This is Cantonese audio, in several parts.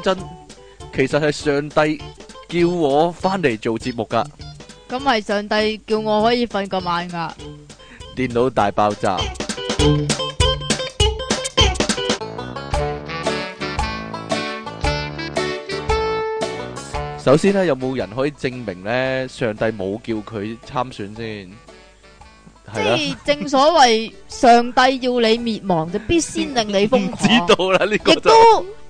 真，其實係上帝叫我翻嚟做節目噶。咁係上帝叫我可以瞓個晚噶。電腦大爆炸。 首先咧，有冇人可以證明咧，上帝冇叫佢參選先？即係正所謂，上帝要你滅亡，就必先令你瘋狂。知道啦，呢個亦都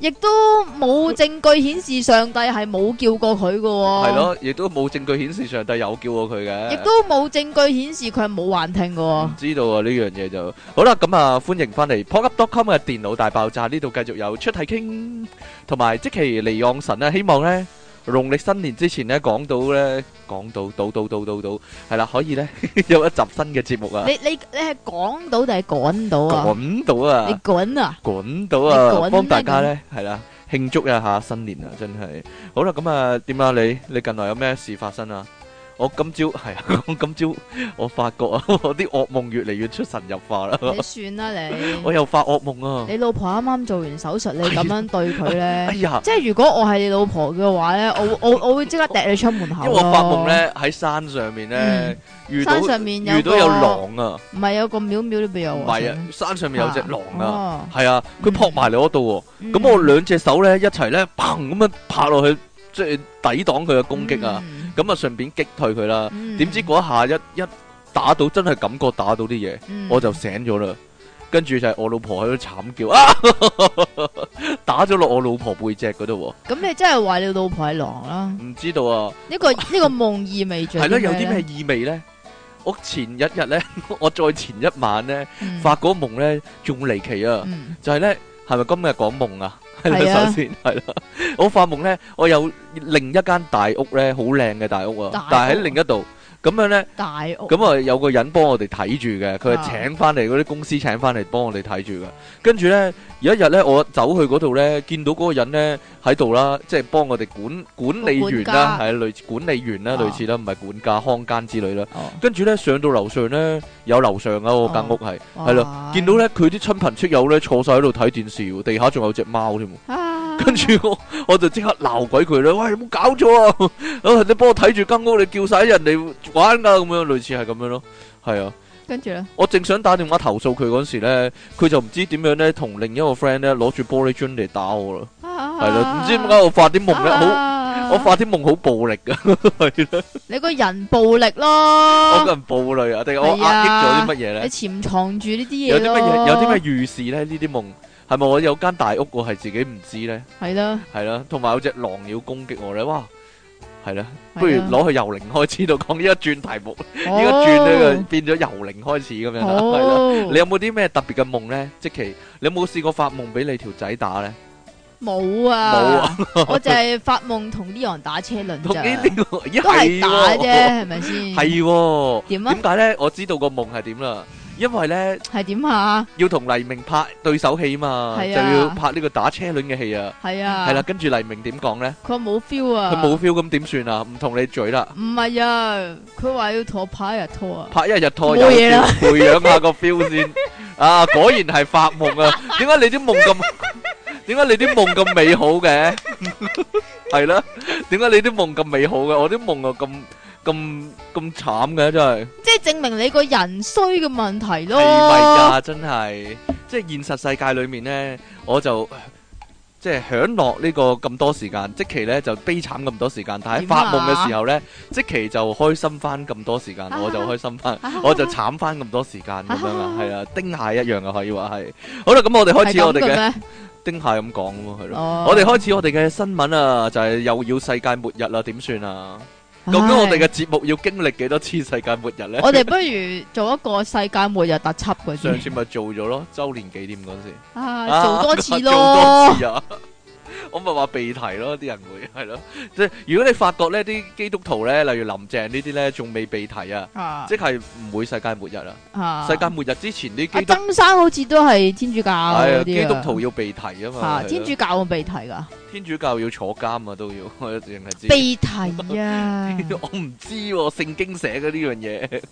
亦都冇證據顯示上帝係冇叫過佢嘅，哦。係咯 ，亦都冇證據顯示上帝有叫過佢嘅。亦都冇證據顯示佢係冇幻聽嘅。知道啊，呢樣嘢就好啦。咁啊，歡迎翻嚟 ponkup.com 嘅電腦大爆炸呢度，繼續有出體 king，同埋積淇離岸神啊，希望咧。農曆新年之前咧，講到咧，講到到到到到到，係啦，可以咧 有一集新嘅節目啊！你你你係講到定係滾到啊？滾到啊！你滾啊！滾到啊！幫、啊、大家咧係啦慶祝一下新年啊！真係好啦，咁啊點啊？你你近來有咩事發生啊？我今朝係啊，我今朝我發覺啊，我啲惡夢越嚟越出神入化啦。你算啦你，我又發惡夢啊！你老婆啱啱做完手術，你咁樣對佢咧？哎呀！即係如果我係你老婆嘅話咧，我我我會即刻掟你出門口咯。因為我發夢咧，喺山上面咧，遇到遇到有狼啊！唔係有個廟廟裏邊有啊？唔係啊！山上面有隻狼啊！係啊！佢撲埋嚟我度，咁我兩隻手咧一齊咧砰咁樣拍落去，即係抵擋佢嘅攻擊啊！咁啊，順便擊退佢啦。點知嗰一下一一打到，真係感覺打到啲嘢，我就醒咗啦。跟住就係我老婆喺度慘叫，打咗落我老婆背脊嗰度。咁你真係話你老婆係狼啦？唔知道啊。呢個呢個夢意味著係啦，有啲咩意味咧？我前一日咧，我再前一晚咧，發嗰夢咧仲離奇啊！就係咧，係咪今日講夢啊？首先係啦，是啊、 我發夢咧，我有另一間大屋咧，好靚嘅大屋啊，大屋但係喺另一度，咁樣咧，大屋，咁啊有個人幫我哋睇住嘅，佢係請翻嚟嗰啲公司請翻嚟幫我哋睇住嘅，跟住咧。有一日咧，我走去嗰度咧，見到嗰個人咧喺度啦，即係幫我哋管管理員啦，係類似管理員啦，類似啦，唔係管家、看更之類啦。跟住咧，上到樓上咧，有樓上啊，我間屋係係啦，見到咧佢啲親朋戚友咧坐晒喺度睇電視，地下仲有隻貓添。跟住我，我就即刻鬧鬼佢啦，喂，有冇搞錯啊！你幫我睇住間屋，你叫晒人嚟玩噶，咁樣類似係咁樣咯，係啊。跟住咧，我正想打電話投訴佢嗰時咧，佢就唔知點樣咧，同另一個 friend 咧攞住玻璃樽嚟打我啦，係啦，唔知點解我發啲夢咧好，我發啲夢好暴力噶，係啦，你個人暴力咯，我個人暴力啊，定我壓抑咗啲乜嘢咧？你潛藏住呢啲嘢，有啲乜嘢？有啲乜預示咧？呢啲夢係咪我有間大屋我係自己唔知咧？係咯，係咯，同埋有隻狼要攻擊我咧哇！係啦，不如攞去由零開始度講呢個轉題目，呢個轉呢個變咗由零開始咁樣啦。係啦、oh. 你有冇啲咩特別嘅夢咧？即奇你有冇試過發夢俾你條仔打咧？冇啊，冇啊，我就係發夢同啲人打車輪咋，一係、這個、打啫，係咪先？係點 了啊？點解咧？我知道個夢係點啦。因為咧係點吓？要同黎明拍對手戲嘛？就要拍呢個打車輪嘅戲啊！係啊，係啦，跟住黎明點講咧？佢話冇 feel 啊！佢冇 feel 咁點算啊？唔同你嘴啦！唔係啊，佢話要同我拍一日拖啊！拍一日拖有嘢啦，培養下個 feel 先啊！果然係發夢啊！點解你啲夢咁？點解你啲夢咁美好嘅？係啦，點解你啲夢咁美好嘅？我啲夢又咁。咁咁慘嘅。真係，即係證明你個人衰嘅問題咯，係咪啊？真係，即係現實世界裏面呢，我就即係享樂呢個咁多時間，即期呢就悲慘咁多時間，但喺發夢嘅時候呢，即期就開心翻咁多時間，我就開心翻，我就慘翻咁多時間咁樣啊，係啊，丁蟹一樣啊，可以話係。好啦，咁我哋開始我哋嘅丁蟹咁講咯，係咯，我哋開始我哋嘅新聞啊，就係又要世界末日啦，點算啊？究竟我哋嘅節目要經歷幾多次世界末日咧？我哋不如做一個世界末日特輯嘅。上次咪做咗咯，周年紀念嗰時。啊，做多次咯。啊我咪話被提咯，啲人會係咯，即係、就是、如果你發覺呢啲基督徒咧，例如林鄭呢啲咧，仲未被提啊，即係唔會世界末日啊。世界末日之前啲，登山、啊、好似都係天主教啲啊。基督徒要被提嘛啊嘛，天主教唔被提噶，天主教要坐監啊都要，我淨係知。 被提啊！ 我唔知聖經寫嘅呢樣嘢，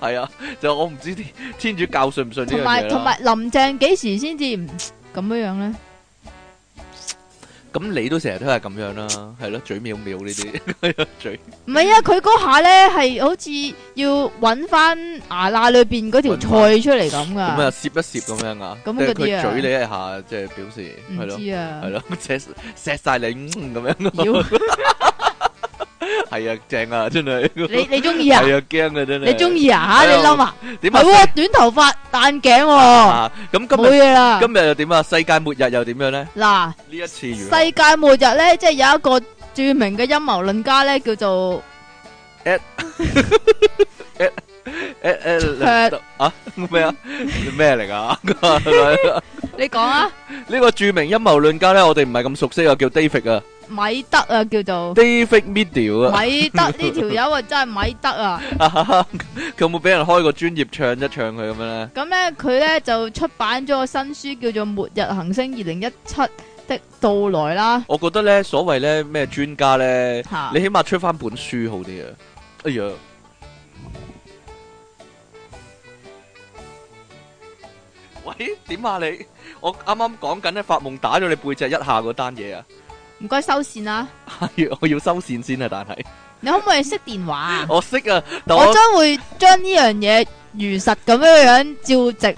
係啊， 就是、我唔知天主教信唔信有樣呢樣嘢同埋林鄭幾時先至唔咁樣樣咧？咁你都成日都係咁樣啦，係咯，嘴藐藐呢啲，個嘴。唔係啊，佢嗰下咧係好似要揾翻牙罅裏邊嗰條菜出嚟咁噶。咁啊，攝一攝咁樣啊，即啲佢嘴你一下，即係、嗯、表示係咯，係咯、啊，錫錫曬你咁樣要。 係啊，正啊，真係。你你中意啊？係啊，驚啊，真係。你中意啊？吓，你諗啊？點啊？係喎，短頭髮，彈頸喎。咁今日今日又點啊？世界末日又點樣咧？嗱，呢一次，世界末日咧，即係有一個著名嘅陰謀論家咧，叫做，誒，誒誒誒，啊，咩啊？咩嚟噶？你講啊？呢個著名陰謀論家咧，我哋唔係咁熟悉啊，叫 David 啊。米德啊，叫做 David Meade 啊，米德呢條友啊真係米德啊！佢有冇俾人開個專業唱一唱佢咁樣咧？咁咧佢咧就出版咗個新書叫做《末日行星二零一七的到來》啦。我覺得咧，所謂咧咩專家咧，你起碼出翻本書好啲啊！哎呀，喂，點啊你？我啱啱講緊咧，發夢打咗你背脊一下嗰單嘢啊！唔該收線啦，我要收線先啊！但係你可唔可以熄電話 我識啊，我將會將呢樣嘢如實咁樣樣照直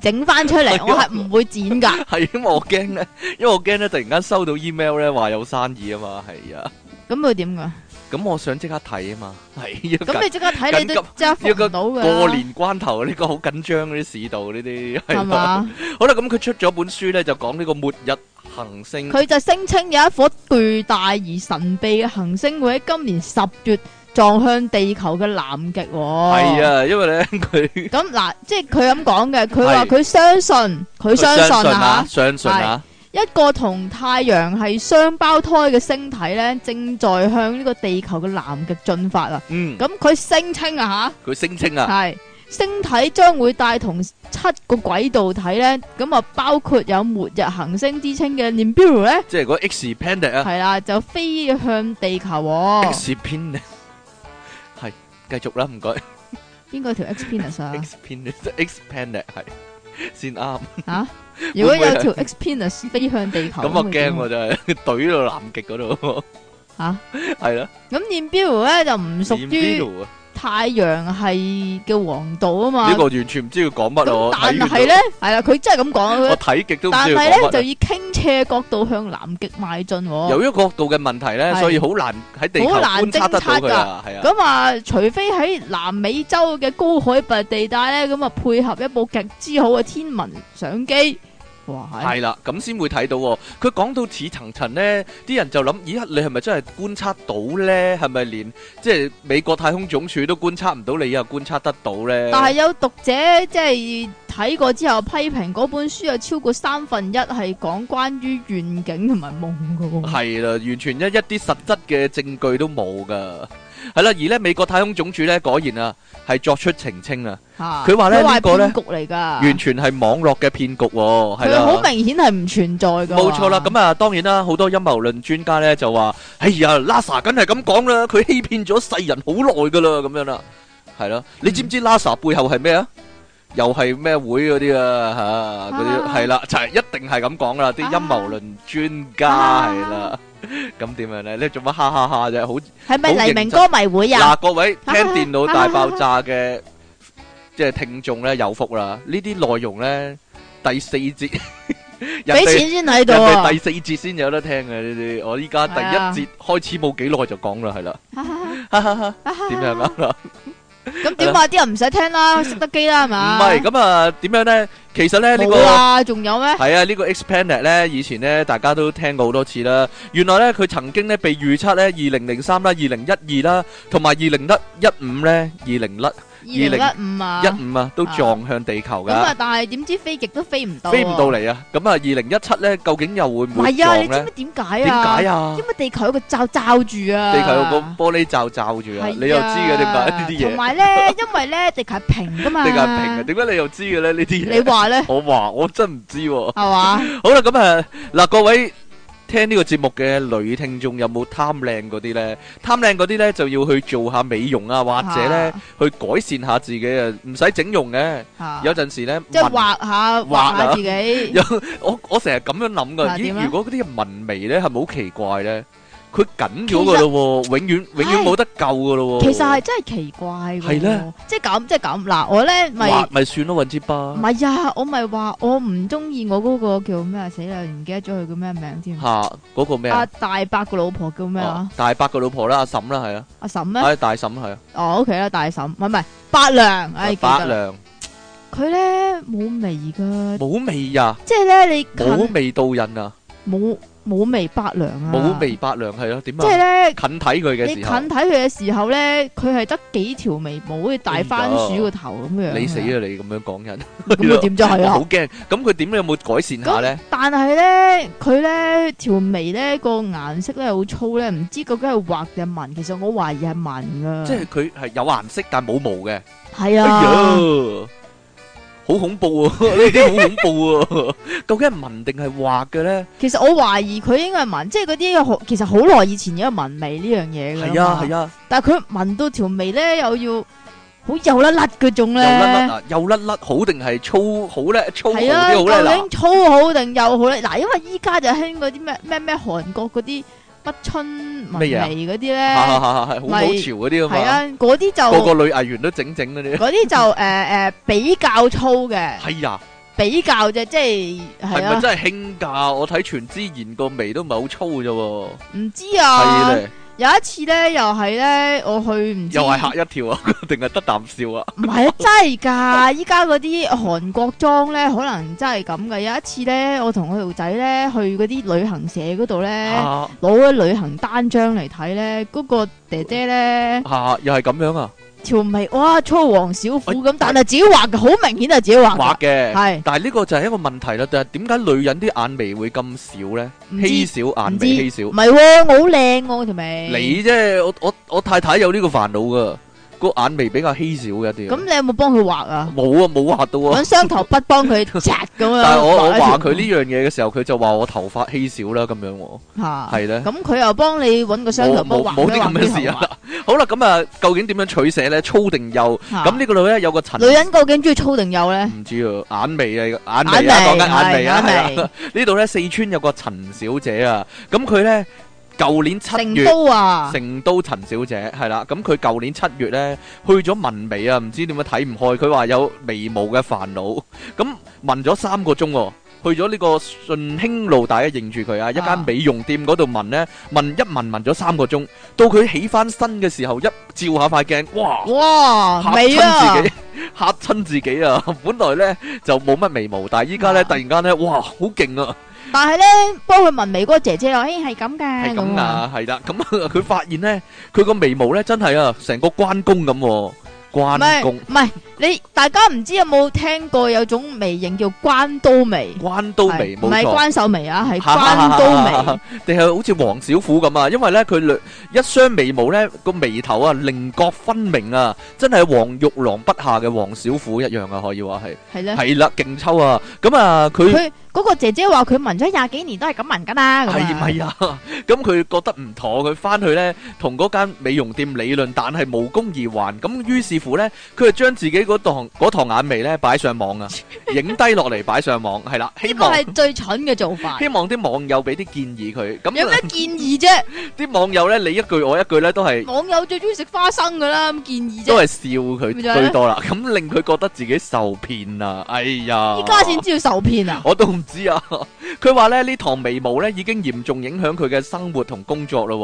整翻出嚟，我係唔會剪噶、 哎呀。係因為我驚咧，因為我驚咧突然間收到 email 咧話有生意啊嘛，係啊。咁會點噶？咁我想即刻睇啊嘛，係咁你即刻睇，你都即刻 follow 到嘅。過年關頭呢個好緊張嘅啲市道呢啲係嘛？好啦，咁佢出咗本書咧，就講呢個末日行星。佢就聲稱有一顆巨大而神秘嘅行星會喺今年十月撞向地球嘅南極喎。係啊，因為咧佢咁嗱，即係佢咁講嘅，佢話佢相信，佢相信啊吓，相信啊。一個同太陽係雙胞胎嘅星體咧，正在向呢個地球嘅南極進發，嗯、啊！嗯，咁佢聲稱啊吓，佢聲稱啊，係星體將會帶同七個軌道體咧，咁啊包括有末日行星之稱嘅 Nibiru 咧，即係嗰 Expand a 啊，係啦，啊，就飛向地球，哦。Expand 係繼續啦，唔該，邊個條 Expand 啊？Expand Expand 係先啱吓。 如果有條 Expanse 飛向地球，咁啊驚就係懟到南極嗰度。吓，係咯。咁 Nebula 咧就唔屬於太陽系嘅黃道啊嘛。呢個完全唔知佢講乜咯。但係咧，係啦，佢真係咁講。我睇極都唔知講乜。但係咧，就以傾斜角度向南極邁進。由於角度嘅問題咧，所以好難喺地球觀測得佢。係啊。咁啊，除非喺南美洲嘅高海拔地帶咧，咁啊配合一部極之好嘅天文相機。係啦，咁先會睇到喎。佢講到似層層呢，啲人就諗：咦，你係咪真係觀測到呢？係咪連即係美國太空總署都觀測唔到你，你又觀測得到呢？但係有讀者即係睇過之後批評，嗰本書有超過三分一係講關於願景同埋夢噶。係啦，完全一一啲實質嘅證據都冇噶。係啦，而咧美國太空總署咧果然啊，係作出澄清啊。佢話咧呢個局嚟噶，完全係網絡嘅騙局。佢好明顯係唔存在噶。冇錯啦，咁啊，當然啦，好多陰謀論專家咧就話：哎呀，NASA 梗係咁講啦，佢欺騙咗世人好耐噶啦，咁樣啦，係咯。你知唔知 NASA 背後係咩啊？又係咩會嗰啲啊？吓，嗰啲係啦，就係一定係咁講啦，啲陰謀論專家係啦。咁點 樣咧？你做乜哈哈哈啫？好係咪黎明歌迷會啊？嗱、 啊，各位聽《電腦大爆炸》嘅即係聽眾咧，有福啦！內呢啲內容咧第四節俾錢先睇到，第四節先 家有得聽嘅呢啲。我依家第一節開始冇幾耐就講啦，係啦，點 樣啊說？ 咁點 啊？啲人唔使聽啦，識得機啦，係嘛？唔係咁啊？點樣呢？其實呢，呢個會啊，仲有咩？係啊，呢個 expander 呢，以前咧大家都聽過好多次啦。原來咧佢曾經咧被預測咧二零零三啦、二零一二啦，同埋二零一一五咧、二零甩。二零一五啊，一五啊，都撞向地球嘅。咁啊，但係點知飛極都飛唔到，飛唔到嚟啊！咁啊，二零一七咧，究竟又會唔啊，會撞咧？點解啊？點解啊？因為地球有個罩罩住啊？地球有個玻璃罩罩住啊？啊你又知嘅點解呢啲嘢？同埋咧，因為咧地球係平噶嘛，地球係平啊？點解你又知嘅咧呢啲嘢你話咧？ 我話我真唔知喎、啊，係嘛吧？ 好啦、啊，咁啊嗱，各位。聽呢個節目嘅女聽眾有冇貪靚嗰啲呢？貪靚嗰啲呢，就要去做下美容啊，或者呢，啊、去改善下自己啊，唔使整容嘅。有陣時呢，即係畫下畫下自己。我我成日咁樣諗噶。如果嗰啲紋眉呢，係咪好奇怪呢？佢緊咗噶咯，永遠永遠冇得救噶咯。其實係真係奇怪。係咧，即係咁，即係咁嗱，我咧咪咪算咯，尹志吧。唔係啊，我咪話我唔中意我嗰個叫咩啊？死啦，唔記得咗佢叫咩名添。吓，嗰個咩啊？大伯個老婆叫咩啊？大伯個老婆啦，阿嬸啦，係啊。阿嬸咩？係大嬸係啊。哦，OK 啦，大嬸，唔係唔係，伯娘，哎，伯娘。佢咧冇味噶。冇味呀。即係咧，你冇味道人啊。冇。冇眉伯娘啊！冇眉伯娘係咯，點啊？即係咧，近睇佢嘅，你近睇佢嘅時候咧，佢係得幾條眉毛，好似大番薯個頭咁樣。你死啊！你咁樣講人，咁佢點就係啊？好驚！咁佢點樣有冇改善下咧？但係咧，佢咧條眉咧個顏色咧好粗咧，唔知究竟係畫定紋？其實我懷疑係紋噶。即係佢係有顏色但冇毛嘅。係啊。好 恐怖 啊！啊呢啲、啊、好恐怖啊！究竟係紋定係畫嘅咧？其實我懷疑佢應該係紋，即係嗰啲好，其實好耐以前有紋眉呢樣嘢嘅。係啊係啊！但係佢紋到條眉咧，又要好幼甩甩嗰種咧。幼甩甩，嗱，幼甩甩好定係粗好咧？粗係啊，究竟粗好定幼好咧？嗱，因為依家就興嗰啲咩咩咩韓國嗰啲。春不春眉嗰啲咧，係好老潮嗰啲啊嘛，係啊，嗰啲就個個女藝員都整整嗰啲，嗰啲就誒誒比較粗嘅，係啊，比較啫，即係係咪真係興㗎？ 我睇全智賢個眉都唔係好粗嘅啫，唔知啊。係啊。 有一次咧，又係咧，我去唔知又係嚇一跳啊，定 係得啖笑啊？唔係啊，真係噶！依家嗰啲韓國裝咧，可能真係咁嘅。有一次咧，我同我條仔咧去嗰啲旅行社嗰度咧，攞咗、啊、旅行單張嚟睇咧，嗰、嗰個姐姐咧嚇又係咁樣啊！條眉哇粗黃小虎咁，欸、但係自己畫嘅，好、欸、明顯係自己畫嘅。係的，是但係呢個就係一個問題啦。但係點解女人啲眼眉會咁少咧？稀少眼眉稀少，唔係、喎、我好靚、喎、我條眉。你啫，我我我太太有呢個煩惱噶。個眼眉比較稀少一啲，咁你有冇幫佢畫啊？冇啊，冇畫到啊！揾雙頭筆幫佢扎咁樣。但係我我畫佢呢樣嘢嘅時候，佢就話我頭髮稀少啦，咁樣。吓，係咧。咁佢又幫你揾個雙頭筆畫，冇冇啲咁嘅事啊。好啦，咁啊，究竟點樣取捨咧？粗定幼？咁呢個女咧有個陳女人，究竟中意粗定幼咧？唔知啊，眼眉啊，眼眉啊，講緊眼眉啊，係啊。呢度咧四川有個陳小姐啊，咁佢咧。舊年七月，成都、啊、成都陳小姐係啦，咁佢舊年七月呢，去咗紋眉啊，唔知點解睇唔開，佢話有眉毛嘅煩惱，咁紋咗三個鐘、哦，去咗呢個順興路大家認住佢啊，一間美容店嗰度紋呢，紋一紋紋咗三個鐘，到佢起翻身嘅時候，一照一下塊鏡，哇哇，嚇親自己，嚇親了自己啊！本來呢，就冇乜眉毛，但係依家呢，突然間呢，哇，好勁啊！但係咧，幫佢紋眉嗰個姐姐又，嘿、欸，係咁嘅。係咁啊，係啦、那個，咁佢是的 發現咧，佢個眉毛咧真係啊，成個關公咁。關公，唔係唔係，你大家，唔知有冇聽過有種眉型叫關刀眉，關刀眉，唔係關手眉啊，係關刀眉，定係好似王小虎咁啊？因為咧佢兩一雙眉毛咧個眉頭啊棱角分明啊，真係黃玉郎筆下嘅王小虎一樣啊，可以話係，係啦係啦勁抽啊！咁啊佢佢嗰個姐姐話佢紋咗廿幾年都係咁紋緊啦，係咪啊？咁佢覺得唔妥，佢翻去咧同嗰間美容店理論，但係無功而還，咁於是。苦咧，佢係將自己嗰堂嗰堂眼眉咧擺上網啊，影低落嚟，擺上網，係啦，希望係最蠢嘅做法。希望啲網友俾啲建議佢，咁有咩建議啫？啲網友咧，你一句我一句咧，都係網友最中意食花生噶啦，咁建議啫。都係笑佢最多啦，咁令佢覺得自己受騙啊！哎呀，依家先知要受騙啊！我都唔知啊。佢話咧呢堂眉毛咧已經嚴重影響佢嘅生活同工作啦。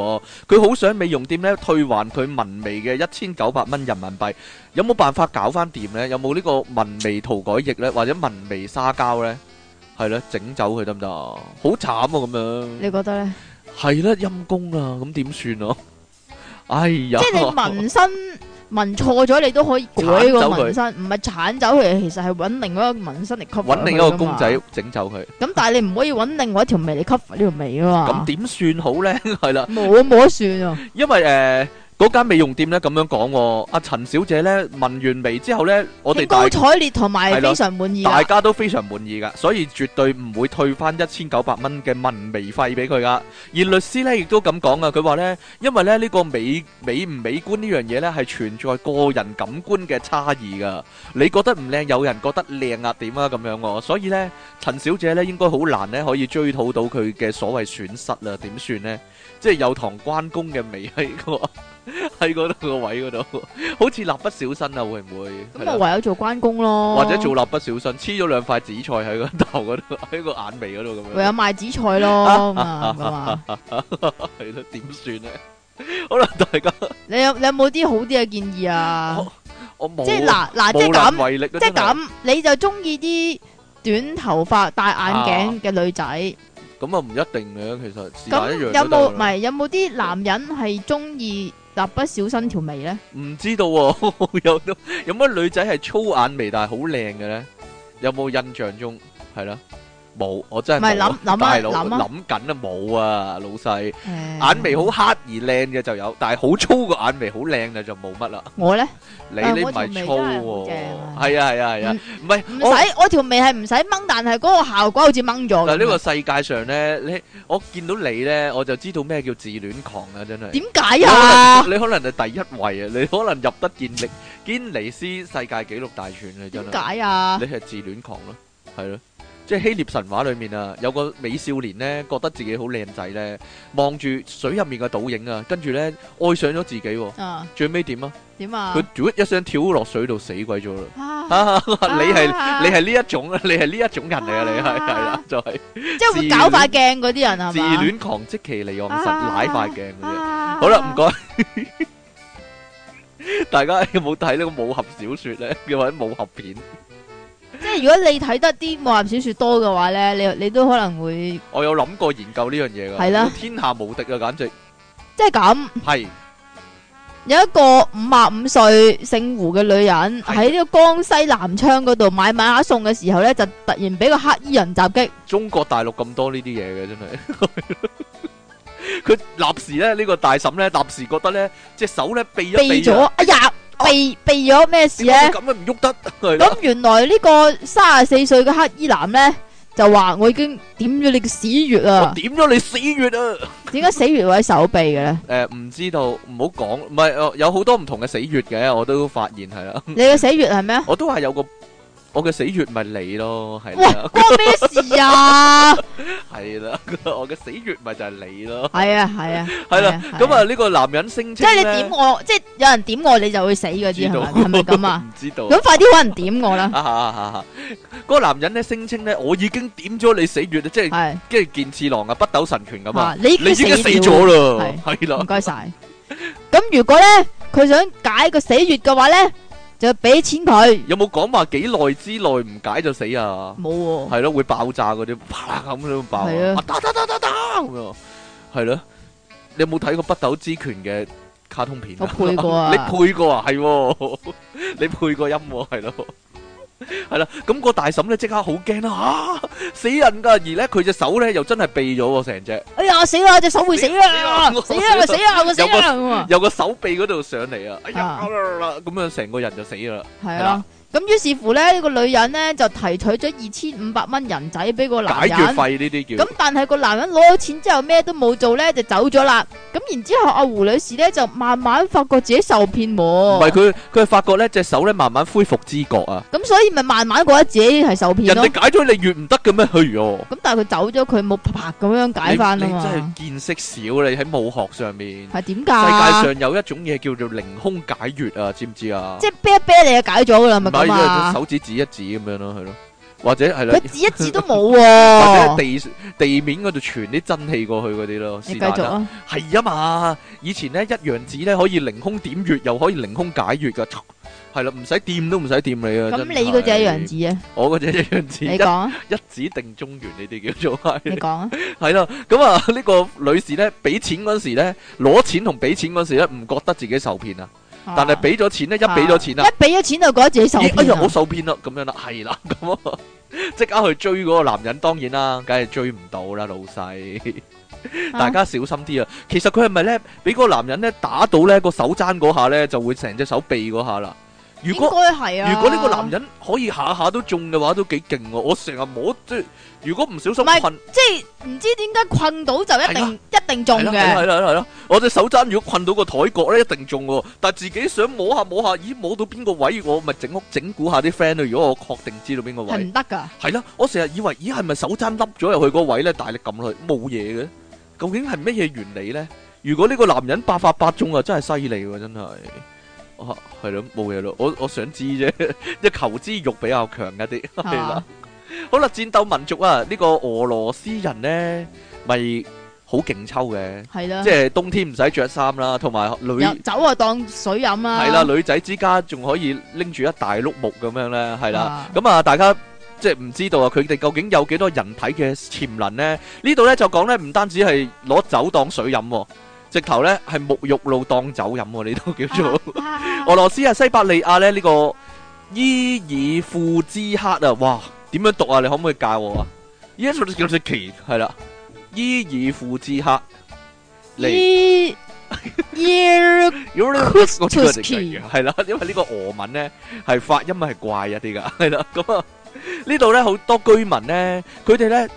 佢好想美容店咧退還佢紋眉嘅一千九百蚊人民幣。有冇辦法搞翻掂咧？有冇呢個紋眉塗改液咧，或者紋眉沙膠咧？係啦，整走佢得唔得啊？好慘啊！咁樣，你覺得咧？係啦，陰功啊！咁點算啊？哎呀！即係你紋身紋錯咗，你都可以改個紋身，唔係鏟走佢。其實係搵另外一個紋身嚟 cover。搵另一個公仔整走佢。咁但係你唔可以搵另外一條眉嚟 cover 呢條眉啊嘛。咁點算好咧？係啦，冇冇得算啊？因為，誒。嗰間美容店咧咁樣講，阿陳小姐咧紋完眉之後咧，我哋都采列同埋非常滿意，大家都非常滿意噶，所以絕對唔會退翻一千九百蚊嘅紋眉費俾佢噶。而律師咧亦都咁講啊，佢話咧，因為咧呢個美美唔美觀呢樣嘢咧係存在個人感官嘅差異噶，你覺得唔靚，有人覺得靚啊，點啊咁樣喎，所以咧陳小姐咧應該好難咧可以追討到佢嘅所謂損失啦，點算咧？即係有堂關公嘅眉喺個。喺嗰度個位嗰度，好似蠟筆小新啊，會唔會？咁我唯有做關公咯，或者做蠟筆小新，黐咗兩塊紫菜喺個頭嗰度，喺個眼眉嗰度咁樣。唯有賣紫菜咯，咁啊，咁啊，係咯，點算咧？好啦，大家你有你有冇啲好啲嘅建議啊？我冇，冇力為力，即係咁，你就中意啲短頭髮戴眼鏡嘅女仔。咁啊，唔一定嘅，其實時間一樣都得。咁有冇唔係有冇啲男人係中意？蠟筆小新條眉咧，唔知道、啊、 有有乜女仔係粗眼眉，但係好靚嘅咧，有冇印象中係囉？冇，我真係唔係諗諗啊諗緊啊冇啊老細眼眉好黑而靚嘅就有，但係好粗個眼眉好靚嘅就冇乜啦。我咧，你唔係粗喎，係啊係啊係啊，唔係唔使我條眉係唔使掹，但係嗰個效果好似掹咗。嗱呢個世界上咧，你我見到你咧，我就知道咩叫自戀狂啊！真係點解啊？你可能係第一位啊！你可能入得健力堅尼斯世界紀錄大全啊！真係點解啊？你係自戀狂咯，係咯。即係希臘神話裏面啊，有個美少年咧，覺得自己好靚仔咧，望住水入面嘅倒影啊，跟住咧愛上咗自己，最尾點啊？點啊？佢一想跳落水度死鬼咗啦！啊，你係你係呢一種，你係呢一種人嚟啊！你係係啦，就係即係會搞塊鏡嗰啲人啊？自戀狂即積淇離岸神，我唔實舐塊鏡嘅啫。好啦，唔該，大家有冇睇呢個武俠小說咧？又或者武俠片？即係如果你睇得啲武俠小說多嘅話呢，你你都可能會我有諗過研究呢樣嘢㗎，係啦是的 天下無敵啊，簡直即係咁係有一個五啊五歲姓胡嘅女人喺呢個江西南昌嗰度買買下餸嘅時候呢，就突然俾個黑衣人襲擊。中國大陸咁多呢啲嘢嘅真係。 佢立時咧，呢個大嬸咧，立時覺得咧，隻手咧痹咗，哎呀，痹痹咗咩事咧？咁樣唔喐得。咁原來呢個三十四歲嘅黑衣男咧，就話我已經點咗你嘅死穴啦！點咗你死穴啊？點解死穴位手臂嘅咧？誒，唔知道，唔好講，唔係，有好多唔同嘅死穴嘅，我都發現係啦。你嘅死穴係咩啊？我都話有個。我嘅死穴咪你咯，係啦。哇，關我咩事啊？係啦，我嘅死穴咪就係你咯。係啊，係啊，係啦。咁啊，呢個男人聲稱，即係你點我，即係有人點我，你就會死嗰啲係咪咁啊？唔知道。咁快啲揾人點我啦！嗰個男人咧聲稱咧，我已經點咗你死穴啦，即係跟住健次郎啊，北斗神拳咁嘛，你已經死咗咯，係啦。唔該晒。咁如果咧，佢想解個死穴嘅話咧？就俾錢佢，有冇講話幾耐之內唔解就死啊？冇，係咯，會爆炸嗰啲，啪啦咁樣爆，啊，噠噠噠噠噠咁啊，係咯。 你有冇睇過《北斗之拳》嘅卡通片啊？我配過啊， 你配過啊，係，你配過音樂係咯。係啦，咁、 那個大嬸咧即刻好驚啦，吓、啊、死人㗎！而咧佢隻手咧又真係痹咗成隻。哎呀死啦，隻手會死啦，死啊死啊，個死啊！由個手臂嗰度上嚟啊，哎呀咁樣成個人就死啦，係啦、哎。咁於是乎咧，呢個女人咧就提取咗二千五百蚊人仔俾個男人，解決費呢啲叫。咁但係個男人攞咗錢之後咩都冇做咧，就走咗啦。咁然之後阿胡女士咧就慢慢發覺自己受騙。唔係佢，佢係發覺咧隻手咧慢慢恢復知覺啊。咁所以咪慢慢覺得自己係受騙咯。人哋解咗你越唔得嘅咩？佢咁但係佢走咗，佢冇啪啪咁樣解翻啊嘛。你真係見識少啦！你喺武學上面係點解？世界上有一種嘢叫做凌空解穴啊，知唔知啊？即係啤一啤你就解咗噶啦，咪。係啊，手指指一指咁樣咯，係咯，或者係啦，指一指都冇，或者係地地面嗰度傳啲真氣過去嗰啲咯，係啊嘛。以前咧一陽指咧可以凌空點穴，又可以凌空解穴噶，係啦，唔使掂都唔使掂你噶。咁你嗰隻一陽指啊？我嗰隻一陽指，你講啊？一指定中原，呢啲叫做咩？你講啊？係咯，咁啊，呢個女士咧，俾錢嗰時咧，攞錢同俾錢嗰時咧，唔覺得自己受騙啊？但係俾咗錢咧，啊、一俾咗錢啦，啊、一俾咗錢就覺得自己受騙，欸，哎呀好受騙咯，咁樣啦，係啦，咁 即刻去追嗰個男人，當然啦，梗係追唔到啦，老細，啊、 大家小心啲啊！其實佢係咪咧俾個男人咧打到咧，嗰個手踭嗰下咧，就會成隻手臂嗰下啦。如果、啊、如果呢個男人可以下下都中嘅話，都幾勁喎！我成日摸即係，如果唔小心困，即係唔知點解困到就一定的一定中嘅。係咯係咯，我隻手踭如果困到個枱角咧，一定中喎。但係自己想摸下摸下，咦摸到邊個位我咪整屋整蠱下啲 friend 咯。如果我確定知道邊個位，唔得噶。係啦，我成日以為咦係咪手踭凹咗入去嗰位咧？大力撳落去冇嘢嘅，究竟係乜嘢原理咧？如果呢個男人百發百,百中啊，真係犀利喎！真係。哦，係咯，冇嘢咯，我我想知啫，即係求知欲比較強一啲，係啦。好啦，戰鬥民族啊，呢個俄羅斯人咧，咪好勁抽嘅，係啦，即係冬天唔使着衫啦，同埋攞酒啊當水飲啦，係啦，女仔之間仲可以拎住一大碌木咁樣咧，係啦，咁啊大家即係唔知道啊，佢哋究竟有幾多人體嘅潛能咧？呢度咧就講咧，唔單止係攞酒當水飲。直頭咧係沐浴露當酒飲喎，呢度叫做、啊啊、俄羅斯啊西伯利亞咧呢個伊爾庫茲克啊，哇，點樣讀啊？你可唔可以教我啊？斯斯奇奇伊爾庫茲克係啦，伊爾庫茲克，伊爾，如果你唔識，我知佢係啦，斯斯奇奇 因為呢個俄文咧係發音係怪一啲噶，係啦，咁、嗯、啊，呢度咧好多居民咧，佢哋咧。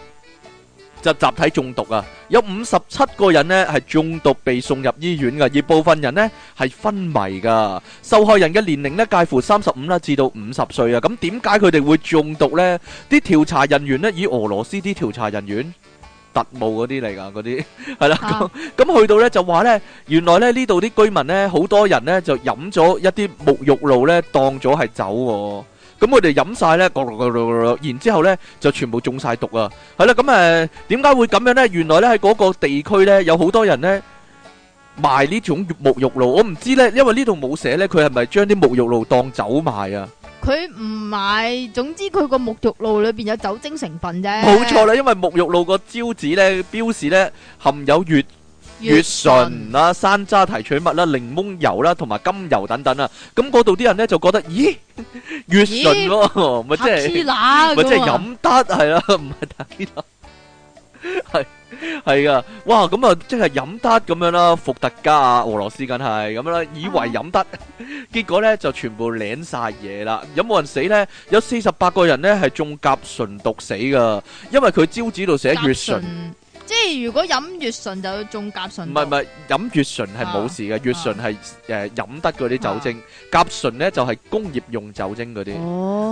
集體中毒啊！有五十七個人呢係中毒被送入醫院噶，而部分人呢係昏迷噶。受害人嘅年齡呢介乎三十五啦至到五十歲啊。咁點解佢哋會中毒呢？啲調查人員呢，以俄羅斯啲調查人員特務嗰啲嚟噶，嗰啲係啦。咁 的、啊、 去到呢，就話呢，原來呢呢度啲居民呢，好多人呢就飲咗一啲沐浴露呢，當咗係酒哦。咁我哋飲晒咧，咯咯咯咯咯，然之後咧就全部中晒毒啊！係啦，咁，誒，點解會咁樣咧？原來咧喺嗰個地區咧，有好多人咧賣呢種沐浴露。我唔知咧，因為呢度冇寫咧，佢係咪將啲沐浴露當酒賣啊？佢唔賣，總之佢個沐浴露裏邊有酒精成分啫。冇錯啦，因為沐浴露個招紙咧，標示咧含有乙月醇、山楂、提取物、檸檬油、甘油、等等，咁嗰度啲人呢就覺得 咪即係飲得, 即係如果飲乙醇就中甲醇，唔係唔係飲乙醇係冇事嘅，乙醇係誒飲得嗰啲酒精，甲醇咧就係工業用酒精嗰啲，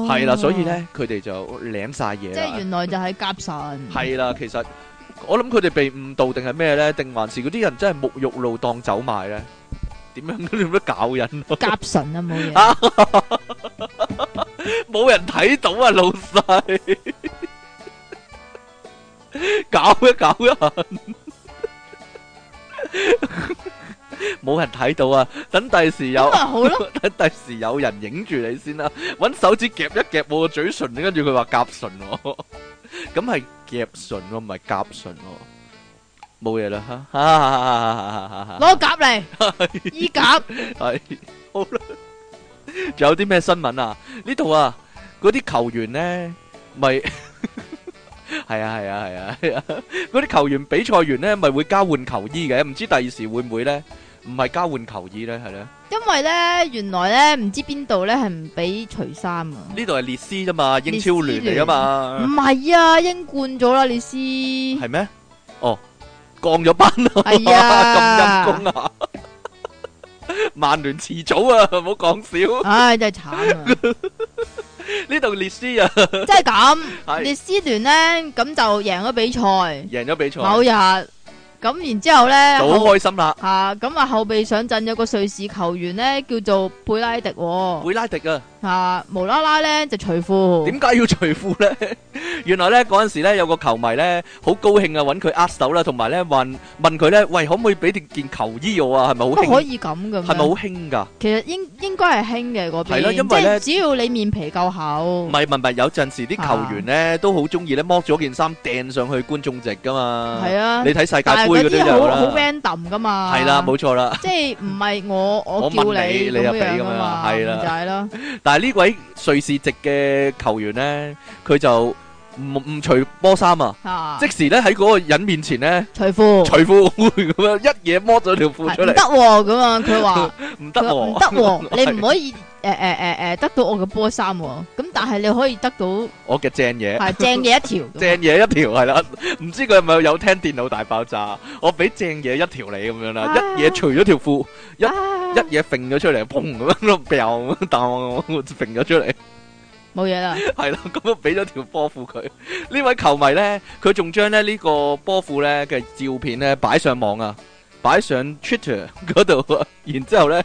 係啦，所以咧佢哋就舐晒嘢。即係原來就係甲醇。係啦，其實我諗佢哋被誤導定係咩咧？定還是嗰啲人真係沐浴露當酒賣咧？點樣點樣搞人？甲醇啊，冇人冇人睇到啊，老細。搞一搞啊！冇人睇到啊，等第時有，等第時有人影住你先啦。揾手指夾一夾我個嘴唇，你跟住佢話夾唇，咁係夾唇喎，唔係夾唇喎，冇嘢啦吓。攞夾嚟，依夾係好啦。仲有啲咩新聞啊？呢度啊，嗰啲球員呢，咪。係啊係啊係啊，嗰啲、啊啊啊、 球員比賽完呢咪會交換球衣嘅，唔知第二時會唔會呢？唔係交換球衣呢，係咧。因為呢，原來呢，唔知邊度呢，係唔俾除衫啊？呢度係列斯吖嘛，英超聯嚟啊嘛。唔係啊，英冠咗啦列斯。係咩？哦，降咗班啊、哎、呀 啊，啊，咁陰功啊！曼聯遲早啊，唔好講笑。唉、哎，真係慘啊！ 呢度列斯啊，即係咁列斯聯咧，咁就贏咗比賽，贏咗比賽。某日咁，然之後咧好開心啦吓，咁啊後備上陣有個瑞士球員咧，叫做貝拉迪，貝拉迪啊。啊，無啦啦咧就除褲，點解要除褲咧？原來咧嗰陣時咧有個球迷咧好高興啊，揾佢握手啦，同埋咧問問佢咧，喂，可唔可以俾件件球衣我啊？係咪好？都可以咁噶，係咪好興噶？其實應應該係興嘅嗰邊，係啦，因為即係只要你面皮夠厚。唔係唔係，有陣時啲球員咧都好中意咧剝咗件衫掟上去觀眾席噶嘛。係啊，你睇世界杯嗰啲就啦。但係嗰啲好好 random 噶嘛。係啦，冇錯啦。即係唔係我我叫你咁樣樣啊嘛。係啦，係啦。但係呢位瑞士籍嘅球員咧，佢就。唔唔除波衫啊，即時咧喺嗰個人面前咧，除褲，除褲咁樣一嘢剝咗條褲出嚟，唔得咁啊。佢話唔得，唔得，你唔可以誒誒誒誒得到我嘅波衫，咁但係你可以得到我嘅正嘢，係正嘢一條，正嘢一條係啦。唔知佢係咪有聽《電腦大爆炸》？我俾正嘢一條你咁樣啦，一嘢除咗條褲，一一嘢揈咗出嚟，砰咁樣落表，彈我，我揈咗出嚟。冇嘢啦，係啦，咁啊俾咗條波褲佢。呢位球迷咧，佢仲將咧呢個波褲咧嘅照片咧擺上網啊，擺上 Twitter 嗰度啊，然之後咧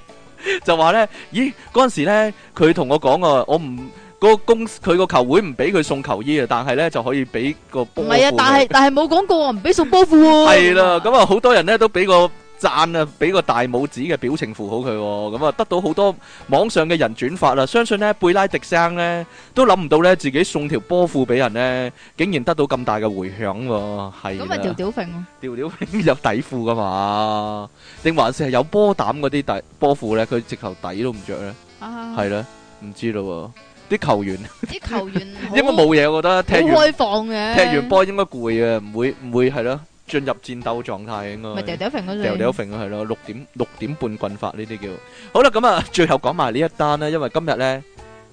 就話咧，咦嗰陣時咧佢同我講啊，我唔個公佢個球會唔俾佢送球衣啊，但係咧就可以俾個波褲。唔係啊，但係但係冇講過唔俾送波褲。係啦，咁啊好多人咧都俾個。讚啊！俾個大拇指嘅表情符號佢，哦，咁啊得到好多網上嘅人轉發啦。相信呢，貝拉迪生呢，都諗唔到呢，自己送條波褲俾人呢，竟然得到咁大嘅回響。係咁咪吊吊揈，吊吊揈有底褲噶嘛？定還是係有波膽嗰啲底波褲呢？佢直頭底都唔着呢？係啦，啊，唔知道。啲球員，啲、啊、 球員 應該冇嘢，我覺得踢完開放踢完波應該攰啊，唔會唔會係咯。進入戰鬥狀態應該。掉掉揈嗰陣。掉掉揈係咯，六點六點半棍法呢啲叫。好啦，咁啊，最後講埋呢一單咧，因為今日咧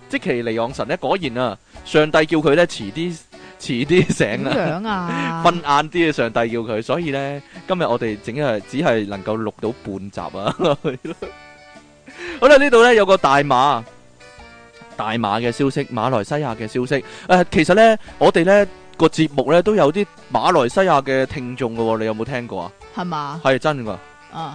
積淇離岸神咧果然啊，上帝叫佢咧遲啲遲啲醒啊，瞓晏啲啊，上帝叫佢，所以咧今日我哋整日只係能夠錄到半集啊。好啦，呢度咧有個大馬大馬嘅消息，馬來西亞嘅消息。誒，其實咧我哋咧。個節目咧都有啲馬來西亞嘅聽眾㗎喎，你有冇聽過啊？係嘛吧？係真㗎。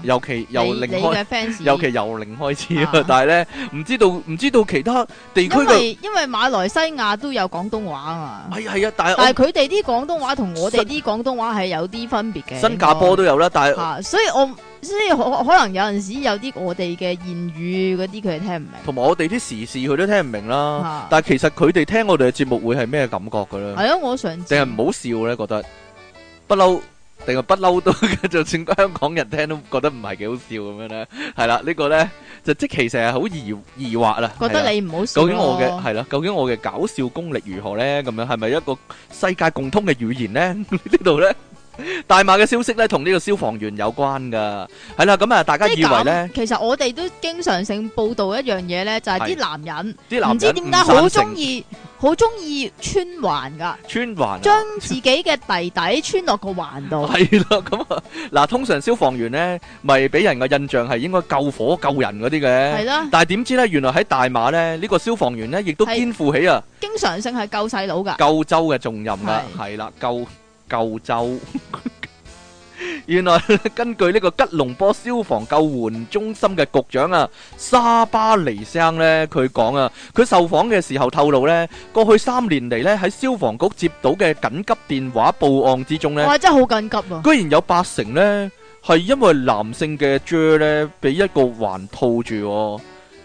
尤其由你零開，尤其由零開始啊但呢！但係咧，唔知道唔知道其他地區嘅，因為馬來西亞都有廣東話啊嘛。係啊係啊，但係佢哋啲廣東話同我哋啲廣東話係有啲分別嘅。新加坡都有啦，我但係是、啊，所以我所以我可能有陣時有啲我哋嘅言語嗰啲，佢哋聽唔明。同埋我哋啲時事，佢都聽唔明啦。啊、但係其實佢哋聽我哋嘅節目會係咩感覺噶咧？係啊、哎，我想。定係唔好笑咧，覺得不嬲。定係不嬲都，就算香港人聽都覺得唔係幾好笑咁樣咧，係啦，呢個咧就即其實係好疑疑惑啦。覺得你唔好笑，究竟我嘅係啦，究竟我嘅搞笑功力如何咧？咁樣係咪一個世界共通嘅語言咧？呢度咧，大馬嘅消息咧同呢個消防員有關噶，係啦，咁啊大家以為咧，其實我哋都經常性報道一樣嘢咧，就係啲男人啲男，唔知點解好中意。好中意穿環噶，穿環將自己嘅弟弟穿落個環度。係咯，咁啊嗱，通常消防員咧，咪俾人嘅印象係應該救火救人嗰啲嘅。係啦，但係點知咧，原來喺大馬咧，呢個消防員咧亦都肩負起啊，經常性係救細佬噶，救州嘅重任噶，係啦，救救州。原來根據呢個吉隆坡消防救援中心嘅局長啊，沙巴尼生呢，佢講啊，佢受訪嘅時候透露呢，過去三年嚟呢，喺消防局接到嘅緊急電話報案之中呢，哇，真係好緊急啊！居然有八成呢係因為男性嘅 J 咧、er、俾一個環套住，哦。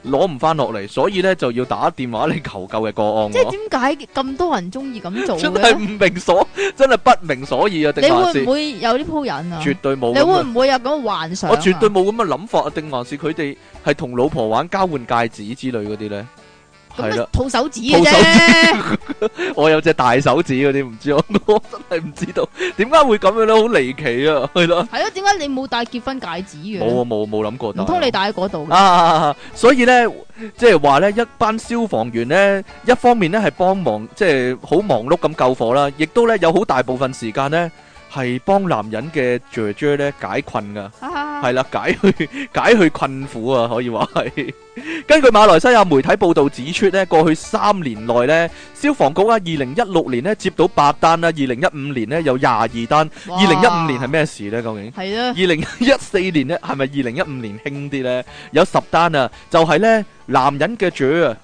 攞唔翻落嚟，所以咧就要打電話嚟求救嘅個案。即係點解咁多人中意咁做？真係唔明所，真係不明所以啊！定你會唔會有啲鋪人啊？絕對冇。你會唔會有咁嘅幻想啊？我絕對冇咁嘅諗法啊！定還是佢哋係同老婆玩交換戒指之類嗰啲咧？係啦，套手指嘅啫。 我有隻大手指嗰啲唔知，我真係唔知道點解會咁樣咧，好離奇啊，係咯。係啊， 點解你冇戴結婚戒指嘅？冇啊，冇冇諗過。唔通你戴喺嗰度啊，所以咧，即係話咧，一班消防員咧，一方面咧係幫忙，即係好忙碌咁救火啦，亦都咧有好大部分時間咧係幫男人嘅 JoJo 咧解困噶。啊啊係啦，解去解去困苦啊，可以話係。根據馬來西亞媒體報道指出呢，過去三年內呢，消防局啊，二零一六年呢接到八單啦，二零一五年呢有廿二單，二零一五年係咩事呢？究竟係啦，二零一四年呢係咪二零一五年輕啲呢？有十單啊，就係呢男人嘅嘴啊。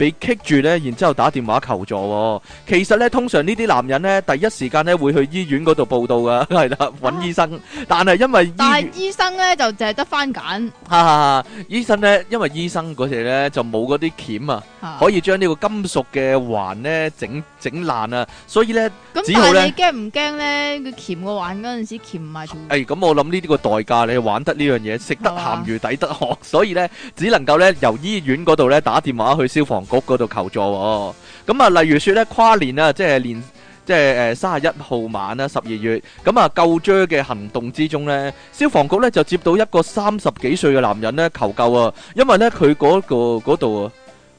被棘住咧，然之後打電話求助喎。其實咧，通常呢啲男人咧，第一時間咧會去醫院嗰度報到噶，係啦，揾醫生。但係因為，但係醫生咧就淨係得番揀。哈哈哈！醫生咧，因為醫生嗰陣咧就冇嗰啲鉗啊，可以將呢個金屬嘅環咧整整爛啊。所以咧，咁但係你驚唔驚咧？佢鉗個環嗰陣時鉗埋。誒，咁我諗呢啲個代價，你玩得呢樣嘢食得鹹魚抵得渴，所以咧只能夠咧由醫院嗰度咧打電話去消防。局嗰度求助咁啊，例如說咧跨年啊，即係年即係誒三十一號晚啦，十二月咁啊，救災嘅行動之中咧，消防局咧就接到一個三十幾歲嘅男人咧求救啊，因為咧佢嗰個嗰度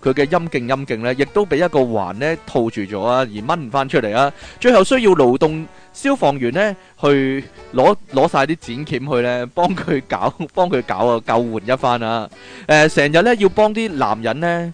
佢嘅陰莖陰莖咧，亦都俾一個環咧套住咗啊，而掹唔翻出嚟啊，最後需要勞動消防員咧去攞攞晒啲剪鉗去咧幫佢搞幫佢搞啊，救援一番啊，誒成日咧要幫啲男人咧。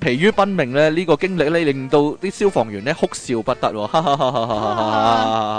疲於奔命咧，呢、這個經歷咧令到啲消防員咧哭笑不得，哦，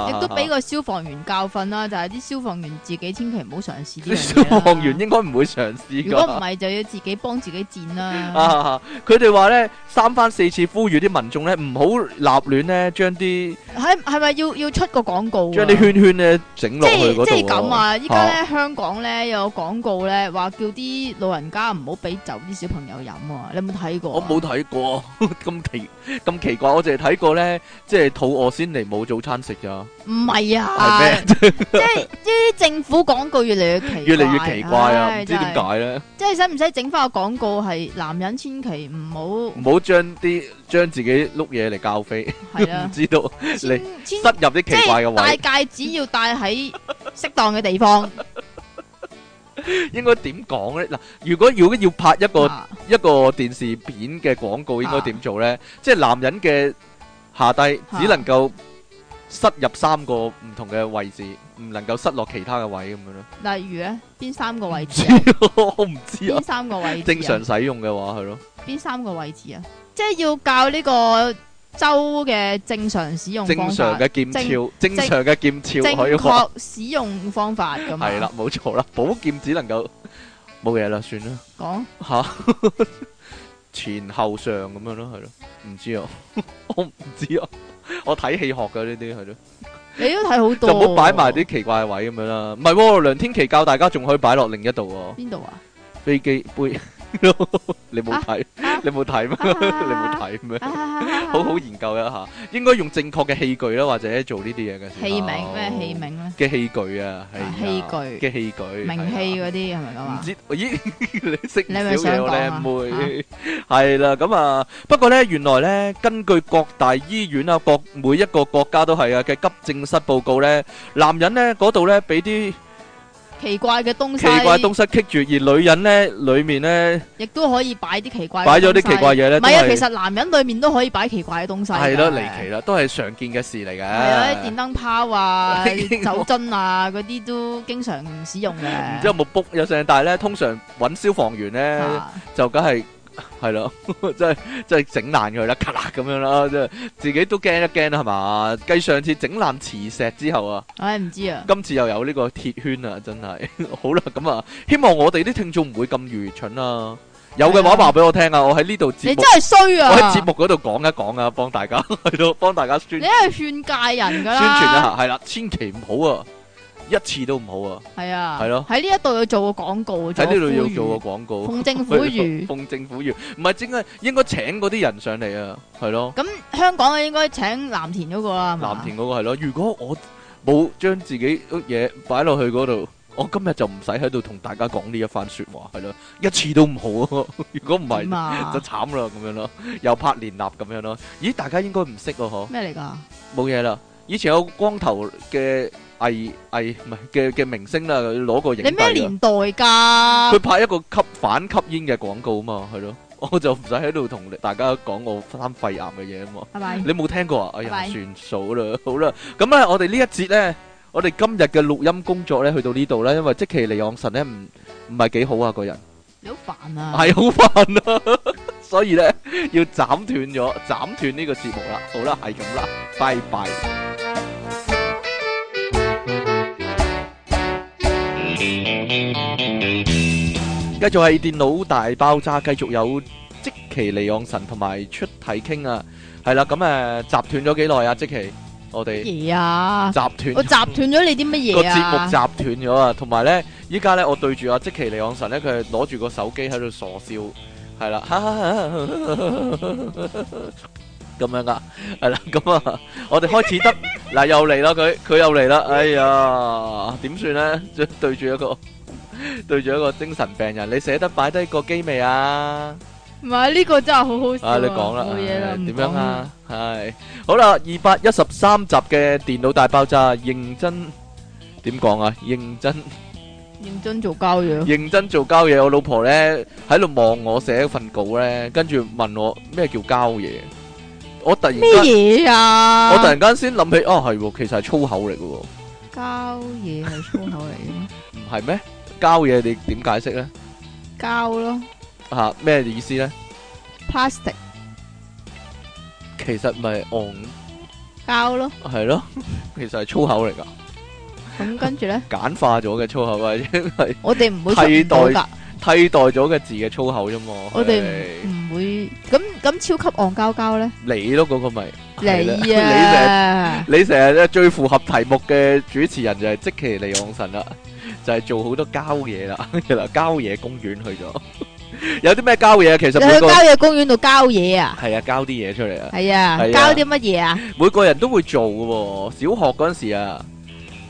亦、啊啊、都俾個消防員教訓啦，啊、就係啲消防員自己千祈唔好嘗試。消防員應該唔會嘗試，啊。如果唔係，就要自己幫自己戰啦。佢哋話咧三番四次呼籲啲民眾咧唔好立亂咧，將啲係係咪要要出個廣告？將啲圈圈咧整落去嗰度啊！即係咁啊！依家咧香港咧有廣告咧話叫啲老人家唔好俾酒啲小朋友飲啊！你有冇睇過，啊？冇睇過咁奇咁奇怪，我淨係睇過咧，即係肚餓先嚟冇早餐食咋。唔係啊，係咩？即係呢啲政府廣告越嚟越奇越嚟越奇怪啊，唔知點解咧？即係使唔使整翻個廣告係男人千祈唔好唔好將啲將自己碌嘢嚟教飛，唔知道嚟失入啲奇怪嘅位。戴戒指要戴喺適當嘅地方。應該點講呢？嗱，如果如果要拍一個一個電視片嘅廣告，應該點做呢？即係男人嘅下低只能夠塞入三個唔同嘅位置，唔能夠塞落其他嘅位咁樣咯。例如呢，邊三個位置？我唔知啊。邊三個位置？正常使用嘅話係咯。邊三個位置啊？即係要教呢個。周嘅正常使用方法，正常嘅劍鞘，正常嘅劍鞘，正確使用方法。咁係啦，冇錯啦，寶劍只能夠冇嘢啦，算啦。講吓說哈 前後上咁樣咯，係咯，唔知啊， 我唔知啊，我睇戲學噶呢啲係咯。你都睇好多。就唔好擺埋啲奇怪位咁樣啦。唔係梁天琦教大家仲可以擺落另一度。邊度啊？飛機杯。你冇睇，你冇睇咩？你冇睇咩？好好研究一下，應該用正確嘅器具啦，或者做呢啲嘢嘅。器皿咩器皿咧？嘅器具啊，係器具嘅器具，名器嗰啲係咪咁啊？唔知，咦？你識少有靚妹？係啦，咁啊，不過咧，原來咧，根據各大醫院啊，各國每一個國家都係啊嘅急症室報告咧，男人咧嗰度咧俾啲。奇怪嘅東西，奇怪嘅東西棘住，而女人咧裏面咧，亦都可以擺啲奇怪，擺咗啲奇怪嘢咧。唔係啊，是其實男人裏面都可以擺奇怪嘅東西。係咯，離奇啦，都係常見嘅事嚟嘅。係啊，啲電燈泡啊、 酒樽啊嗰啲都經常唔使用嘅。然之後冇撲，有成，但係咧通常搵消防員咧、啊、就梗係。係咯對， 真係真係整爛佢啦，咔啦咁樣啦，即係自己都驚一驚啦，係嘛？繼上次整爛磁石之後啊，唉、哎，唔知啊。今次又有呢個鐵圈啊，真係 好啦。咁啊，希望我哋啲聽眾唔會咁愚蠢啊。了有嘅話話俾我聽啊，我喺呢度你真係衰啊！我喺節目嗰度講一講啊，幫大家去到幫大家宣。你係勸誡人噶，宣傳一下係啦，千祈唔好啊。一次都唔好啊！係啊，係咯，喺呢一度要做個廣告，喺呢度要做個廣告，奉政府魚，奉政府魚，唔係真係應該請嗰啲人上嚟啊，係咯。咁香港啊應該請藍田嗰個啊，藍田嗰個係咯。如果我冇將自己嘢擺落去嗰度，我今日就唔使喺度同大家講呢一番説話，係咯，一次都唔好啊。如果唔係就慘啦，咁樣咯，又拍連立咁樣咯。咦，大家應該唔識哦，嗬？咩嚟㗎？冇嘢啦，以前有光頭嘅。藝藝唔係嘅嘅明星啦，攞個影帝啊！你咩年代噶？佢拍一個吸反吸煙嘅廣告啊嘛，係咯，我就唔使喺度同大家講我生肺癌嘅嘢啊嘛。係咪？你冇聽過啊？哎呀，算數啦，好啦，咁咧，我哋呢一節咧，我哋今日嘅錄音工作咧，去到呢度咧，因為積淇離岸神咧唔唔係幾好啊，個人你好煩啊，係好煩啊，所以咧要斬斷咗，斬斷呢個節目啦，好啦，係咁啦，拜拜。繼續係電腦大爆炸，繼續有積淇離岸神同埋出體 king 啊，係啦，咁誒，集斷咗幾耐啊？即其，我哋啊，集斷，我集斷咗你啲乜嘢啊？個節目集斷咗啊，同埋咧，依家咧，我對住阿積淇離岸神咧，佢係攞住個手機喺度傻笑，係啦，咁樣噶，係啦，咁啊，我哋開始得，嗱，又嚟啦，佢，佢又嚟啦。哎呀，點算咧？對住一個。對住一個精神病人，你捨得擺低個機未啊？唔係呢個真係好好笑啊！你講啦，點樣啊？係好啦，二百一十三集嘅電腦大爆炸，認真點講啊？認真認真做膠嘢，認真做膠嘢。我老婆咧喺度望我寫一份稿咧，跟住問我咩叫膠嘢。我突然咩嘢啊？我突然間先諗起，哦係，其實係粗口嚟嘅。膠嘢係粗口嚟嘅咩？唔係咩？膠嘢你點解釋咧？膠咯吓咩意思咧？Plastic 其實咪戇膠咯係咯，其實係粗口嚟噶。咁跟住咧簡化咗嘅粗口啊，因為我哋唔會替代替代咗嘅字嘅粗口啫嘛。我哋唔會咁咁超級戇膠膠咧？你咯嗰個咪你啊？你成你成日最符合題目嘅主持人就係積淇離岸神啦。就係做好多膠嘢啦，其實郊野公園去咗，有啲咩郊野？其實去郊野公園度膠嘢啊？係啊，膠啲嘢出嚟啊？係啊，膠啲乜嘢啊？每個人都會做㗎，小學嗰陣時啊，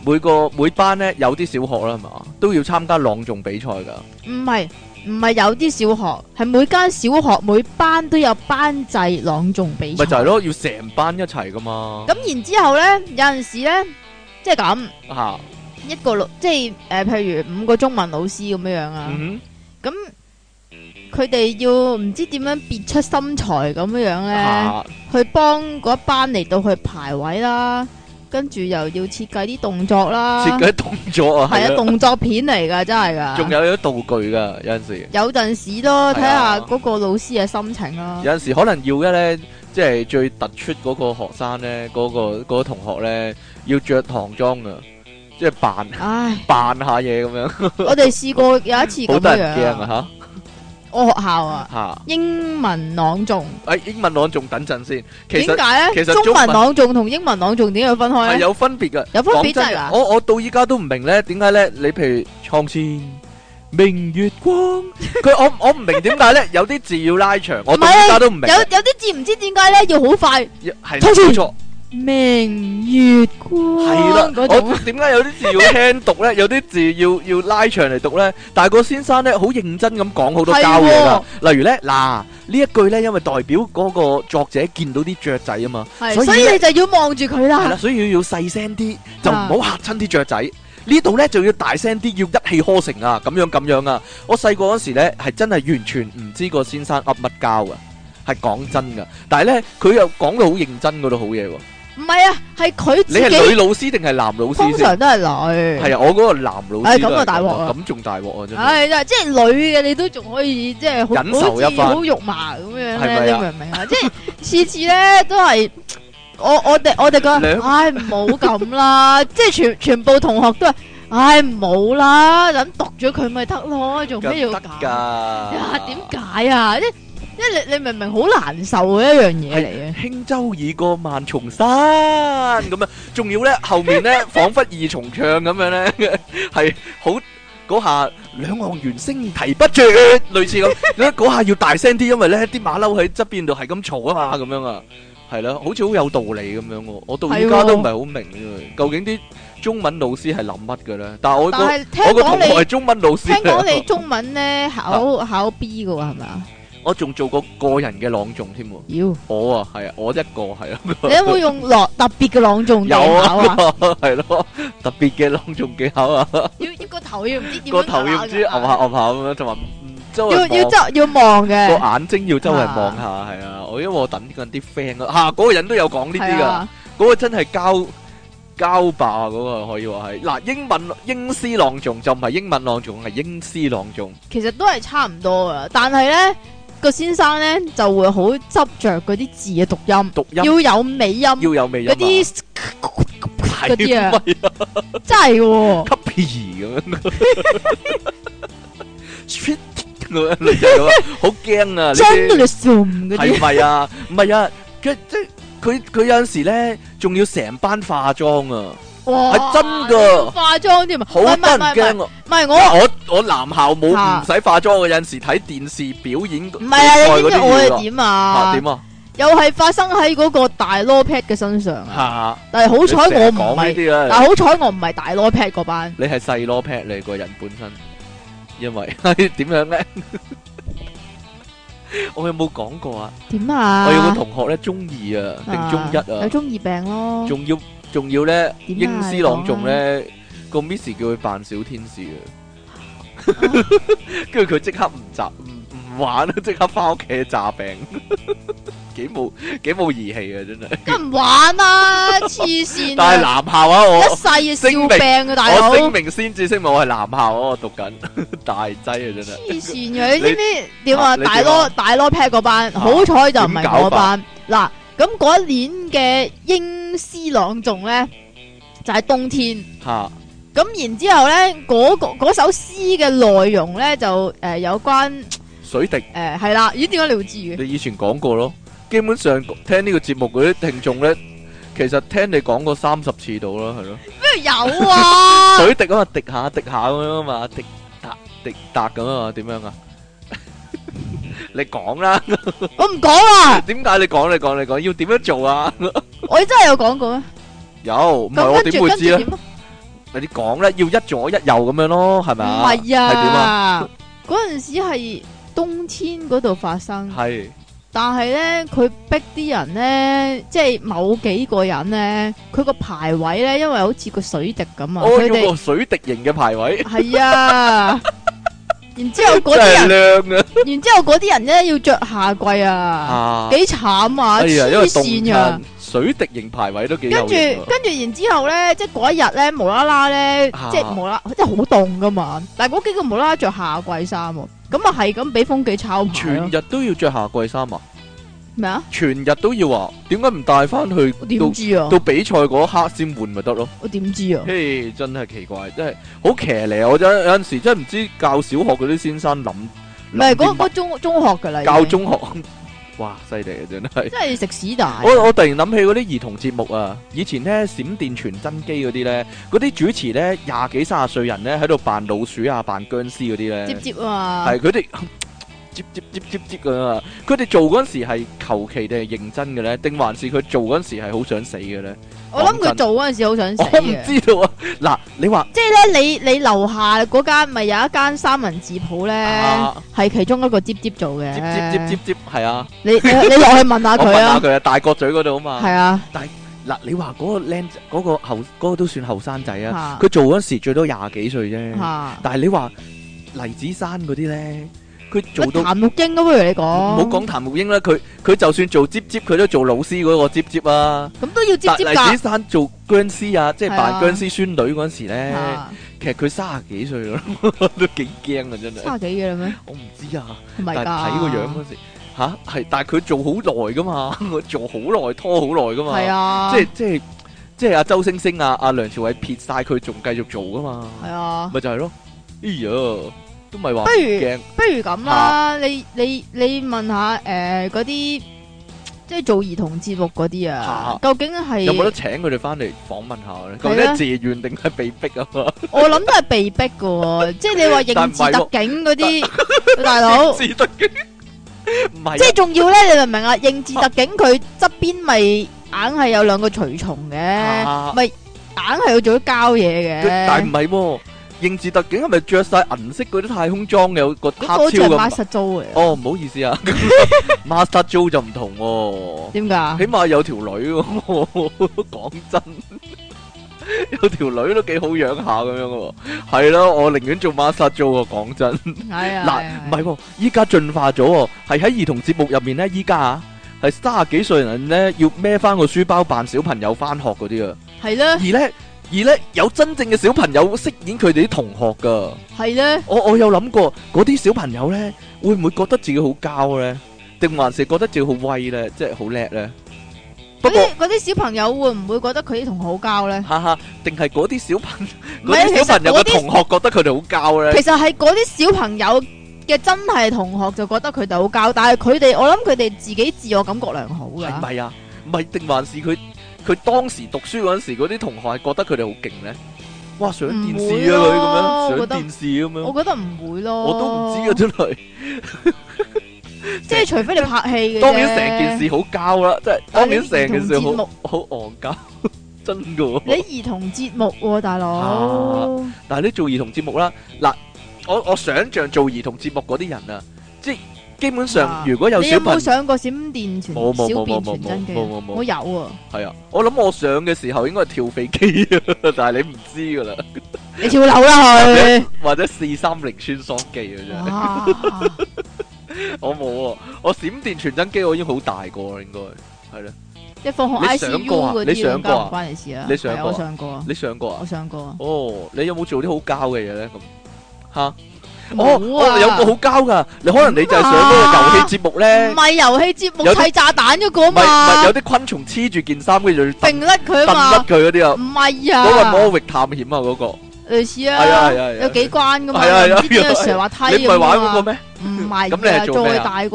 每個每班咧有啲小學啦，係嘛都要參加朗誦比賽噶？唔係唔係有啲小學係每間小學每班都有班際朗誦比賽，咪就係咯，要成班一齊噶嘛？咁然之後咧，有陣時咧，即係咁吓。一個即係誒、呃，譬如五個中文老師咁樣樣啊，咁佢哋要唔知點樣別出心裁咁樣樣咧，啊啊、去幫嗰班嚟到去排位啦，跟住又要設計啲動作啦，設計動作啊，係啊，動作片嚟噶，真係噶，仲有啲道具噶，有陣時有陣時咯，睇下嗰個老師嘅心情咯、啊，有陣時可能要嘅咧，即係最突出嗰個學生咧，嗰、嗰個、嗰個同學咧要着唐裝噶。即係扮，扮下嘢咁樣。我哋試過有一次咁樣。好得驚啊！吓，我學校啊，英文朗誦。誒，英文朗誦等陣先。點解咧？其實中文朗誦同英文朗誦點樣分開咧？有分別噶，有分別就係噶。我我到依家都唔明咧，點解咧？你譬如《床前明月光》，佢我我唔明點解咧？有啲字要拉長，我到依家都唔明。有有啲字唔知點解咧，要好快。係錯。明月光係啦，啊、種我點解有啲字要輕讀呢？有啲字要要拉長嚟讀呢？但係個先生呢，好認真咁講好多膠嘢啦。的例如呢，嗱呢一句呢，因為代表嗰個作者見到啲雀仔啊嘛，的所，以所以你就要望住佢啦。所以要細聲啲，就唔好吓親啲雀仔。呢度的呢，就要大聲啲，要一氣呵成啊，咁樣咁樣啊。我細個嗰時呢，係真係完全唔知個先生噏乜膠噶，係、啊、講、啊、真噶。但係呢，佢又講到好認真嗰度好嘢喎。唔係啊，係佢自己。你係女老師定係男老師？通常都係女。係啊，我嗰個男老師啊。咁啊大鑊啊，咁仲大鑊啊真係。係啊，即係女嘅你都仲可以即係忍受一番，好肉麻咁樣咧，是是啊、你明唔明啊？即係次次咧都係我我哋我哋個，唉唔好咁啦，即係全全部同學都係，唉唔好啦，諗讀咗佢咪得咯，做咩要搞？得噶。點解啊？ 因為你你明明好難受嘅，一樣嘢嚟嘅，輕舟已過萬重山咁啊，仲要咧後面咧仿佛二重唱咁樣咧，係好嗰下兩岸猿聲啼不絕，類似咁嗰下要大聲啲，因為咧啲馬騮喺側邊度係咁嘈啊嘛，咁樣啊，係咯，好似好有道理咁樣，我我到依家都唔係好明，究竟啲中文老師係諗乜嘅咧？但係我我個同學係中文老師，聽講你中文咧考考 B 嘅喎，係咪啊？我仲做過個人嘅朗誦添，我啊係啊，我一個係咯。你有冇用落特別嘅朗誦技巧啊？係咯，特別嘅朗誦技巧啊！要個頭要唔知點個頭要唔知凹下凹下咁樣，同埋周圍要要周要望嘅個眼睛要周圍望下，係啊！我因為我等緊啲 friend 咯，吓嗰個人都有講呢啲噶，嗰個真係交交霸嗰個可以話係嗱英文英詩朗誦就唔係英文朗誦，係英詩朗誦，其實都係差唔多噶，但係咧。個先生咧就會好執着嗰啲字嘅讀音，讀音要有美音，要有美音，嗰啲嗰啲啊，真係喎，吸皮咁樣好驚啊，真都嚟笑唔嗰啲，係咪 啊？唔係 啊，佢即係佢佢有陣時咧仲要成班化妝啊。係真噶，化妝添啊！好得人驚啊！唔係我我我男校冇，唔使化妝嘅，有陣時睇電視表演，唔係啊！點解我係點啊？點啊？又係發生喺嗰個大 Lo Pad 嘅身上啊！吓！但係好彩我唔係，但係好彩我唔係大 Lo Pad 嗰班。你係細 Lo Pad 你個人本身，因為點樣咧？我有冇講過啊？點啊？我有個同學咧，中二啊定中一啊？有中二病咯，仲要。仲要咧，英詩朗誦咧，個 Miss 叫佢扮小天使嘅，跟住佢即刻唔習唔唔玩咯，即刻翻屋企詐病，幾冇幾冇義氣啊，真係。梗唔玩啦，黐線。但係男校啊，我一世要笑病啊，大佬。我明先至聲明，我係男校啊，我讀緊大劑啊，真係。黐線嘅，你知唔知點啊？大佬，大佬劈嗰班，好彩就唔係我班嗱。咁嗰年嘅英詩朗誦咧，就係冬天。吓，咁，然之後咧，嗰個嗰首詩嘅內容咧，就誒有關水滴。誒，係啦，咦，點解你會知嘅？你以前講過咯，基本上聽呢個節目嗰啲聽眾咧，其實聽你講過三十次到啦，係咯。咩有啊？水滴啊嘛，滴下滴下咁樣啊嘛，滴答滴答咁啊嘛，點樣啊？你講啦，我唔講啊。點解你講？你講？你講？要點樣做啊？我真係有講過咩？有，唔係我點會知咧？你講啦，要一左一右咁樣咯，係咪啊？唔係啊，係點啊？嗰陣時係冬天嗰度發生，係，但係咧，佢逼啲人咧，即係某幾個人咧，佢個排位咧，因為好似個水滴咁啊，個水滴型嘅排位，係啊。然之後嗰啲人，啊、然之後嗰啲人咧要着夏季啊，幾、啊、慘啊，黐線、哎、啊，水滴型排位都幾跟住跟住，然之後咧，即係嗰一日咧，無啦啦咧，即係無啦，即係好凍噶嘛，但係嗰幾個無啦啦着夏季衫，啊，咁啊係咁俾風紀抄牌，全日都要着夏季衫啊！咩啊？全日都要啊？點解唔帶翻去到比賽嗰刻先換咪得咯？我點知啊？嘿，真係奇怪，真係好騎呢啊！我真有陣時真係唔知教小學嗰啲先生諗。唔係，嗰嗰中中學噶啦。教中學，哇，犀利啊！真係。真係食屎大！我我突然諗起嗰啲兒童節目啊，以前咧閃電傳真機嗰啲咧，嗰啲主持咧廿幾卅歲人咧喺度扮老鼠啊，扮僵屍嗰啲咧。接接啊！係佢哋。接接接接接噶嘛？佢哋做嗰時係求其定係認真嘅咧？定還是佢做嗰時係好想死嘅咧？我諗佢做嗰陣時好想死。我唔知道啊！嗱，你話即係咧，你你樓下嗰間咪有一間三文治鋪咧？係其中一個接接做嘅。接接接接接係啊！你你落去問下佢啊！問佢啊！大角咀嗰度啊嘛。係啊。但嗱，你話嗰個僆嗰個後嗰個都算後生仔啊！佢做嗰時最多廿幾歲啫。但係你話黎子山嗰啲咧？佢做到。譚木英都不如你講唔好講譚木英啦，佢佢就算做接接，佢都做老師嗰個接接啊。咁都要接接、啊。子山做僵屍啊，即係扮僵屍孫女嗰陣時咧，啊、其實佢卅幾歲咯， 都幾驚啊真係。卅幾嘅咩？我唔知啊。唔係但係睇個樣嗰時，吓係、啊，但係佢做好耐噶嘛，做好耐拖好耐噶嘛。係啊。即係即係即係阿周星星啊，阿梁朝偉撇晒佢，仲繼續做噶嘛。係啊。咪就係咯。哎呀。不如不如咁啦，你你你問下誒嗰啲即係做兒童節目嗰啲啊，究竟係有冇得請佢哋翻嚟訪問下咧？究竟係自願定係被逼啊？我諗都係被逼嘅，即係你話認字特警嗰啲大佬，認字特警唔係即係仲要咧？你明唔明啊？認字特警佢側邊咪硬係有兩個隨從嘅，咪硬係要做咗交嘢嘅，但唔係喎。英治特警係咪着晒銀色嗰啲太空裝嘅，有個黑超咁啊？哦，唔好意思啊，Master Joe 就唔同喎。點解？起碼有條女，講真，有條女都幾好養下咁樣嘅。係咯，我寧願做 Master Joe，講真。係啊。嗱，唔係，依家進化咗，係喺兒童節目入面咧，依家啊，係卅幾歲人咧，要孭翻個書包扮小朋友翻學嗰啲啊。係咯。而咧。而咧，有真正嘅小朋友飾演佢哋啲同學噶，係咧。我我有諗過嗰啲小朋友咧，會唔會覺得自己好膠咧？定還是覺得自己好威咧？即係好叻咧？不過嗰啲小朋友會唔會覺得佢啲同學好膠咧？哈哈，定係嗰啲小朋友嗰啲小朋友嘅同學覺得佢哋好膠咧？其實係嗰啲小朋友嘅真係同學就覺得佢哋好膠，但係佢哋我諗佢哋自己自我感覺良好噶。係咪啊？唔係定還是佢？佢當時讀書嗰陣時，嗰啲同學係覺得佢哋好勁咧。哇！上電視啊，女咁樣上電視咁樣。我覺得唔會咯。我都唔知佢出嚟，即係除非你拍戲嘅。當然成件事好膠啦，即係當然成件事好好戇膠，真噶。你兒童節目喎，大佬。但係你做兒童節目啦，嗱，我我想像做兒童節目嗰啲人啊，即係。基本上，如果有小朋友上過閃電小變傳真機，我有啊。係啊，我諗我上嘅時候應該係跳飛機啊，但係你唔知噶啦。你跳樓啦去，或者四三零穿梭機噶啫。我冇啊，我閃電傳真機我已經好大個，應該係啦。一放學，你上過啊？你上過啊？關你事啊？你上過？上過啊。你上過啊？我上過啊。哦，你有冇做啲好膠嘅嘢咧？咁吓？哦，有個好膠噶，你可能你就係上嗰個遊戲節目咧，唔係遊戲節目砌炸彈嗰個，唔係唔係有啲昆蟲黐住件衫嘅，要並甩佢啊嘛，甩佢嗰啲啊，唔係啊，嗰個魔域探險啊，嗰個類似啊，係啊，係啊，有幾關噶嘛，係啊，成日話梯啊，你唔係玩嗰個咩？唔係，咁你係做咩啊？你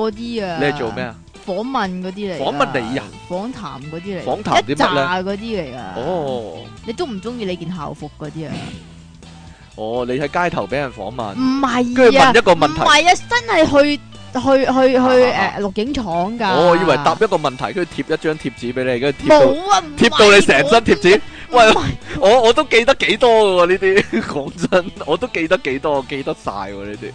係做咩啊？訪問嗰啲嚟，訪問你啊？訪談嗰啲嚟，一扎嗰啲嚟啊？哦，你中唔中意你件校服嗰啲啊？哦，你喺街頭俾人訪問，唔係，佢問一個問題，唔係啊，真係去去去去誒，錄影廠噶。我以為答一個問題，佢貼一張貼紙俾你，跟住貼，冇啊，貼到你成身貼紙。喂，我我都記得幾多噶喎呢啲，講真，我都記得幾多，記得晒喎呢啲。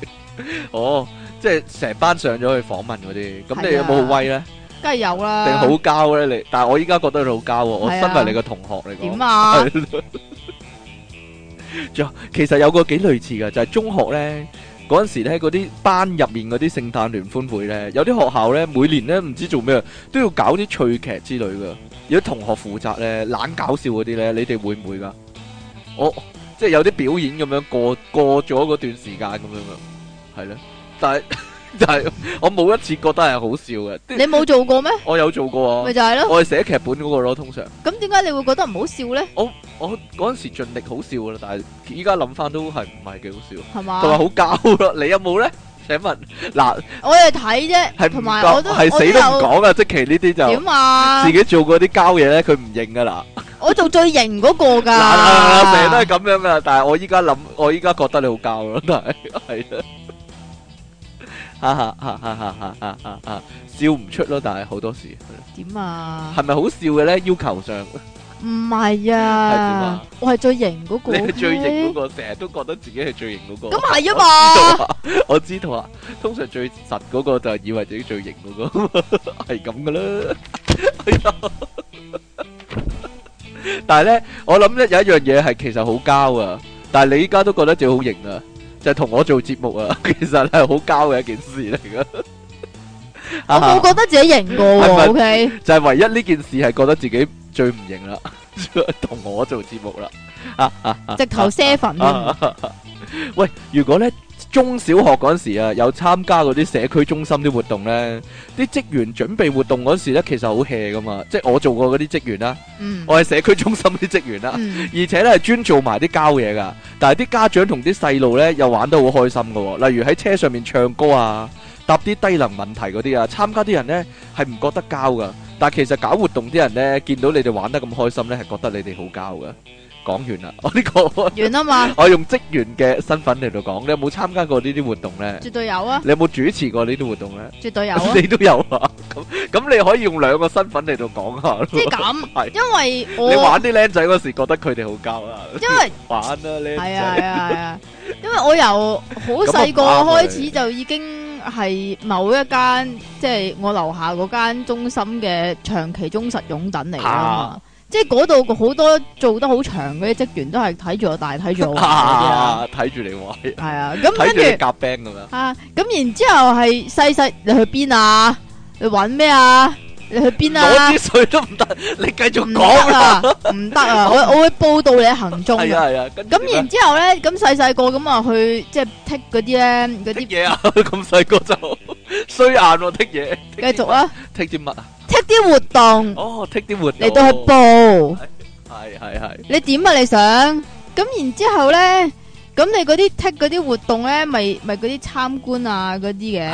哦，即係成班上咗去訪問嗰啲，咁你有冇威咧？梗係有啦。定好交咧，你？但係我依家覺得你好交。我身為你嘅同學嚟講。點啊？仲其實有個幾類似嘅，就係中學咧嗰陣時咧，嗰啲班入面嗰啲聖誕聯歡會咧，有啲學校咧每年咧唔知做咩都要搞啲趣劇之類嘅，有啲同學負責咧，懶搞笑嗰啲咧，你哋會唔會噶？我即係有啲表演咁樣過過咗嗰段時間咁樣，係咧，但係。就係我冇一次覺得係好笑嘅，你冇做過咩？我有做過啊，咪就係咯，我係寫劇本嗰個咯，通常。咁點解你會覺得唔好笑咧？我我嗰陣時盡力好笑啦，但係依家諗翻都係唔係幾好笑，係嘛？同埋好膠咯，你有冇咧？請問嗱，我哋睇啫，係同埋我係死都唔講㗎！即其呢啲就點啊？自己做過啲膠嘢咧，佢唔認噶啦。我做最型嗰個噶，成日都係咁樣噶，但係我依家諗，我依家覺得你好膠咯，但係係啊。哈哈哈哈哈啊啊啊！笑唔出咯，但係好多時點啊？係咪好笑嘅咧？要求上唔係啊， 是是我係最型嗰個。你係最型嗰個，成日都覺得自己係最型嗰個。咁係啊嘛，我知道啊。通常最實嗰個就係以為自己最型嗰個，係咁噶啦。哎 呀！ 但係咧，我諗咧有一樣嘢係其實好膠啊，但係你依家都覺得自己好型啊。係同我做節目啊，其實係好膠嘅一件事嚟噶。啊、 冇我覺得自己型過 是 o Okay ? K 就係唯一呢件事係覺得自己最唔型啦，同 我做節目啦，啊到啊，直頭 seven。喂，如果咧，中小學嗰陣時啊，有參加嗰啲社區中心啲活動咧，啲職員準備活動嗰時咧，其實好 hea 噶嘛，即係我做過嗰啲職員啦，我係社區中心啲職員啦，而且咧係專做埋啲膠嘢噶，但係啲家長同啲細路咧又玩得好開心噶，例如喺車上面唱歌啊，答啲低能問題嗰啲啊，參加啲人咧係唔覺得膠噶，但係其實搞活動啲人咧見到你哋玩得咁開心咧，係覺得你哋好膠噶。講完啦，我、哦、呢、這個完啦嘛。我用職員嘅身份嚟到講，你有冇參加過呢啲活動咧？絕對有啊！你有冇主持過呢啲活動咧？絕對有、啊， 你都有啊。咁咁，你可以用兩個身份嚟到講下。即係咁， 是因為我你玩啲僆仔嗰時，覺得佢哋好交啊！因為玩啊，你！仔係啊係啊係啊，因為我由好細個開始就已經係某一間，即係 我樓下嗰間中心嘅長期忠實擁躉嚟噶即係嗰度好多做得好長嗰啲職員都係睇住我大，睇住我，睇住 你壞。係啊，咁跟住夾 band 咁樣。啊，咁然之後係細細，你去邊啊？你揾咩啊？你去邊啊？攞啲水都唔得，你繼續講啦，唔得啊！啊 我我會報道你行蹤。係啊係啊，咁然之後咧，咁細細個咁啊去即係剔嗰啲咧，嗰啲嘢啊，咁細個就 衰眼喎，剔嘢。繼續啊！剔啲乜啊？剔啲活動。哦，剔啲活動。你都去報。係係係。哎哎哎、你點啊？你想咁然之後咧？咁你嗰啲 take 嗰啲活動咧，咪咪嗰啲參觀啊嗰啲嘅，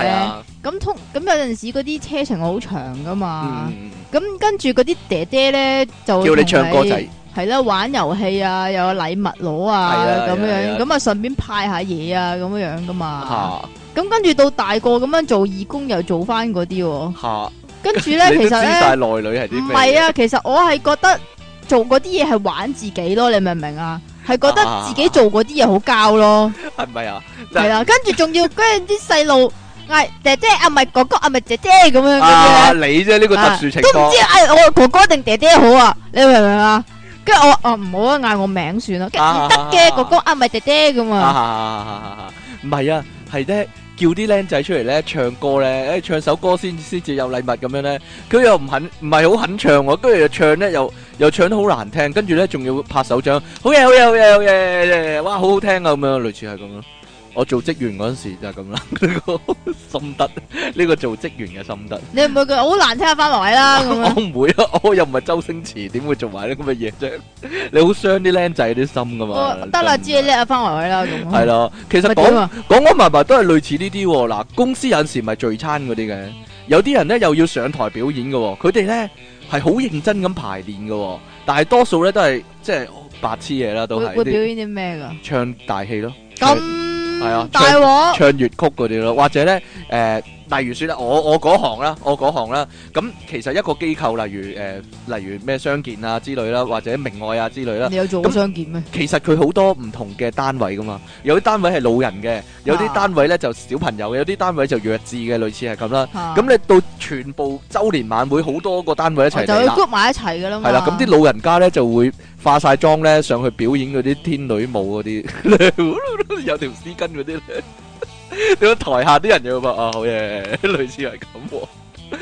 咁通咁有陣時嗰啲車程好長噶嘛，咁跟住嗰啲爹爹咧就叫你唱歌仔，係啦，玩遊戲啊，又有禮物攞啊，咁樣，咁啊順便派下嘢啊，咁樣樣噶嘛，咁跟住到大個咁樣做義工又做翻嗰啲，吓，跟住咧其實咧內裏係啲咩？係啊，其實我係覺得做嗰啲嘢係玩自己咯，你明唔明啊？係覺得自己做嗰啲嘢好膠咯，係咪啊？係啦，跟住仲要跟住啲細路嗌姐姐啊，唔係哥哥啊，唔係姐姐咁樣。啊，你啫呢個特殊情況，都唔知嗌我哥哥定姐姐好啊？你明唔明啊？跟住我，我唔好嗌我名算啦，得嘅哥哥啊，唔係姐姐咁啊。唔係啊，係的。叫啲僆仔出嚟咧唱歌咧，誒、哎、唱首歌先先至有禮物咁樣咧，佢又唔肯，唔係好肯唱喎、啊，跟住又唱咧又又唱得好難聽，跟住咧仲要拍手掌，好嘢，好嘢，好嘢，好嘢，哇好好聽啊咁樣，類似係咁樣。我做職員嗰陣時就係咁啦，呢 個心得，呢、這個做職員嘅心得。 你唔會好難聽下翻埋位啦咁。 我唔會啊，我又唔係周星馳，點會做埋啲咁嘅嘢啫？ 你好傷啲僆仔啲心噶嘛。得 不 啦，知你叻啊，翻埋位啦咁。係咯，其實講講講埋埋都係類似呢啲喎。嗱，公司有陣時唔係聚餐嗰啲嘅，有啲人咧又要上台表演嘅，佢哋咧係好認真咁排練嘅，但係多數咧都係即係白痴嘢啦，都係。會表演啲咩噶？唱大戲咯。咁、嗯。係啊，嗯、唱糕唱粵曲嗰啲咯，或者咧，誒、呃，例如說啊，我我嗰行啦，我嗰行啦，咁其實一個機構，例如誒、呃，例如咩相見啊之類啦，或者明愛啊之類啦，你有做過相見咩？其實佢好多唔同嘅單位噶嘛，有啲單位係老人嘅，有啲單位咧就小朋友嘅，有啲單位就弱智嘅，類似係咁啦。咁、啊、你到全部周年晚會，好多個單位一齊，就要 group 埋一齊噶啦。係啦，咁啲老人家咧就會。化晒妝咧上去表演嗰啲天女舞嗰啲，有條絲巾嗰啲咧，點解台下啲人要拍啊？好嘢，類似係咁。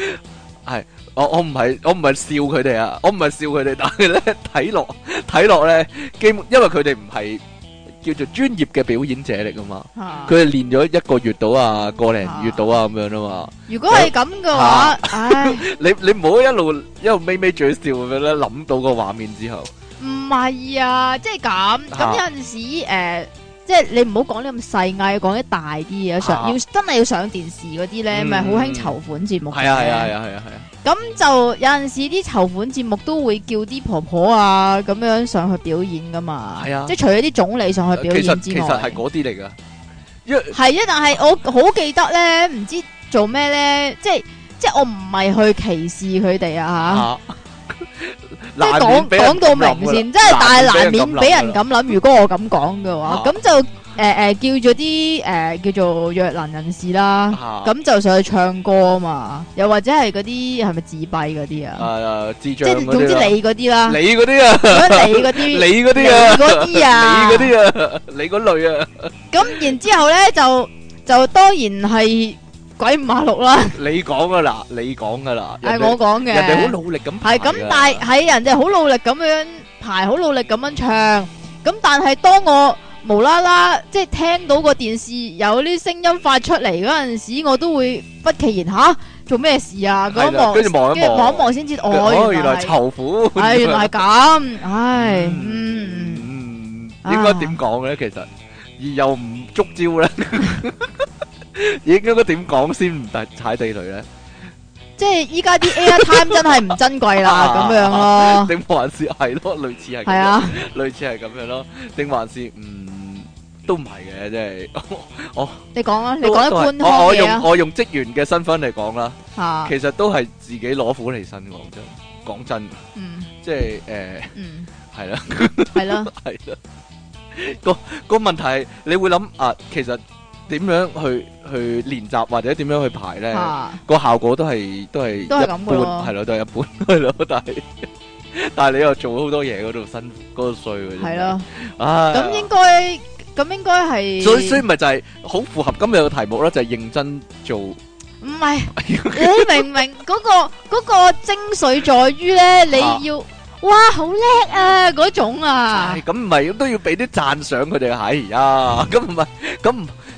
係我我唔係我唔係笑佢哋啊，我唔係笑佢哋，但係咧睇落睇落咧，基本因為佢哋唔係叫做專業嘅表演者嚟噶嘛，佢哋係練咗一個月到啊，個零月到啊咁樣啊嘛。如果係咁嘅話，唉，你你唔好一路一路眯眯嘴笑咁樣，諗到個畫面之後。唔係啊，即係咁咁有陣時誒，即係你唔好講啲咁細嘅，講啲大啲嘢上，要真係要上電視嗰啲咧，咪好興籌款節目。係啊係啊係啊係啊係啊！咁就有陣時啲籌款節目都會叫啲婆婆啊咁樣上去表演噶嘛。係啊，即係除咗啲總理上去表演之外，其實係嗰啲嚟噶。一係啊，但係我好記得咧，唔知做咩咧，即係即係我唔係去歧視佢哋啊吓。即係講，講到明先說，即係，但係難免俾人咁諗。如果我咁講嘅話，咁、啊、就誒誒叫咗啲誒叫做弱能、呃、人士啦。咁、啊、就上去唱歌嘛，又或者係嗰啲係咪自閉嗰啲啊？誒，智障，即係總之你嗰啲啦。你嗰啲啊？你嗰啲？ 你嗰啲啊？你嗰啲啊？ 你嗰類啊？咁然之後咧，就就，就當然係。鬼五馬六啦！你講噶啦，你講噶啦，係我講嘅。人哋好努力咁，係咁，但係喺人哋好努力咁樣排，好努力咁樣唱，咁但係當我無啦啦即係聽到個電視有啲聲音發出嚟嗰陣時，我都會不其然吓，做咩事啊？咁望，跟住望一望，先知哦，原來愁苦，哎，原來係咁，唉，嗯，應該點講咧？其實，而又唔捉焦咧。咦，應該點講先唔踩踩地雷咧？即係依家啲 Airtime 真係唔珍貴啦，咁樣咯。定還是係咯，類似係。係啊，類似係咁樣咯。定還是唔都唔係嘅，即係我。你講啊，你講一番開嘢啊！我用我用職員嘅身份嚟講啦，其實都係自己攞苦嚟辛苦。真講真，嗯，即係誒，係啦，係啦，係啦。個個問題係你會諗啊，其實。點樣去去練習或者點樣去排咧？個效果都係都係都係咁嘅，係咯，都係一般，係咯，但係但係你又做好多嘢，嗰度辛苦嗰度衰嘅，係咯，啊，咁應該咁應該係，所所以咪就係好符合今日嘅題目咯，就係認真做。唔係你明明嗰個嗰個精髓在於咧？你要哇好叻啊嗰種啊！咁唔係都要俾啲讚賞佢哋啊？咁唔係咁。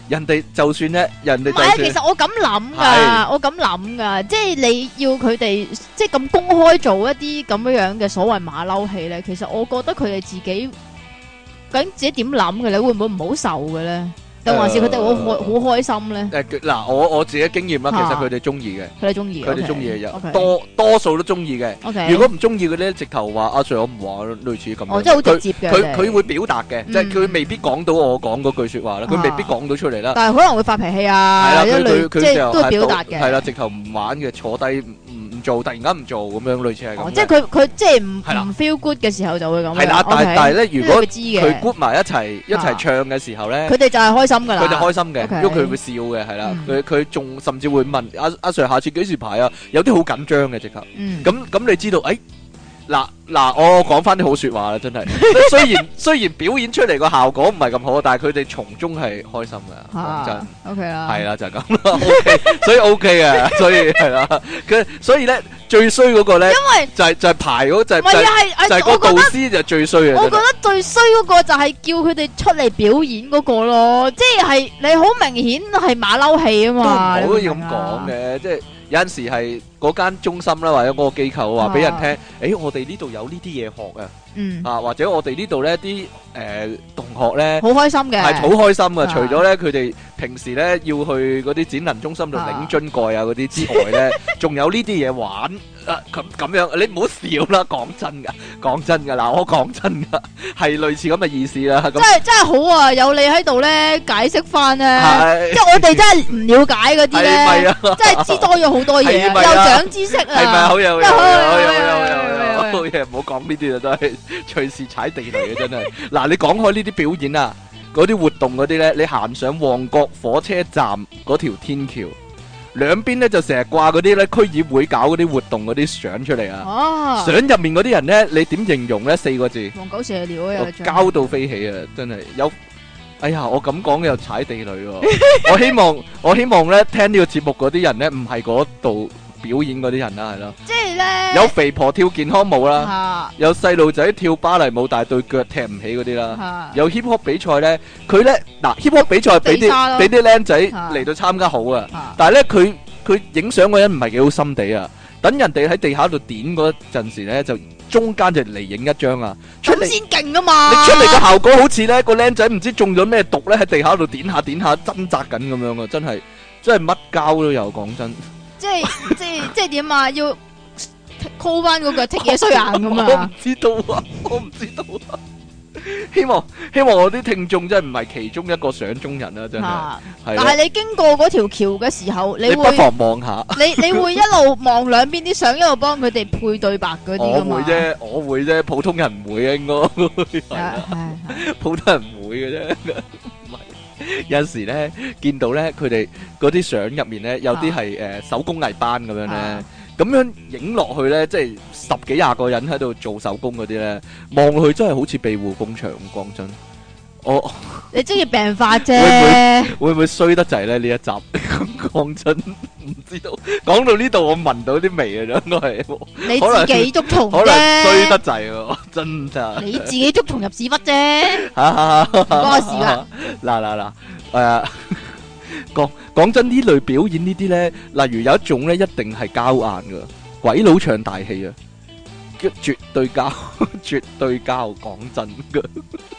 人哋就算咧，人哋唔係啊，其實我咁諗噶，是我咁諗噶，即係你要佢哋即係咁公開做一啲咁樣樣嘅所謂馬騮戲咧，其實我覺得佢哋自己究竟自己點諗嘅咧，會唔會唔好受嘅咧？定還是佢哋好開好開心咧？誒嗱，我我自己經驗啦，其實佢哋中意嘅，佢哋中意，佢哋中意嘅多多數都中意嘅。如果唔中意嘅咧，直頭話阿 Sir，我唔玩，類似咁。哦，真係好直接嘅。佢佢會表達嘅，即係佢未必講到我講嗰句説話啦，佢未必講到出嚟啦。但係可能會發脾氣啊，一類即係都係表達嘅。係啦，直頭唔玩嘅，坐低唔。做突然間唔做咁樣，類似係咁、哦。即係佢佢即係唔唔 feel good 嘅時候就會咁。係啦，但 okay，但係咧，如果佢 group 埋一齊一齊唱嘅時候咧，佢哋就係開心㗎啦。佢哋開心嘅，Okay 因為佢會笑嘅，係啦。佢佢仲甚至會問阿阿、啊啊、Sir 下次幾時排啊？有啲好緊張嘅直頭。咁咁、嗯、你知道誒？哎嗱嗱，我講翻啲好說話啦，真係 雖然雖然表演出嚟個效果唔係咁好，但係佢哋從中係開心噶，講真，O K 啦，係啦，啊 okay，就係咁啦，所以 O K 嘅，所以係啦，佢所以咧最衰嗰個咧，就係，因為就係、係、就係、係、排嗰就係、是就係就係，個導師就最衰啊，我覺得最衰嗰個就係叫佢哋出嚟表演嗰個咯，即係你好明顯係馬騮戲啊嘛，唔好要咁講嘅，即係。有陣時係嗰間中心啦，或者嗰個機構話俾人聽，誒、啊欸，我哋呢度有呢啲嘢學啊！嗯啊，或者我哋呢度咧啲誒同學咧，好開心嘅，係好開心嘅。除咗咧，佢哋平時咧要去嗰啲展覽中心度領樽蓋啊嗰啲之外咧，仲有呢啲嘢玩啊咁咁樣。你唔好笑啦，講真噶，講真噶，嗱我講真噶，係類似咁嘅意思啦。真係真係好啊！有你喺度咧解釋翻咧，即係我哋真係唔了解嗰啲咧，真係知多咗好多嘢，又長知識啊！係咪啊？好有，好有，好有。冇講呢啲啊，都係隨時踩地雷嘅，真係。嗱，你講開呢啲表演啊，嗰啲活動嗰啲呢，你行上旺角火車站嗰條天橋，兩邊呢就成日掛嗰啲咧區議會搞嗰啲活動嗰啲相出嚟啊。哦、啊，相入面嗰啲人呢，你點形容呢？四個字，黃狗射尿啊，又膠到飛起啊，真係。有，哎呀，我咁講嘅又踩地雷喎、哦。 我希望，我希望呢，聽呢個節目嗰啲人呢，唔係嗰度。表演嗰啲人啦，係咯，即係咧有肥婆跳健康舞啦，有細路仔跳芭蕾舞，但係對腳踢唔起嗰啲啦，有 hip hop 比賽咧，佢咧嗱 hip hop 比賽俾啲俾啲僆仔嚟到參加好啊，但係咧佢佢影相嗰人唔係幾好心地啊，等人哋喺地下度點嗰陣時咧就中間就嚟影一張啊，出嚟先勁㗎嘛，你出嚟個效果好似咧個僆仔唔知中咗咩毒咧喺地下度點下點下掙扎緊咁樣啊，真係真係乜膠都有，講真。即係即係即係點啊？要 call 翻嗰句睇嘢衰眼咁啊！我唔知道啊，我唔知道啊。希望希望我啲聽眾真係唔係其中一個相中人啦，真係。但係你經過嗰條橋嘅時候，你會不妨望下。你你會一路望兩邊啲相，一路幫佢哋配對白嗰啲噶嘛？我唔會啫，我會啫。普通人唔會啊，應該係係係，普通人唔會嘅啫。 有陣時咧，見到咧佢哋嗰啲相入面咧，有啲係誒手工藝班咁樣咧，咁樣影落去咧，即係十幾廿個人喺度做手工嗰啲咧，望落去真係好似庇護工場咁，講真。我你中意病發啫，會唔會衰得滯咧？呢一集講真，唔知道。講到呢度，我聞到啲味啊，應該係你自己捉蟲啫，衰得滯喎，真真。你自己捉蟲入屎忽啫，嗰個時間。嗱嗱嗱，誒，講講真呢類表演呢啲咧，例如有一種咧，一定係膠硬噶，鬼佬唱大戲啊！絕對交，絕對交。講真嘅，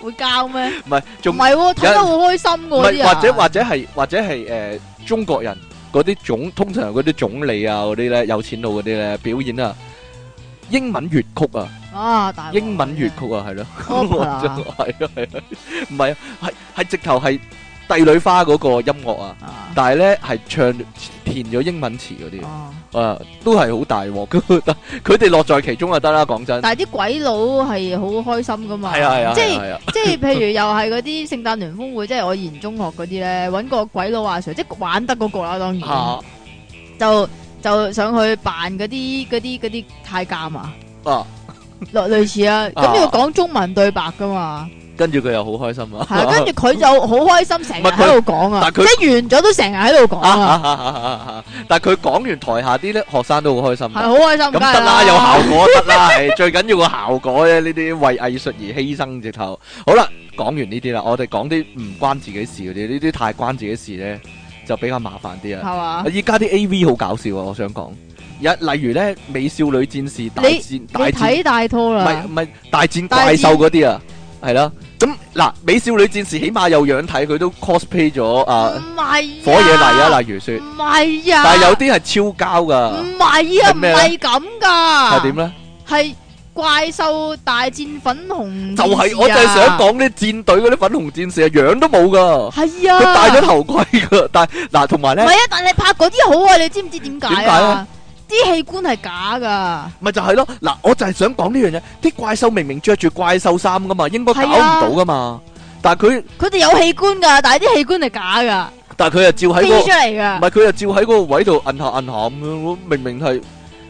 會交咩？唔係，仲唔係睇得好開心嘅啲人。或者或者係，或者係誒中國人嗰啲總，通常嗰啲總理啊嗰啲咧，有錢佬嗰啲咧表演啊，英文粵曲啊，啊大，英文粵曲啊係咯，係啊係啊，唔係啊，係係直頭係。帝女花嗰個音樂啊，但係咧係唱填咗英文詞嗰啲，誒，都係好大鑊，佢哋樂在其中就得啦。講真，但係啲鬼佬係好開心噶嘛，即係即係，譬如又係嗰啲聖誕聯歡會，即係我言中學嗰啲咧，搵個鬼佬阿 Sir，即係玩得嗰個啦，當然就就想去扮嗰啲啲啲太監啊，類類似啊，咁要講中文對白噶嘛。跟住佢又好開心啊！係、啊、跟住佢就好開心，成日喺度講啊，他即係完咗都成日喺度講但係佢講完，台下啲學生都好開、啊啊、開心。係好開心，咁得啦，啊、有效果得啦， 最緊要個效果啫。呢啲為藝術而犧牲直頭。好啦，講完呢啲啦，我哋講啲唔關自己事嗰啲，呢啲太關自己事咧，就比較麻煩啲啊。係嘛？依家啲 A V 好搞笑啊！我想講，一例如咧美少女戰士大戰大睇大拖戰啦，唔係大，大戰怪獸嗰啲啊，係戰啦。咁嗱，美少女戰士起碼有樣睇，佢都 cosplay 咗啊！唔係，火野麗啊，例如說，唔係啊，但係有啲係超膠噶，唔係啊，唔係咁噶，係點咧？係怪獸大戰粉紅，就係我淨係想講啲戰隊嗰啲粉紅戰士啊，樣都冇噶，係啊，佢戴咗頭盔噶，但嗱同埋咧，唔係啊，但係你拍嗰啲好啊，你知唔知點解啊？啲器官係假噶，咪就係咯。嗱，我就係想講呢樣嘢，啲怪獸明明着住怪獸衫噶嘛，應該搞唔到噶嘛。但係佢，佢哋有器官噶，但係啲器官係假噶。但係佢又照喺出嚟噶，唔係佢又照喺嗰個位度按下按下咁樣。我明明係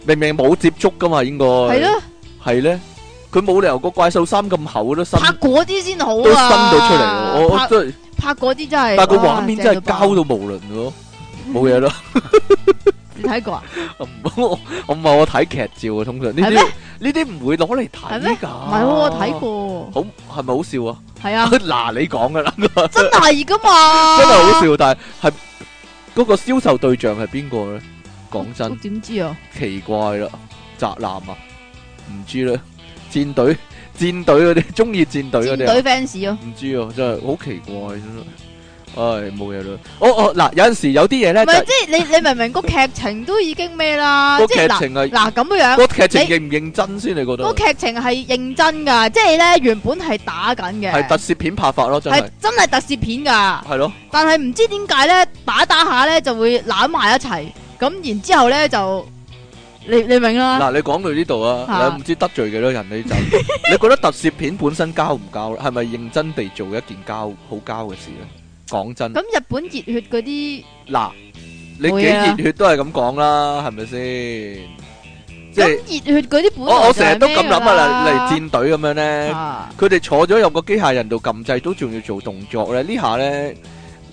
明明冇接觸噶嘛，應該係咯，係咧。佢冇理由個怪獸衫咁厚咯，伸拍嗰啲先好啊，伸到出嚟。我都拍嗰啲真係，但係個畫面真係膠到無倫咯，冇嘢咯。你睇過啊？唔，我唔係，我睇劇照啊，通常呢啲呢啲唔會攞嚟睇。係咩？唔係我睇過。好，係咪好笑啊？係啊。嗱你講噶啦，真係噶嘛？真係好笑，但係係嗰個銷售對象係邊個咧？講真，點知啊？奇怪啦，宅男啊？唔知咧，戰隊戰隊嗰啲中意戰隊嗰啲 fans 啊？唔知啊，真係好奇怪。誒，冇嘢啦。哦哦，嗱，有陣時有啲嘢咧，唔係即係你你明唔明個劇情都已經咩啦？個劇情啊，嗱咁樣，個劇情認唔認真先？你覺得個劇情係認真噶，即係咧原本係打緊嘅，係特攝片拍法咯，真係真係特攝片噶，係咯。但係唔知點解咧，打打下咧就會攬埋一齊，咁然之後咧就你你明啦。嗱，你講到呢度啊，你唔知得罪幾多人你就。你覺得特攝片本身膠唔膠？係咪認真地做一件膠好膠嘅事咧？講真，咁日本熱血嗰啲，嗱，你幾熱血都係咁講啦，係咪先？咁熱血嗰啲，我我成日都咁諗啊，例如戰隊咁樣咧，佢哋坐咗入個機械人度撳掣，都仲要做動作咧。呢下咧，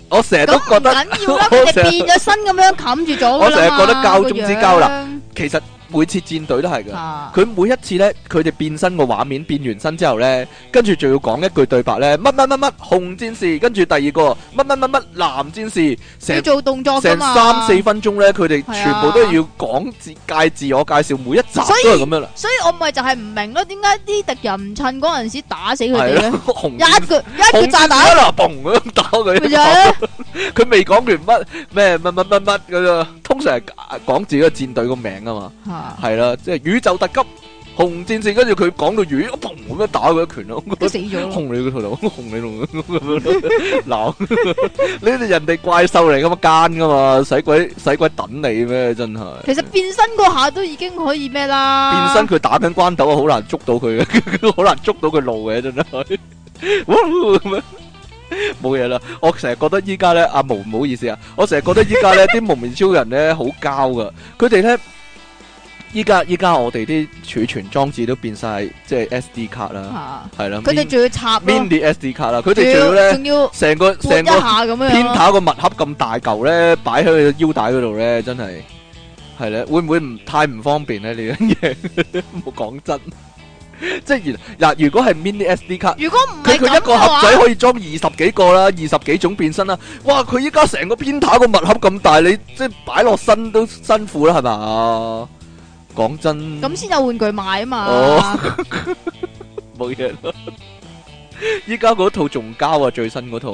我成日都覺得，緊要啦，佢哋變咗身咁樣冚住咗，我成日覺得交中之交啦。其實。每次戰隊都係嘅，佢、啊、每一次咧，佢哋變身個畫面變完身之後咧，跟住仲要講一句對白咧，乜乜乜乜紅戰士，跟住第二個乜乜乜乜藍戰士，成做動作，成三四分鐘咧，佢哋全部都係要講介自我介紹，每一集都係咁樣啦。所以我咪就係唔明咯，點解啲敵人唔趁嗰陣時打死佢哋咧？一拳一拳炸彈啦，嘣咁、啊呃、打佢、這個，佢未講完乜咩乜乜乜乜嘅通常係講自己個戰隊個名啊嘛，係啦，即係宇宙特級紅戰士，跟住佢講到魚，嘣咁樣打佢一拳咯，都死咗咯，紅你個頭度，紅你龍，鬧呢啲人哋怪獸嚟噶嘛，奸噶嘛，使鬼使鬼等你咩？真係。其實變身嗰下都已經可以咩啦？變身佢打緊關斗，好難捉到佢嘅，好難捉到佢路嘅，真係。冇嘢啦，我成日覺得依家咧，阿毛唔好意思啊，我成日覺得依家咧，啲無面超人咧好膠噶，佢哋咧，依家依家我哋啲儲存裝置都變晒，即係 SD 卡啦，係啦、啊，佢哋仲要插 mini SD 卡啦，佢哋仲要，仲還要成個成個扁頭個密盒咁大嚿咧，擺喺個腰帶嗰度咧，真係係咧，會唔會唔太唔方便咧呢樣嘢？唔好講真。即係，嗱，如果係 mini SD 卡，如果唔係，佢佢一個盒仔可以裝二十幾個啦，二十幾種變身啦，哇！佢依家成個偏塔個物盒咁大，你即係擺落身都辛苦啦，係咪？講真，咁先有玩具買啊嘛！哦，冇嘢啦，依家嗰套仲交啊，最新嗰套，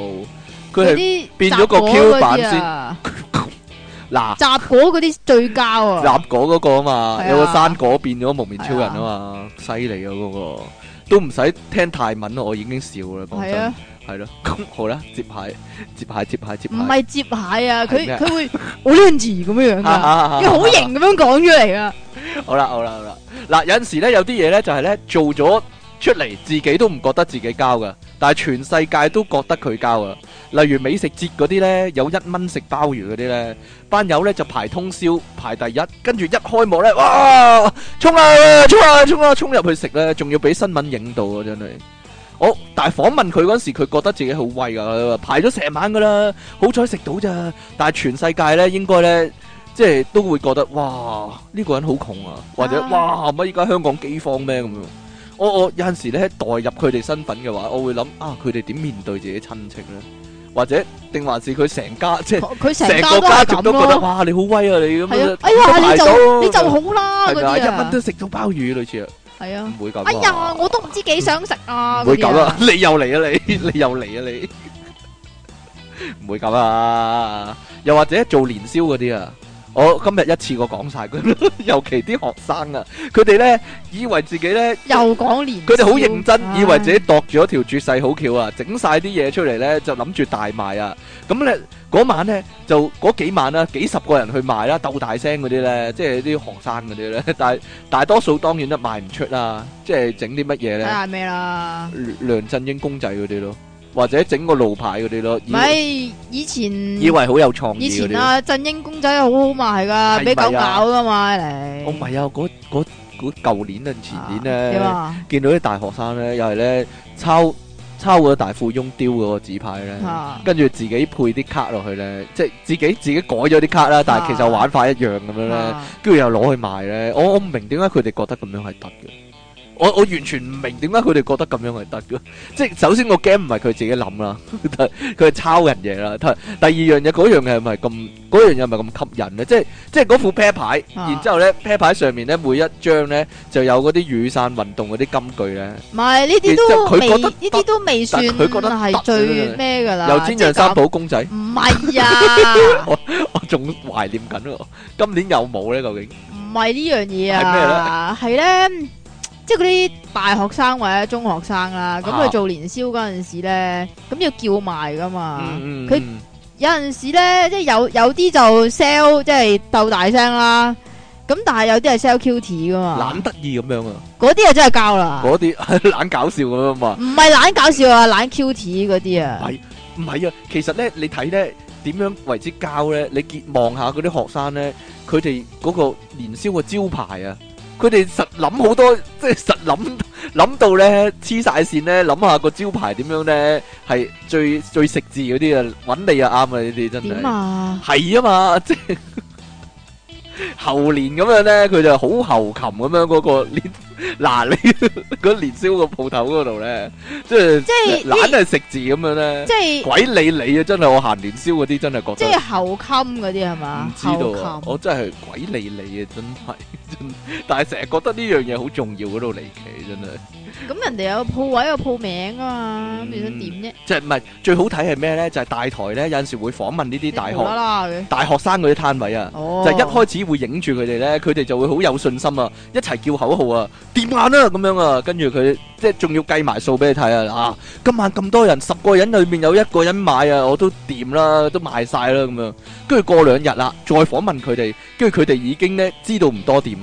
佢係變咗個 Q 版先。嗱，雜果嗰啲最膠啊！雜果嗰個啊嘛，有個山果變咗蒙面超人啊嘛，犀利啊嗰個，都唔使聽泰文咯，我已經笑啦，講真。係啊，係咯，咁好啦，接牌，接牌，接牌，接牌。唔係接牌啊，佢佢會，我呢樣字咁樣樣㗎，要好型咁樣講出嚟啊！好啦好啦好啦，嗱，有陣時咧，有啲嘢咧就係咧做咗。出嚟自己都唔覺得自己交㗎，但係全世界都覺得佢交啊。例如美食節嗰啲呢，有一蚊食鮑魚嗰啲呢，班友呢就排通宵排第一，跟住一開幕呢，哇！衝啊衝啊衝啊衝入去食呢，仲要俾新聞影到啊！真係，我但係訪問佢嗰陣時，佢覺得自己好威啊，排咗成晚㗎喇，好彩食到咋。但係全世界呢，應該呢，即係都會覺得哇，呢個人好窮啊，或者哇乜依家香港饑荒咩咁樣。我我有陣時咧代入佢哋身份嘅話，我會諗啊，佢哋點面對自己親戚咧？或者定還是佢成家即係佢成個家族都覺得哇，你好威啊！你咁，哎呀，你就你就好啦。係啊，一蚊都食到鮑魚類似啊。係啊，唔會咁。哎呀，我都唔知幾想食啊。唔會咁啦，你又嚟啊！你你又嚟啊！你唔會咁啊？又或者做年宵嗰啲啊？我今日一次過講晒佢，尤其啲學生啊，佢哋咧以為自己咧又講年，佢哋好認真，以為自己度住咗條絕世好橋啊，整晒啲嘢出嚟咧就諗住大賣啊。咁咧嗰晚咧就嗰幾晚啦，幾十個人去賣啦，鬥大聲嗰啲咧，即係啲學生嗰啲咧，但係大多數當然都賣唔出啦，即係整啲乜嘢咧？咩啦、啊？梁振英公仔嗰啲咯。或者整個路牌嗰啲咯，唔係，以前以為好有創意。以前啊，振英公仔好好賣噶，俾、啊、狗咬噶嘛。我唔係啊，嗰舊年定前年咧，是是啊、見到啲大學生咧，又係咧抄抄嗰個大富翁丟嗰個紙牌咧，是是啊、跟住自己配啲卡落去咧，即係自己自己改咗啲卡啦，但係其實玩法一樣咁樣咧，跟住、啊、又攞去賣咧，我我唔明點解佢哋覺得咁樣係得嘅。我我完全唔明點解佢哋覺得咁樣係得嘅，即係首先我驚唔係佢自己諗啦，佢係抄人嘢啦。佢第二樣嘢嗰樣嘢係唔係咁嗰樣嘢唔係咁吸引咧？即係即係嗰副啤牌，然之後咧啤牌上面咧每一張咧就有嗰啲雨傘運動嗰啲金句咧。唔係呢啲都佢覺得呢啲都未算，佢覺得係最咩嘅啦？由天降三寶公仔？唔係啊！我我仲懷念緊喎，今年有冇咧？究竟唔係呢樣嘢啊？係咩咧？係咧？即係嗰啲大學生或者中學生啦，咁佢做年宵嗰陣時咧，咁要叫埋噶嘛。佢、嗯嗯、有陣時咧，即係有有啲就 sell，即係鬥大聲啦。咁但係有啲係 sell cute 噶嘛，懶得意咁樣啊。嗰啲啊真係膠啦，嗰啲懶搞笑咁啊嘛。唔係懶搞笑啊，懶 cute 嗰啲啊。唔係唔係啊，其實咧你睇咧點樣為之膠咧，你望下嗰啲學生咧，佢哋嗰個年宵嘅招牌啊。佢哋實諗好多，即係實諗諗到咧黐晒線咧，諗下個招牌點樣咧，係最最食字嗰啲啊，揾你又啱啊！呢啲真係，係啊嘛，即係 猴年咁樣咧，佢就好猴擒咁樣嗰個年嗱，你嗰年宵個鋪頭嗰度咧，就是、即係即係，懶係食字咁樣咧，即係是鬼理你啊！真係我行年宵嗰啲真係覺得，即係猴擒嗰啲係嘛？唔知道，我真係鬼理你啊！真係。 但係成日覺得呢樣嘢好重要，嗰度離奇真係，咁、嗯、 人哋有鋪位有鋪名噶、啊、嘛，你想點啫？即係唔係最好睇係咩咧？就係大台咧，有陣時會訪問呢啲大學大學生嗰啲攤位啊，哦、就一開始會影住佢哋咧，佢哋就會好有信心啊，一齊叫口號啊，掂眼啊咁樣啊，跟住佢即係仲要計埋數俾你睇啊，嗱、啊，今晚咁多人，十個人裏面有一個人買啊，我都掂啦，啊，都賣晒啦咁樣，跟住過兩日啦，再訪問佢哋，跟住佢哋已經咧知道唔多掂。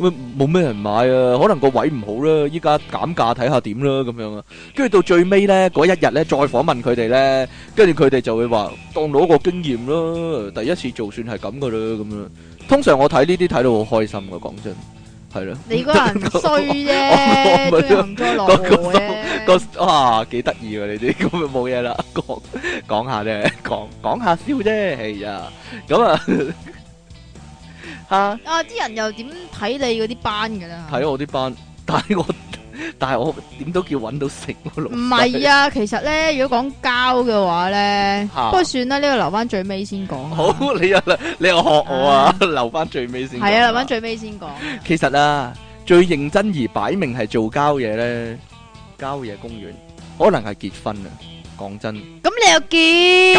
冇冇咩人買啊？可能個位唔好啦，依家減價睇下點啦咁樣啊。跟住到最尾咧，嗰一日咧再訪問佢哋咧，跟住佢哋就會話當到一個經驗啦。第一次做算係咁噶啦咁樣。通常我睇呢啲睇到好開心噶，講真係啦。你個人衰啫，唔該攞嘅。個啊幾得意喎？呢啲咁就冇嘢啦。講講下啫，講講下笑啫。係啊，咁啊。啊！啊！啲人又點睇你嗰啲班噶啦？睇我啲班，但係我但係我點都叫搵到食、啊。唔係啊，其實咧，如果講交嘅話咧，啊、不過算啦，呢、這個留翻最尾先講。好，你又你又學我啊？啊留翻最尾先。係啊，留翻最尾先講。其實啊，最認真而擺明係做膠嘢咧，郊野公園可能係結婚啊。講真，咁你又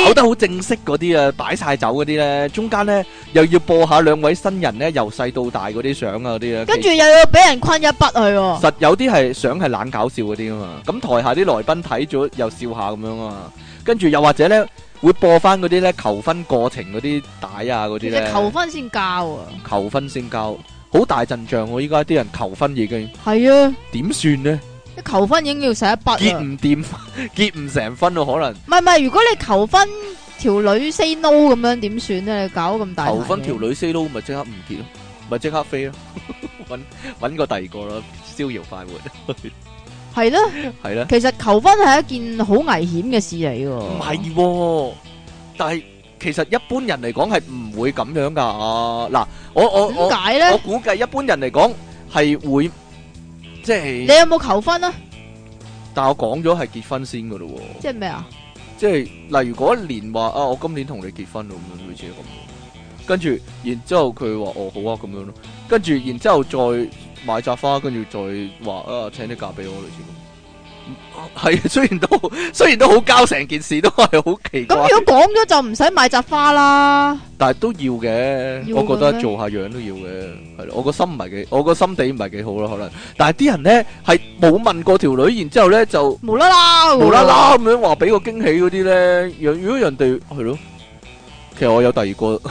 見搞得好正式嗰啲啊，擺晒酒嗰啲咧，中間咧又要播下兩位新人咧由細到大嗰啲相啊嗰啲啊，跟住又要俾人昆一筆去，實有啲係相係懶搞笑嗰啲啊嘛，咁台下啲來賓睇咗又笑下咁樣啊嘛，跟住又或者咧會播翻嗰啲咧求婚過程嗰啲帶啊嗰啲咧，求婚先交啊，求婚先交，好大陣仗喎、啊，依家啲人求婚已經係啊，點的算呢？求婚已經要使一筆啊！結唔掂，結唔成婚咯，可能。唔係唔係，如果你求婚條女 say no，咁樣，點算咧？你搞咁大？求婚條女 say no，咪即刻唔結咯，咪即刻飛咯，搵搵個第二個咯，逍遙快活。係咯，係咯，其實求婚係一件好危險嘅事嚟噶。唔係，但係其實一般人嚟講係唔會咁樣噶。嗱，我我我，點解咧？我估計一般人嚟講係會。即係你有冇求婚啊？但係我講咗係結婚先噶咯喎。即係咩啊？即係嗱，例如一年話啊，我今年同你結婚咯咁樣，類似咁。跟住，然之後佢話哦好啊咁樣咯。跟住，然之後再買紮花，跟住再話啊，請你嫁俾我類似咁。係，雖然都雖然都好交，成件事都係好奇怪。咁如果講咗就唔使買紮花啦，但係都要嘅，我覺得做下樣都要嘅，係咯。我個心唔係幾，我個心地唔係幾好咯，可能。但係啲人咧係冇問過條女，然之後咧就無啦啦，無啦啦咁樣話俾個驚喜嗰啲咧，人如果人哋係咯，其實我有第二個，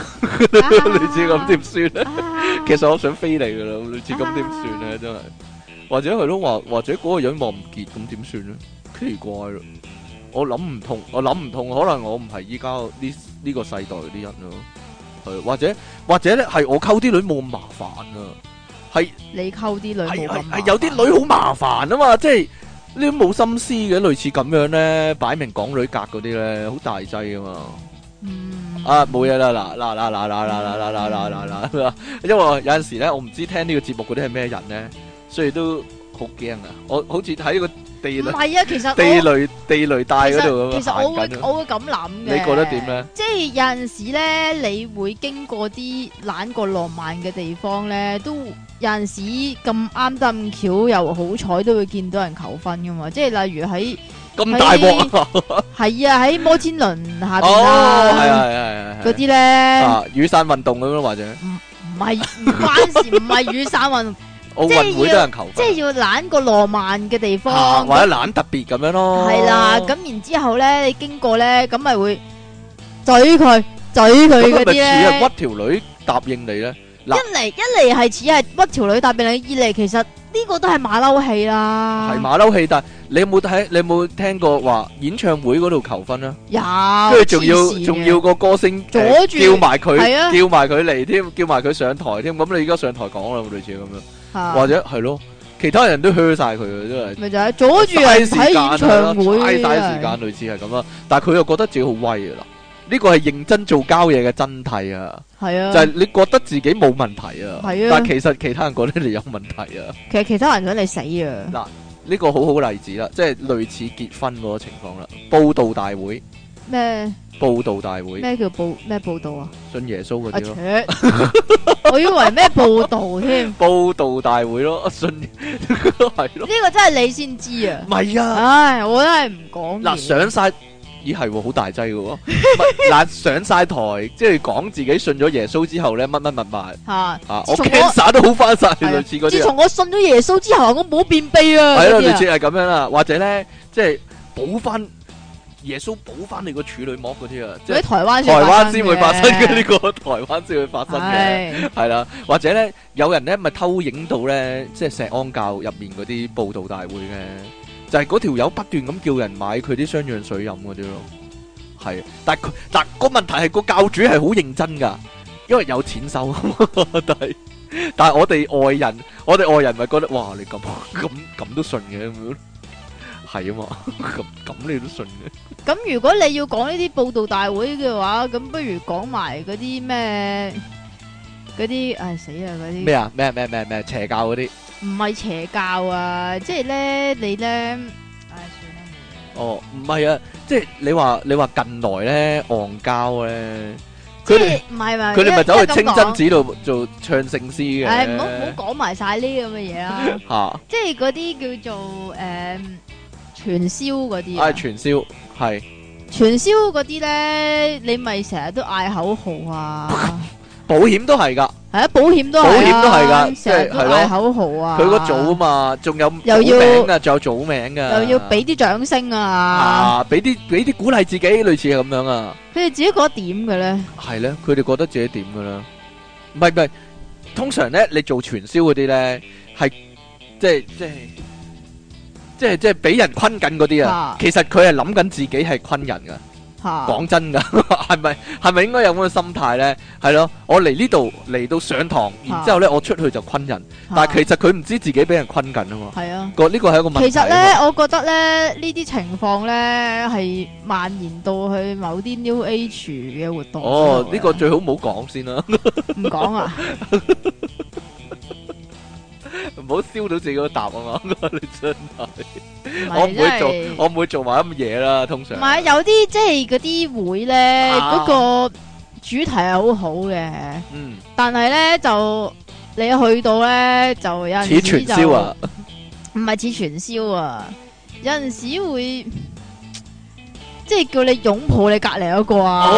類似咁點算咧？其實我想飛你噶啦，類似咁點算咧？真係。或者佢都話，或者嗰個樣望唔見，咁點算咧？奇怪咯，我諗唔通，我諗唔通，可能我唔係依家呢呢個世代啲人咯，係或者或者咧係我溝啲女冇咁麻煩啊，係你溝啲女冇咁，係有啲女好麻煩啊嘛，即係你都冇心思嘅，類似咁樣咧，擺明港女格嗰啲咧，好大劑啊嘛，嗯啊冇嘢啦，嗱嗱嗱嗱嗱嗱嗱嗱嗱嗱嗱嗱，因為有陣時咧，我唔知聽呢個節目嗰啲係咩人咧。所以都好驚啊！我好似睇個地雷、啊、地雷地雷，地雷帶嗰度其，其實我會我會咁諗嘅。你覺得點咧？即係有陣時咧，你會經過啲懶過浪漫嘅地方咧，都有陣時咁啱得咁巧，巧又好彩，都會見到人求婚噶嘛。即係例如喺咁大鑊，係在 啊，喺摩天輪下邊咯，啊係啊係啊，嗰啲咧啊雨傘運動咁咯，或者唔唔係，唔關事，唔係雨傘運動。奧運會都有人求婚，即係要攬個浪漫嘅地方，或者攬特別咁樣咯。係啦，咁然之後咧，你經過咧，咁咪會嘴佢嘴佢嗰啲咧。一嚟一嚟係似係屈條女答應你咧，一嚟一嚟係似係屈條女答應你，二嚟其實呢個都係馬騮戲啦。係馬騮戲，但係你有冇睇？你有冇聽過話演唱會嗰度求婚啊？有，跟住仲要仲要個歌星叫埋佢，叫埋佢嚟添，叫埋佢上台添。咁你而家上台講啦，類似咁樣。 或者係咯，其他人都噓晒佢嘅，真係咪就係阻住人睇演唱會，嘥時間是類似係咁啦。但係佢又覺得自己好威㗎喇！嗱，呢個係認真做膠嘢嘅真諦啊！係啊，就係你覺得自己冇問題啊，但係其實其他人覺得你有問題啊。其實其他人想你死啊！嗱，呢個好好例子啦，即係類似結婚嗰個情況啦，報道大會。咩報道大會？咩叫報咩報道啊？信耶穌嗰啲咯，我以為咩報道添？報道大會咯，信係咯。呢個真係你先知啊？唔係啊！唉，我都係唔講。嗱，上晒咦係好大劑嘅喎。嗱，上晒台即係講自己信咗耶穌之後咧，乜乜乜埋吓我 cancer 都好翻晒，類似嗰啲。自從我信咗耶穌之後，我冇便秘啊。係咯，類似係咁樣啦。或者咧，即係補翻。耶穌補翻你個處女膜嗰啲啊，即係台灣，台灣先會發生嘅呢個，台灣先會發生嘅，係啦，或者咧有人咧咪偷影到咧，即係石安教入面嗰啲佈道大會嘅，就係嗰條友不斷咁叫人買佢啲雙氧水飲嗰啲咯，係，但係嗱個問題係個教主係好認真㗎，因為有錢收，但係但係我哋外人，我哋外人咪覺得哇，你咁咁咁都信嘅咁。係啊嘛，咁咁 你都信嘅？咁如果你要講呢啲佈道大會嘅話，咁不如講埋嗰啲咩？嗰啲唉死啊嗰啲咩啊咩啊咩咩邪教嗰啲？唔係邪教啊，即係咧你咧唉、哎、算啦，冇嘢。哦，唔係啊，即、就、係、是、你話你話近來咧戇交啊？佢哋唔係佢哋咪走去清真寺度做唱聖詩嘅？誒、哎，唔好唔好講埋晒呢啲咁嘅嘢啦。吓，即係嗰啲叫做誒。嗯傳銷嗰啲啊，係傳銷，係傳銷嗰啲咧，你咪成日都嗌口號啊，保險都係噶，係啊，保險都，保險都係噶，即係係啦，嗌口號啊，佢個組啊嘛，仲有又要啊，仲有組名噶，又要俾啲掌聲啊，啊，俾啲俾啲鼓勵自己，類似係咁樣啊，佢哋自己覺得點嘅咧？係咧，佢哋覺得自己點噶啦？唔係唔係，通常咧，你做傳銷嗰啲咧，係即係即係。即係即係俾人困緊嗰啲啊，其實佢係諗緊自己係困人噶，講、啊、真噶，係咪係咪應該有咁嘅心態呢？係咯，我嚟呢度嚟到上堂，然之後呢，我出去就困人，啊、但係其實佢唔知自己俾人困緊啊嘛。係啊，呢、呢個係一個問題。其實呢，我覺得咧呢啲情況呢，係蔓延到去某啲 New Age 嘅活動。哦，呢、呢個最好唔好講先啦。唔 講啊。 唔好燒到自己個答案啊嘛！你真係，我唔會做，是我唔會做埋咁嘢啦。通常唔係有啲即係嗰啲會咧，嗰、啊、個主題係好好嘅。嗯，但係咧就你去到咧就有陣時似傳銷啊，唔係似傳銷啊，有陣時會即係、就是、叫你擁抱你隔籬嗰個啊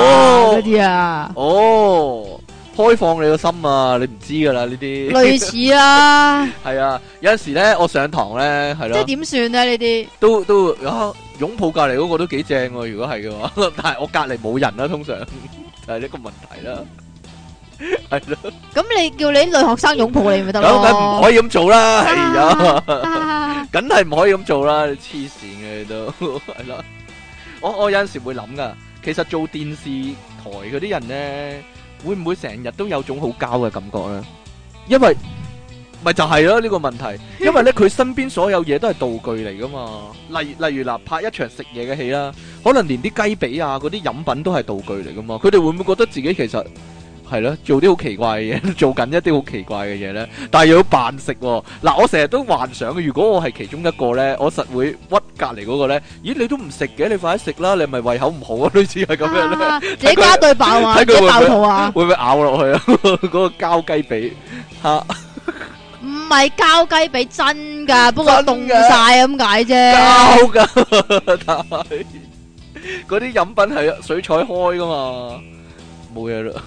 嗰啲啊哦。開放你個心啊！你唔知噶啦呢啲類似啊，係啊，有陣時咧，我上堂咧，係咯，即係點算咧呢啲？都都啊，擁抱隔籬嗰個都幾正喎，如果係嘅話，但係我隔籬冇人啦，通常就係呢個問題啦，係咯。咁你叫你女學生擁抱你咪得咯？梗係唔可以咁做啦，係啊，梗係唔可以咁做啦，黐線嘅都係啦。我我有陣時會諗噶，其實做電視台嗰啲人咧。會唔會成日都有種好膠嘅感覺呢？因為咪就係咯，呢個問題，因為呢，佢身邊所有嘢都係道具嚟噶嘛。例如例如嗱，拍一場食嘢嘅戲啦，可能連啲雞髀啊、嗰啲飲品都係道具嚟噶嘛。佢哋會唔會覺得自己其實？係咯，做啲好奇怪嘅嘢，做緊一啲好奇怪嘅嘢咧。但係要扮食嗱，我成日都幻想，如果我係其中一個咧，我實會屈隔籬嗰個咧。咦，你都唔食嘅，你快啲食啦！你咪胃口唔好啊，類似係咁樣。自己加對扮啊，加爆糖啊，會唔會咬落去啊？嗰個膠雞髀吓，唔係膠雞髀真噶，不過凍晒咁解啫。膠噶，但係嗰啲飲品係水彩開噶嘛，冇嘢啦。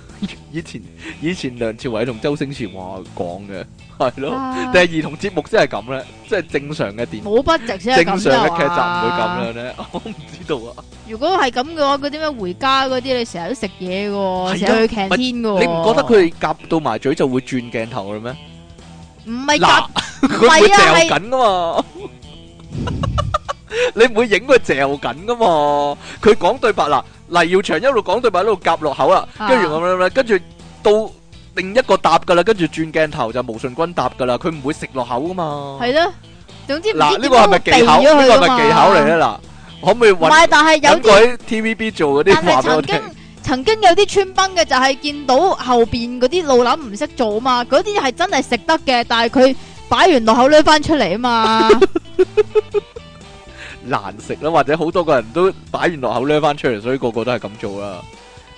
以前以前梁朝偉同周星馳話講嘅係咯，定係兒童節目先係咁咧，即係正常嘅電視。我不值錢。正常嘅劇集唔會咁樣咧，我唔知道啊。如果係咁嘅話，嗰啲咩回家嗰啲，你成日都食嘢嘅，成日去 can 天嘅。你唔覺得佢夾到埋嘴就會轉鏡頭嘅咩？唔係夾，佢會嚼緊噶嘛？你唔會影佢嚼緊噶嘛？佢講對白啦。黎耀祥一路講對白，一路夾落口啦，跟住咁樣樣，跟住到另一個答噶啦，跟住轉鏡頭就吳鎮軍答噶啦，佢唔會食落口噶嘛。係咯，總之唔知點解佢避咗佢嘛。嗱，呢個係咪技巧？呢個係咪技巧嚟咧？嗱，可唔可以揾？唔係，但係有啲喺 TVB 做嗰啲話畀我聽。曾經有啲穿崩嘅就係見到後邊嗰啲老林唔識做啊嘛，嗰啲係真係食得嘅，但係佢擺完落口甩翻出嚟啊嘛。難食啦，或者好多個人都擺完落口拎翻出嚟，所以個個都係咁做啦，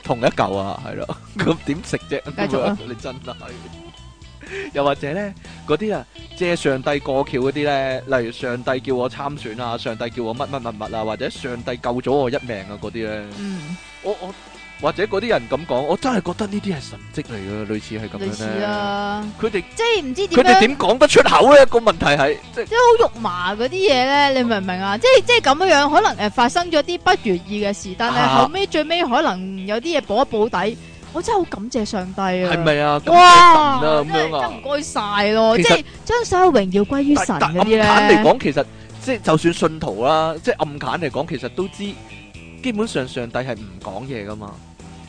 同一嚿啊，係咯，咁點食啫？繼續啊，你真係， 又或者咧，嗰啲啊，借上帝過橋嗰啲咧，例如上帝叫我參選啊，上帝叫我乜乜乜乜啊，或者上帝救咗我一命啊嗰啲咧，呢嗯，我我。我或者嗰啲人咁講，我真係覺得呢啲係神蹟嚟嘅，類似係咁樣咧。類似啊，佢哋即係唔知點。佢哋點講得出口咧？個問題係即係好肉麻嗰啲嘢咧，你明唔明啊？即係即係咁樣樣，可能誒發生咗啲不如意嘅事，但係後尾最尾可能有啲嘢補一補底，我真係好感謝上帝啊！係咪啊？哇！真係唔該晒咯，即係將所有榮耀歸於神嗰啲咧。暗淡嚟講，其實即係就算信徒啦，即係暗淡嚟講，其實都知基本上上帝係唔講嘢噶嘛。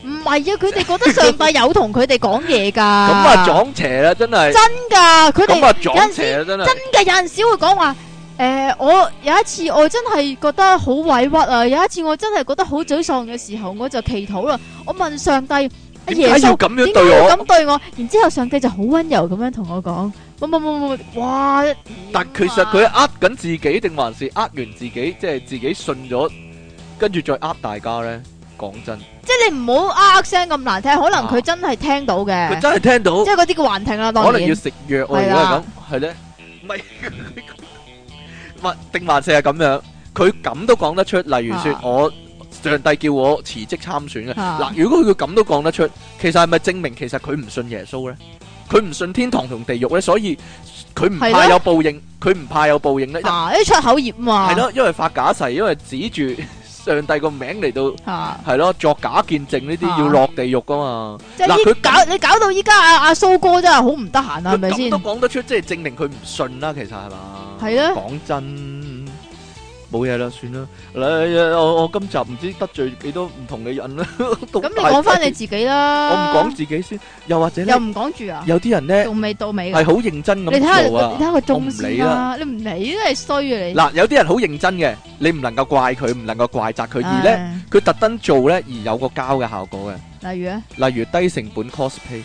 唔係啊！佢哋覺得上帝有同佢哋講嘢噶。咁啊撞邪啦，真係。真噶，佢哋有陣時真噶，有陣時會講話。誒，我有一次我真係覺得好委屈啊！有一次我真係覺得好沮喪嘅時候，我就祈禱啦。我問上帝，耶穌點解要咁對我？咁對我？然之後上帝就好溫柔咁樣同我講：，冇冇冇冇，哇！但其實佢呃緊自己，定還是呃完自己？即係自己信咗，跟住再呃大家咧。講真。即係你唔好噏聲咁難聽，可能佢真係聽到嘅。佢真係聽到，即係嗰啲叫幻聽啦。可能要食藥啊，如果咁係咧，唔係，唔定還是係咁樣。佢咁都講得出，例如說我上帝叫我辭職參選嘅。嗱，如果佢咁都講得出，其實係咪證明其實佢唔信耶穌咧？佢唔信天堂同地獄咧，所以佢唔怕有報應，佢唔怕有報應咧。啊，一出口業嘛係咯，因為發假誓，因為指住，上帝個名嚟到，係咯、啊、作假見證呢啲要落地獄噶嘛。嗱佢、啊、搞你搞到依家阿阿蘇哥真係好唔得閒啊，咪先都講得出，即係證明佢唔信啦。其實係嘛，係啊，講真。冇嘢啦，算啦。我我今集唔知得罪幾多唔同嘅人啦。咁你講翻你自己啦。我唔講自己先，又或者又唔講住啊。有啲人咧，從尾到尾係好認真咁做啊。你睇下你睇下個忠心啦，你唔理都係衰啊你。嗱，有啲人好認真嘅，你唔能夠怪佢，唔能夠怪責佢，而咧佢特登做咧而有個膠嘅效果嘅。例如咧，例如低成本 cosplay。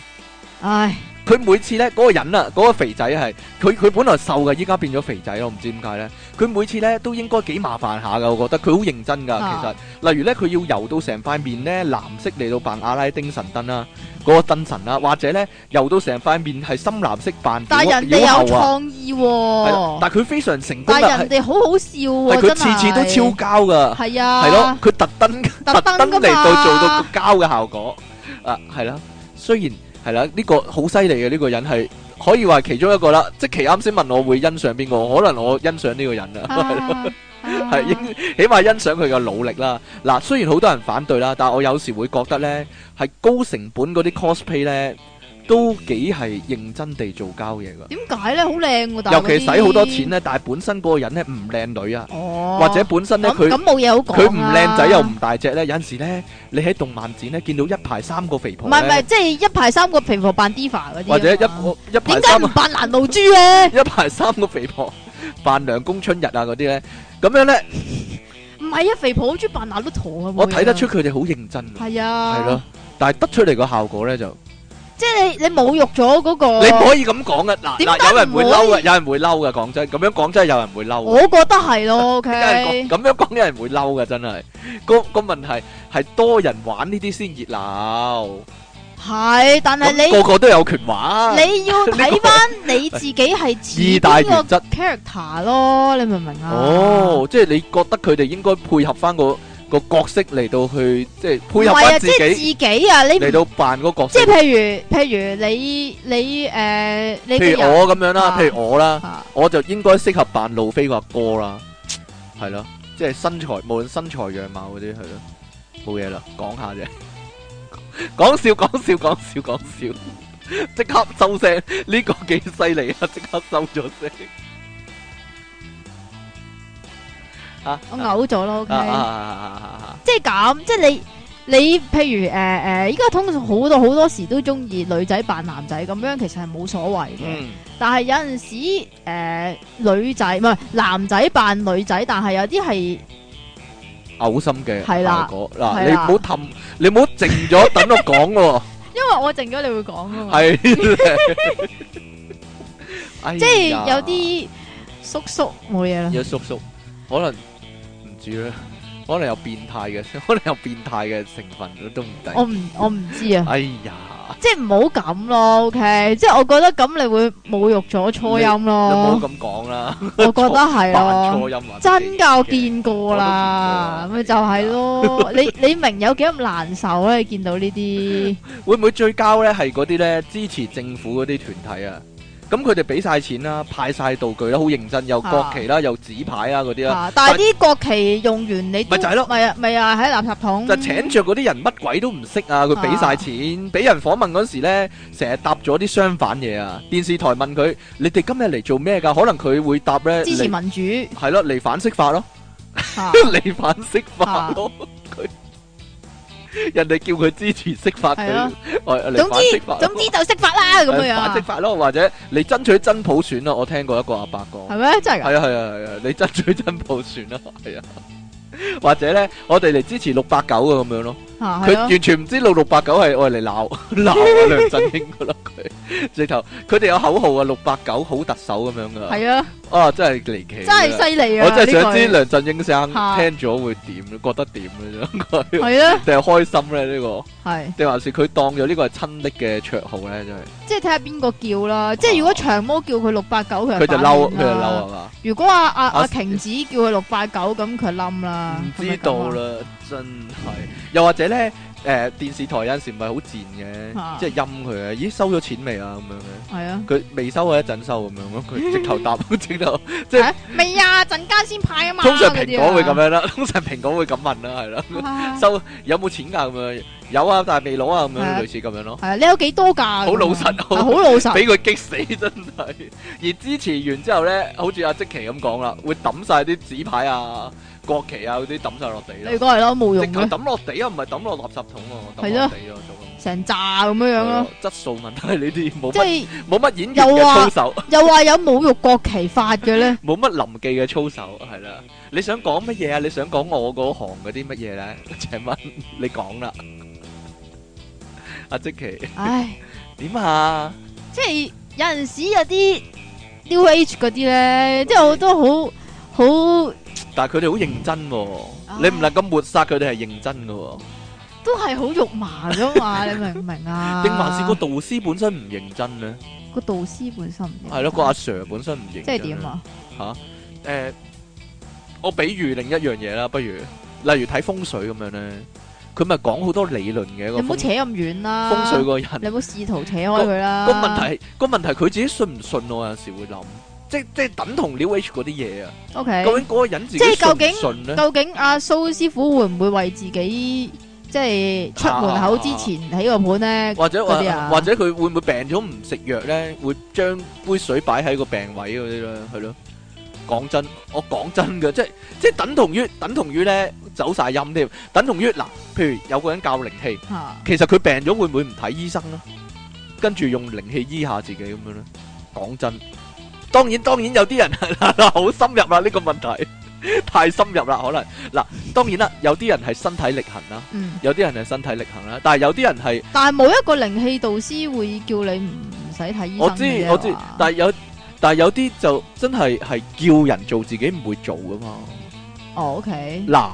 唉。佢每次咧，嗰個人啊，嗰個肥仔係佢，佢本來瘦嘅，依家變咗肥仔咯，我唔知點解咧。佢每次咧都應該幾麻煩下嘅，我覺得佢好認真噶。其實，例如咧，佢要油到成塊面咧藍色嚟到扮阿拉丁神燈啦，嗰個燈神啦，或者咧油到成塊面係深藍色扮。但人哋有創意喎。但佢非常成功。但人哋好好笑喎，真係。係佢次次都超膠噶。係啊。係咯，佢特登特登嚟到做到個膠嘅效果。啊，係啦，雖然。係啦，呢個好犀利嘅，呢個人係可以話其中一個啦，即係其啱先問我會欣賞邊個，可能我欣賞呢個人啦，係、啊，起起碼欣賞佢嘅努力啦。嗱，雖然好多人反對啦，但係我有時會覺得呢，係高成本嗰啲 cosplay 呢。都幾係認真地做膠嘢噶。點解咧？好靚㗎，尤其使好多錢咧，但係本身嗰個人咧唔靚女啊，或者本身咧佢佢唔靚仔又唔大隻咧，有陣時咧你喺動漫展咧見到一排三個肥婆，唔係唔係，即係一排三個肥婆扮 diva 嗰啲或者一排一點解唔扮難露豬啊？一排三個肥婆扮涼宮春日啊嗰啲咧，咁樣咧，唔係啊，肥婆好中意扮難奴婆啊！我睇得出佢哋好認真，係啊，係咯，但係得出嚟個效果咧就。即係你你侮辱咗嗰個，你唔可以咁講嘅嗱，有人會嬲嘅，有人會嬲嘅，講真，咁樣講真係有人會嬲。我覺得係咯，ok，咁樣講有人會嬲嘅，真係。個個問題係多人玩呢啲先熱鬧。係，但係你個個都有權玩。你要睇翻你自己係自大嘅 character 咯，你明唔明啊？哦，即係你覺得佢哋應該配合翻個個角色嚟到去即係配合翻自己，啊。呢嚟、啊、到扮嗰個角色，即係譬如譬如你你誒、uh, 你譬如我咁樣啦、啊、譬如我啦、啊、我就應該適合扮路飛個阿哥啦，係咯， 即係身材、無論身材樣貌嗰啲係咯，冇嘢啦，講下啫，講笑講笑講笑講笑，即 刻收聲，呢、這個幾犀利啊，即刻收咗聲。我嘔咗咯，ok，即係咁，即係你你譬如誒誒，依家通常好多好多時都中意女仔扮男仔咁樣，其實係冇所謂嘅。但係有陣時誒女仔唔係男仔扮女仔，但係有啲係嘔心嘅。係啦嗱，你唔好氹，你唔好靜咗等我講噶。因為我靜咗，你會講噶嘛。係，即係有啲叔叔冇嘢啦，有叔叔可能。可能有變態嘅，可能有變態嘅成分都唔定。我唔我唔知啊。哎呀，即係唔好咁咯，OK。即係我覺得咁你會侮辱咗初音咯。你唔好咁講啦，我覺得係咯。初音真㗎，我見過啦，咁咪就係咯。 你你明有幾咁難受啊？你見到呢啲 會唔會最交咧係嗰啲咧支持政府嗰啲團體啊？咁佢哋俾曬錢啦，派曬道具啦，好認真又國旗啦，又紙牌啊嗰啲啦。但係啲國旗用完你咪就係咯，咪啊咪啊喺垃圾桶。就請著嗰啲人乜鬼都唔識啊！佢俾曬錢，俾人訪問嗰時咧，成日答咗啲相反嘢啊！電視台問佢：你哋今日嚟做咩㗎？可能佢會答咧支持民主。係咯，嚟反釋法咯，嚟反釋法咯。人哋叫佢支持釋法，係啊，總之總之就釋法啦咁嘅 樣，釋法咯，或者你爭取真普選啦，我聽過一個阿伯講，係咩真係噶？係啊係啊係啊，啊，啊，啊，你爭取真普選啦，係啊， 或者咧，我哋嚟支持六百九啊。咁樣咯。佢完全唔知六六八九係我嚟鬧鬧阿梁振英噶啦，佢直頭佢哋有口號啊，六八九好特首咁樣噶。係啊，啊真係離奇，真係犀利啊！我真係想知梁振英生聽咗會點，覺得點嘅啫。係啊，定係開心咧？呢個係定還是佢當咗呢個係親昵嘅綽號咧？真係即係睇下邊個叫啦。即係如果長毛叫佢六八九，佢就嬲，佢就嬲係嘛。如果阿阿阿瓊子叫佢六八九，咁佢冧啦。唔知道啦。真係，又或者咧，誒、呃、電視台有陣時唔係好賤嘅，啊、即係陰佢啊！咦，收咗錢未啊？咁樣嘅，係啊，佢未收啊，一陣收咁樣，佢直頭答直頭，即係未啊，陣間先派啊嘛。通常蘋果會咁樣啦，通常蘋果會咁問啦，係咯、啊， 收有冇錢㗎？咁樣有啊，但係未攞啊，咁樣類似咁樣咯。係啊，你有幾多㗎、啊？好老實，好老實，俾佢 激死真係。而支持完之後咧，好似阿積淇咁講啦，會揼晒啲紙牌啊。國旗啊嗰啲抌晒落地咯，你過嚟咯，冇用嘅。抌落地啊，唔係抌落垃圾桶啊，抌落地啊，成扎咁樣樣咯。質素問題呢啲冇，即係冇乜演技嘅操守。又話有侮辱國旗法嘅咧，冇乜臨記嘅操守係啦。你想講乜嘢啊？你想講我個行嗰啲乜嘢咧？請問你講啦，阿積淇。唉，點啊？即係有陣時有啲 new age 嗰啲咧，即係好多好好。但係佢哋好認真，你唔能夠抹殺佢哋係認真噶，都係好肉麻啫嘛，你明唔明啊？定還是個導師本身唔認真咧？個導師本身唔認真，係咯，個阿 Sir 本身唔認真。即係點啊？吓，誒，我比喻另一樣嘢啦，不如例如睇風水咁樣咧，佢咪講好多理論嘅。你唔好扯咁遠啦，風水個人，你唔好試圖扯開佢啦。個問題，個問題，佢自己信唔信？我有時會諗。即係即係等同 new age 嗰啲嘢啊！O K，究竟嗰個人自己信唔信咧？究竟阿蘇師傅會唔會為自己即係出門口之前起個門咧？或者或者佢會唔會病咗唔食藥咧？會將杯水擺喺個病位嗰啲咯，係咯。講真，我講真噶，即係即係等同於等同於咧走晒音添，等同於嗱，譬如有個人教靈氣，其實佢病咗會唔會唔睇醫生咧？跟住用靈氣醫下自己咁樣咧。講真。當然當然有啲人係好深入啦，呢個問題太深入啦，可能嗱，當然啦，有啲人係身體力行啦，嗯，有啲人係身體力行啦，但係有啲人係，但係冇一個靈氣導師會叫你唔使睇醫生嘅。我知我知，但係有但係有啲就真係係叫人做自己唔會做㗎嘛。哦，OK 嗱。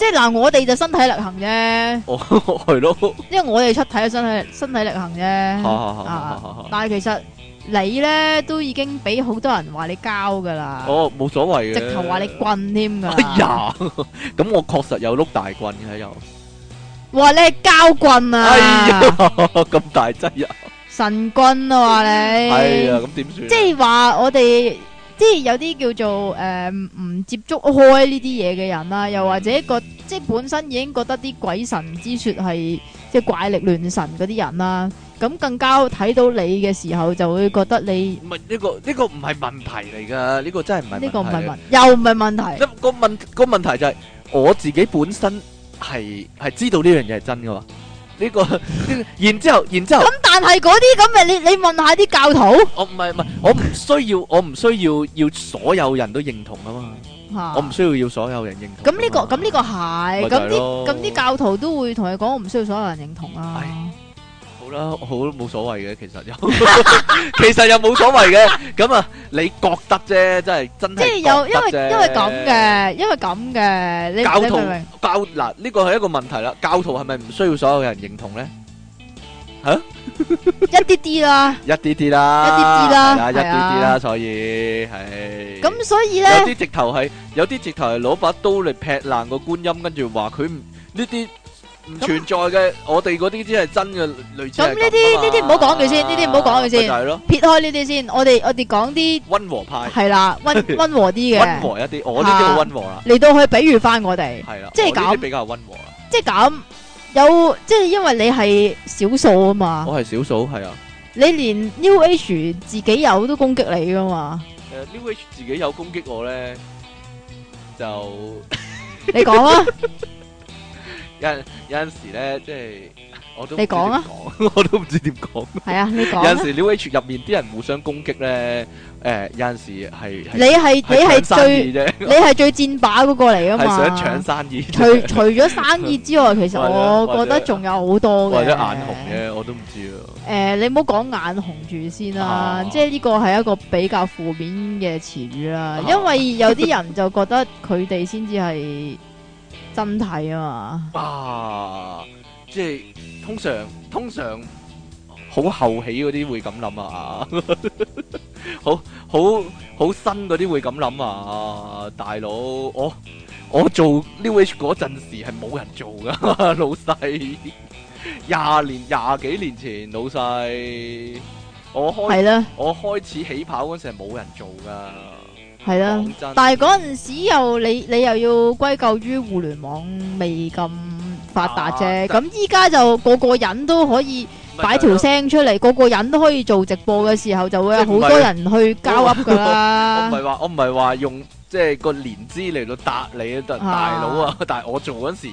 即係嗱，我哋就身體力行啫，係咯，因為我哋出體就身體身體力行啫。啊啊啊！但係其實你咧都已經俾好多人話你膠噶啦。哦，冇所謂嘅，直頭話你棍添噶。哎呀，咁我確實有碌大棍嘅又。哇！你膠棍啊？哎呀，咁大劑啊！神棍啊！你。哎呀，咁點算？即係話我哋。即係有啲叫做誒唔、呃、接觸開呢啲嘢嘅人啦，又或者一個即係本身已經覺得啲鬼神之說係即係怪力亂神嗰啲人啦，咁更加睇到你嘅時候就會覺得你唔係呢個呢、呢個唔係問題嚟噶，呢、呢個真係唔係呢個唔係問又唔係問題。個問個問題就係、係、我自己本身係係知道呢樣嘢係真噶。呢、個呢個，然之後，然之後，咁但係嗰啲咁嘅，你你問下啲教徒，我唔係唔係，我唔需要，我唔需要要所有人都認同啊嘛， 我唔需要要所有人認同。咁呢、個咁呢個係，咁啲咁啲教徒都會同你講，我唔需要所有人認同啊。係。啦，好都冇所謂嘅，其實又，其實又冇所謂嘅。咁啊，你覺得啫，真係真係，即係有，因為因為咁嘅，因為咁嘅。你教徒教嗱呢個係一個問題啦，教徒係咪唔需要所有人認同咧？吓，一啲啲啦，一啲啲啦，一啲啲啦，一啲啲啦，所以係。咁所以咧，有啲直頭係，有啲直頭係攞把刀嚟劈爛個觀音，跟住話佢唔呢啲。唔存在嘅，我哋嗰啲先係真嘅類似。咁呢啲呢啲唔好講佢先，呢啲唔好講佢先。就係咯，撇開呢啲先，我哋我哋講啲溫和派。係啦，溫溫和啲嘅。溫和一啲，我呢啲好溫和啦。嚟到去比喻返我哋，係啦，即係咁比較溫和，即係咁有，即係因為你係少數啊嘛。我係少數，係啊。你連 New Age 自己有都攻擊你噶嘛？誒，New Age 自己有攻擊我咧，就你講啦。有有陣時咧，即係我都你講啊，我都唔知點講。係啊，你講。有陣時 LH 入面啲人互相攻擊咧，誒，有陣時係你係你係最你係最戰把嗰個嚟啊嘛，想搶生意。除除咗生意之外，其實我覺得仲有好多嘅，或者眼紅嘅我都唔知啊。誒，你唔好講眼紅住先啦，即係呢個係一個比較負面嘅詞語啦，因為有啲人就覺得佢哋先至係。真體啊嘛！哇，即係通常通常好後起嗰啲會咁諗啊，呵呵好好好新嗰啲會咁諗啊，大佬我我做 New Age 嗰陣時係冇人做噶，老細廿年廿幾年前，老細我開呢我開始起跑嗰陣時係冇人做噶。係啦，但係嗰陣時又你你又要歸咎於互聯網未咁發達啫。咁依家就個個人都可以擺條聲出嚟，個是個人都可以做直播嘅時候，就會有好多人去交 up 噶啦。我唔係話我唔係話用即係、就是、個年資嚟到搭你啊，大佬啊！但係我做嗰時。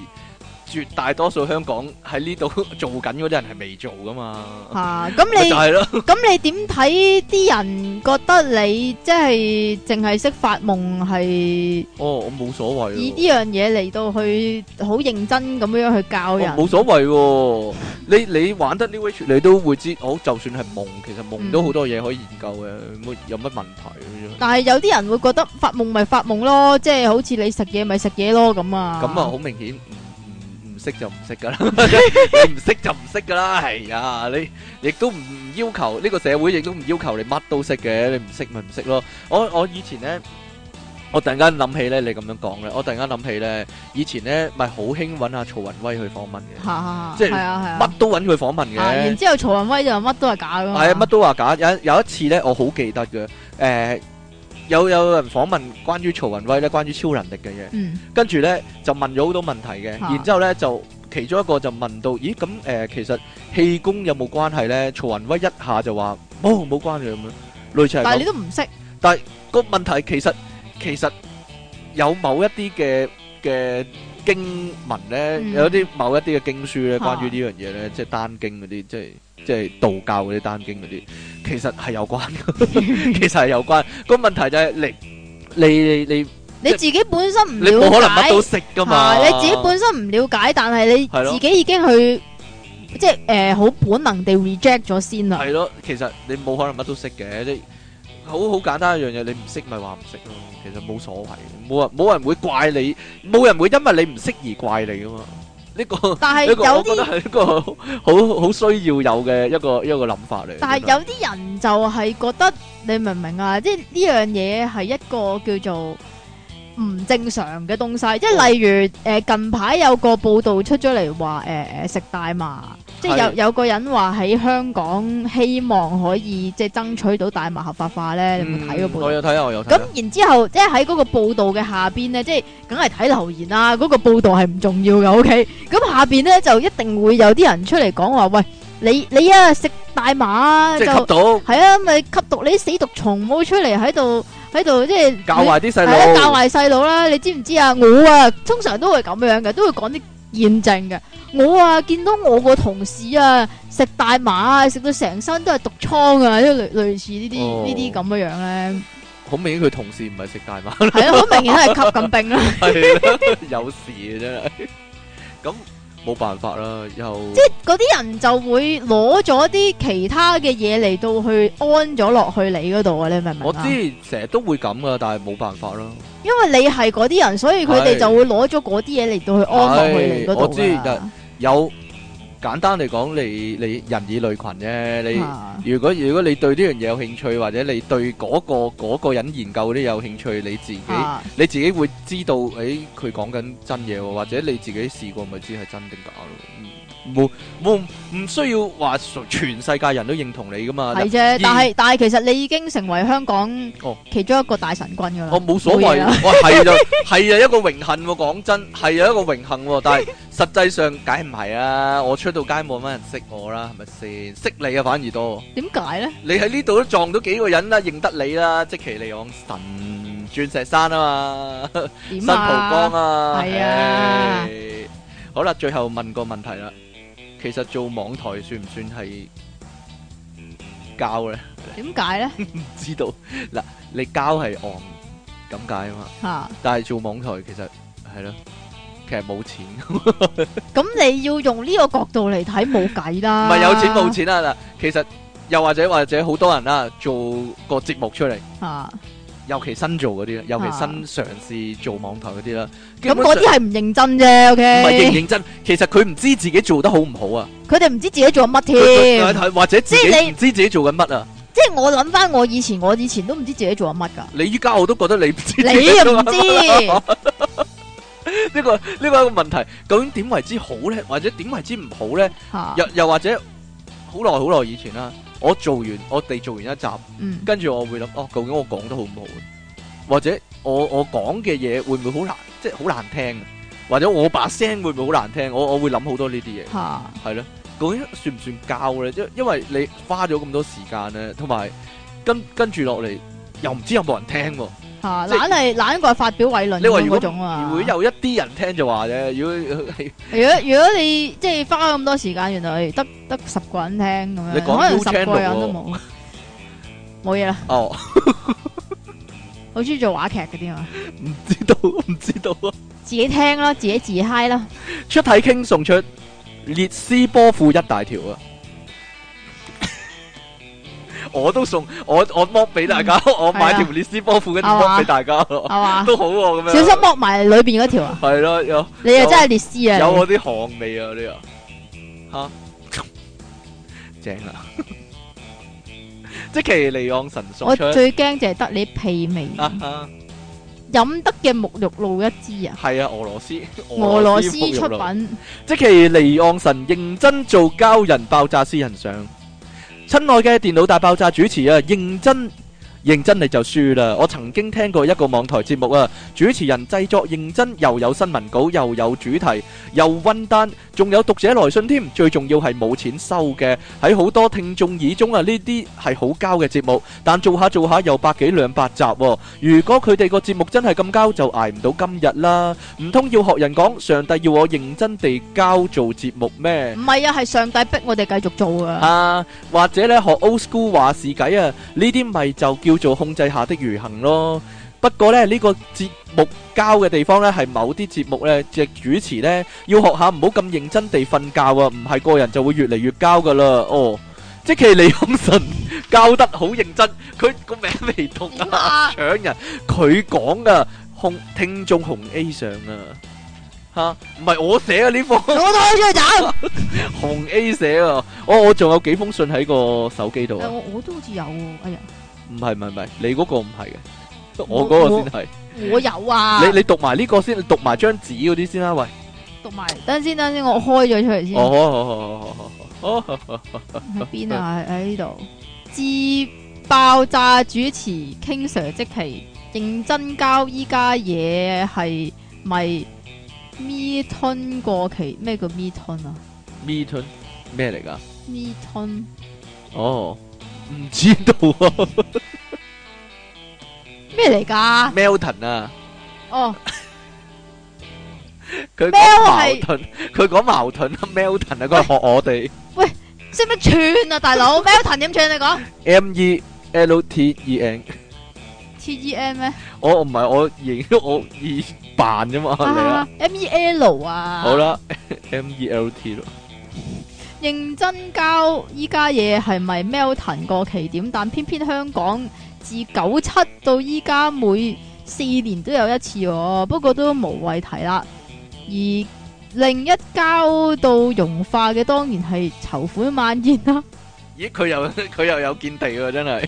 絕大多數香港喺呢度做緊嗰啲人係未做噶嘛嚇、啊，咁你咁 是了 你點睇啲人覺得你即係淨係識發夢係？哦，我冇所謂。以呢樣嘢嚟到去好認真咁樣去教人，冇、哦、所謂。 你你玩得呢位你都會知，我就算係夢，其實夢都好多嘢可以研究嘅，嗯、有乜問題咁樣？但係有啲人會覺得發夢咪發夢咯，即、就、係、是、好似你食嘢咪食嘢咯咁啊！咁啊，好明顯。 識就唔識噶啦，你唔識就唔識噶啦，係呀，你亦都唔要求呢個社會亦都唔要求你乜都識嘅，你唔識咪唔識咯。我我以前呢，我突然間諗起咧，你咁樣講嘅。我突然間諗起咧，以前咧咪好興搵阿曹雲威去訪問嘅，哈哈即係乜都搵佢訪問嘅、啊啊啊啊。然之後曹雲威就乜都係假噶，係啊，乜都話假。有有一次咧，我好記得嘅，誒、呃。有有人訪問關於曹雲威咧，關於超能力嘅嘢，嗯、跟住咧就問咗好多問題嘅，啊、然之後咧就其中一個就問到，咦咁誒、呃、其實氣功有冇關係咧？曹雲威一下就話哦，冇關係咁樣，類似係咁。但係你都唔識，但係、個問題其實其實有某一啲嘅嘅。經文咧，嗯、有啲某一啲嘅經書咧，關於呢樣嘢咧，即係單經嗰啲，即係即係道教嗰啲單經嗰啲，其實係有關， 其實係有關。個問題就係你你你你，你自己本身唔你冇可能乜都識噶嘛、啊，你自己本身唔了解，但係你自己已經去的即係誒好本能地 reject 咗先啦。係咯，其實你冇可能乜都識嘅。好好簡單一樣嘢，你唔識咪話唔識咯。嗯、其實冇所謂，冇人冇人會怪你，冇人會因為你唔識而怪你噶嘛。呢、呢個，但係有啲係一個、呢個、好好需要有嘅一個一個諗法嚟。但係有啲人就係覺得你明唔明啊？即係呢樣嘢係一個叫做唔正常嘅東西，即係例如誒、呃、近排有個報道出咗嚟話誒誒食大麻，即係有的有個人話喺香港希望可以即係爭取到大麻合法化咧。嗯、你有冇睇個報道？有睇，我有。咁然之後，即係喺嗰個報道嘅下邊咧，即係梗係睇留言啦。嗰、嗰個報道係唔重要嘅，OK。咁下邊咧就一定會有啲人出嚟講話，喂你你啊食大麻就係啊咪吸毒，啊、吸毒你啲死毒蟲冇出嚟喺度。喺度即係教壞啲細路，教壞細佬啦！你知唔知啊？我啊，通常都會咁樣嘅，都會講啲見證嘅。我啊，見到我個同事啊，食大麻啊，食到成身都係毒瘡啊，即類類似呢啲呢啲咁樣樣咧。好明顯佢同事唔係食大麻啦，係啊，好明顯係吸緊冰啦，有事真係咁。冇辦法啦，又即係嗰啲人就會攞咗啲其他嘅嘢嚟到去安咗落去你嗰度啊！你明唔明？我知成日都會咁㗎，但係冇辦法囉。因為你係嗰啲人，所以佢哋就會攞咗嗰啲嘢嚟到去安落的去你嗰度。我知有。簡單嚟講，你你人以類群啫。你如果如果你對呢樣嘢有興趣，或者你對嗰個嗰個人研究啲有興趣，你自己你自己會知道，誒佢講緊真嘢，或者你自己試過咪知係真定假咯。冇冇唔需要話全世界人都認同你噶嘛？係啫，但係但係其實你已經成為香港哦其中一個大神棍噶啦，我冇所謂，我係就係啊一個榮幸，講真係啊一個榮幸，但係實際上梗唔係啊，我出到街冇乜人識我啦，係咪先識你啊反而多？點解咧？你喺呢度都撞到幾個人啦，認得你啦，即其嚟往神鑽石山啊嘛，新蒲崗啊，係啊，好啦，最後問個問題啦。其實做網台算唔算係膠咧？點解咧？唔知道嗱，你膠係按咁解啊嘛。吓，但係做網台其實係咯，其實冇錢。咁你要用呢個角度嚟睇冇計啦。唔係有錢冇錢啦嗱，其實又或者或者好多人啦，做個節目出嚟啊。尤其新做嗰啲，尤其新嘗試做網台嗰啲啦。咁嗰啲係唔認真啫，O K。唔、okay? 係認認真，其實佢唔知自己做得好唔好啊。佢哋唔知自己做緊乜添。或者自己唔知自己做緊乜啊？即係我諗翻我以前，我以前都唔知自己做緊乜噶。你依家我都覺得你唔知自己。你又唔知？呢、 呢個呢、呢個一個問題，究竟點為之好咧？或者點為之唔好咧？哈又又或者好耐好耐以前啦。我做完，我哋做完一集，跟住我會諗，哦，究竟我講得好唔好啊？或者我我講嘅嘢會唔會好難，即係好難聽？或者我把聲會唔會好難聽？我我會諗好多呢啲嘢，係咯，啊，究竟算唔算教咧？因因為你花咗咁多時間咧，同埋跟跟住落嚟又唔知有冇人聽喎。啊，懶係懶過發表偉論嗰種啊！會有一啲人聽就話啫。如果如果你即係花咁多時間，原來得得十個人聽咁樣，你講可能十個人都冇冇嘢啦。哦，好中意做話劇嗰啲嘛？唔知道，唔知道啊！自己聽咯，自己自 high 咯。出體 king 送出裂絲波褲一大條啊！我都送我我剝俾大家，我買條列斯波褲嘅剝俾大家，都好喎。咁樣小心剝埋裏邊嗰條啊！係咯，有你又真係列斯啊！有我啲汗味啊，呢個吓正啊！積淇離岸神，送，我最驚就係得你屁味啊！飲得嘅沐浴露一支啊！係啊，俄羅斯俄羅斯出品，積淇離岸神認真做膠人爆炸私人相。親愛嘅電腦大爆炸主持啊，認真。認真你就輸啦！我曾經聽過一個網台節目啊，主持人製作認真，又有新聞稿，又有主題，又温單，仲有讀者來信添。最重要係冇錢收嘅，喺好多聽眾耳中啊，呢啲係好膠嘅節目。但做下做下又百幾兩百集，如果佢哋個節目真係咁膠，就捱唔到今日啦。唔通要學人講上帝要我認真地膠做節目咩？唔係啊，係上帝逼我哋繼續做啊！啊，或者咧學 old school 話事計啊，呢啲咪就。叫做控制下的馀行咯。不過咧，呢個節目交嘅地方咧，係某啲節目咧嘅主持咧，要學下唔好咁認真地瞓覺啊。唔係個人就會越嚟越交噶啦。哦，即係離岸神交得好認真，佢個名未讀啊。搶人，佢講噶，紅聽眾紅 A 上啊。吓，唔係我寫啊呢封，我都好似走紅 A 寫啊。哦，我仲有幾封信喺個手機度啊。我都好似有，哎呀。唔係唔係唔係，你嗰個唔係嘅，哦、我嗰個先係。我有啊 你。你你讀埋呢個先，你讀埋張紙嗰啲先啦。喂讀，讀埋等陣先等先，我開咗出嚟先。哦好好好好好好好。喺邊啊？喺喺呢度。自爆炸主持，king sir，即係認真交依家嘢係咪？me turn 過期？咩叫 me turn 啊？me turn 咩嚟噶？me turn。哦。 唔知道啊，咩嚟㗎？Melton 啊，哦，佢講矛盾，佢講矛盾啊，Melton 啊，佢學我哋。喂，識乜串啊，大佬？Melton 點串你講？M E L T E N T E N 咩？我唔係我認我以扮啫嘛。啊，M E L 啊。好啦，M E L T 咯。認真交依家嘢係咪 melton 個起點？但偏偏香港自九七到依家每四年都有一次，不過都無謂提啦。而另一交到融化嘅，當然係籌款晚宴啦。咦，佢又佢又有見地啊！真係，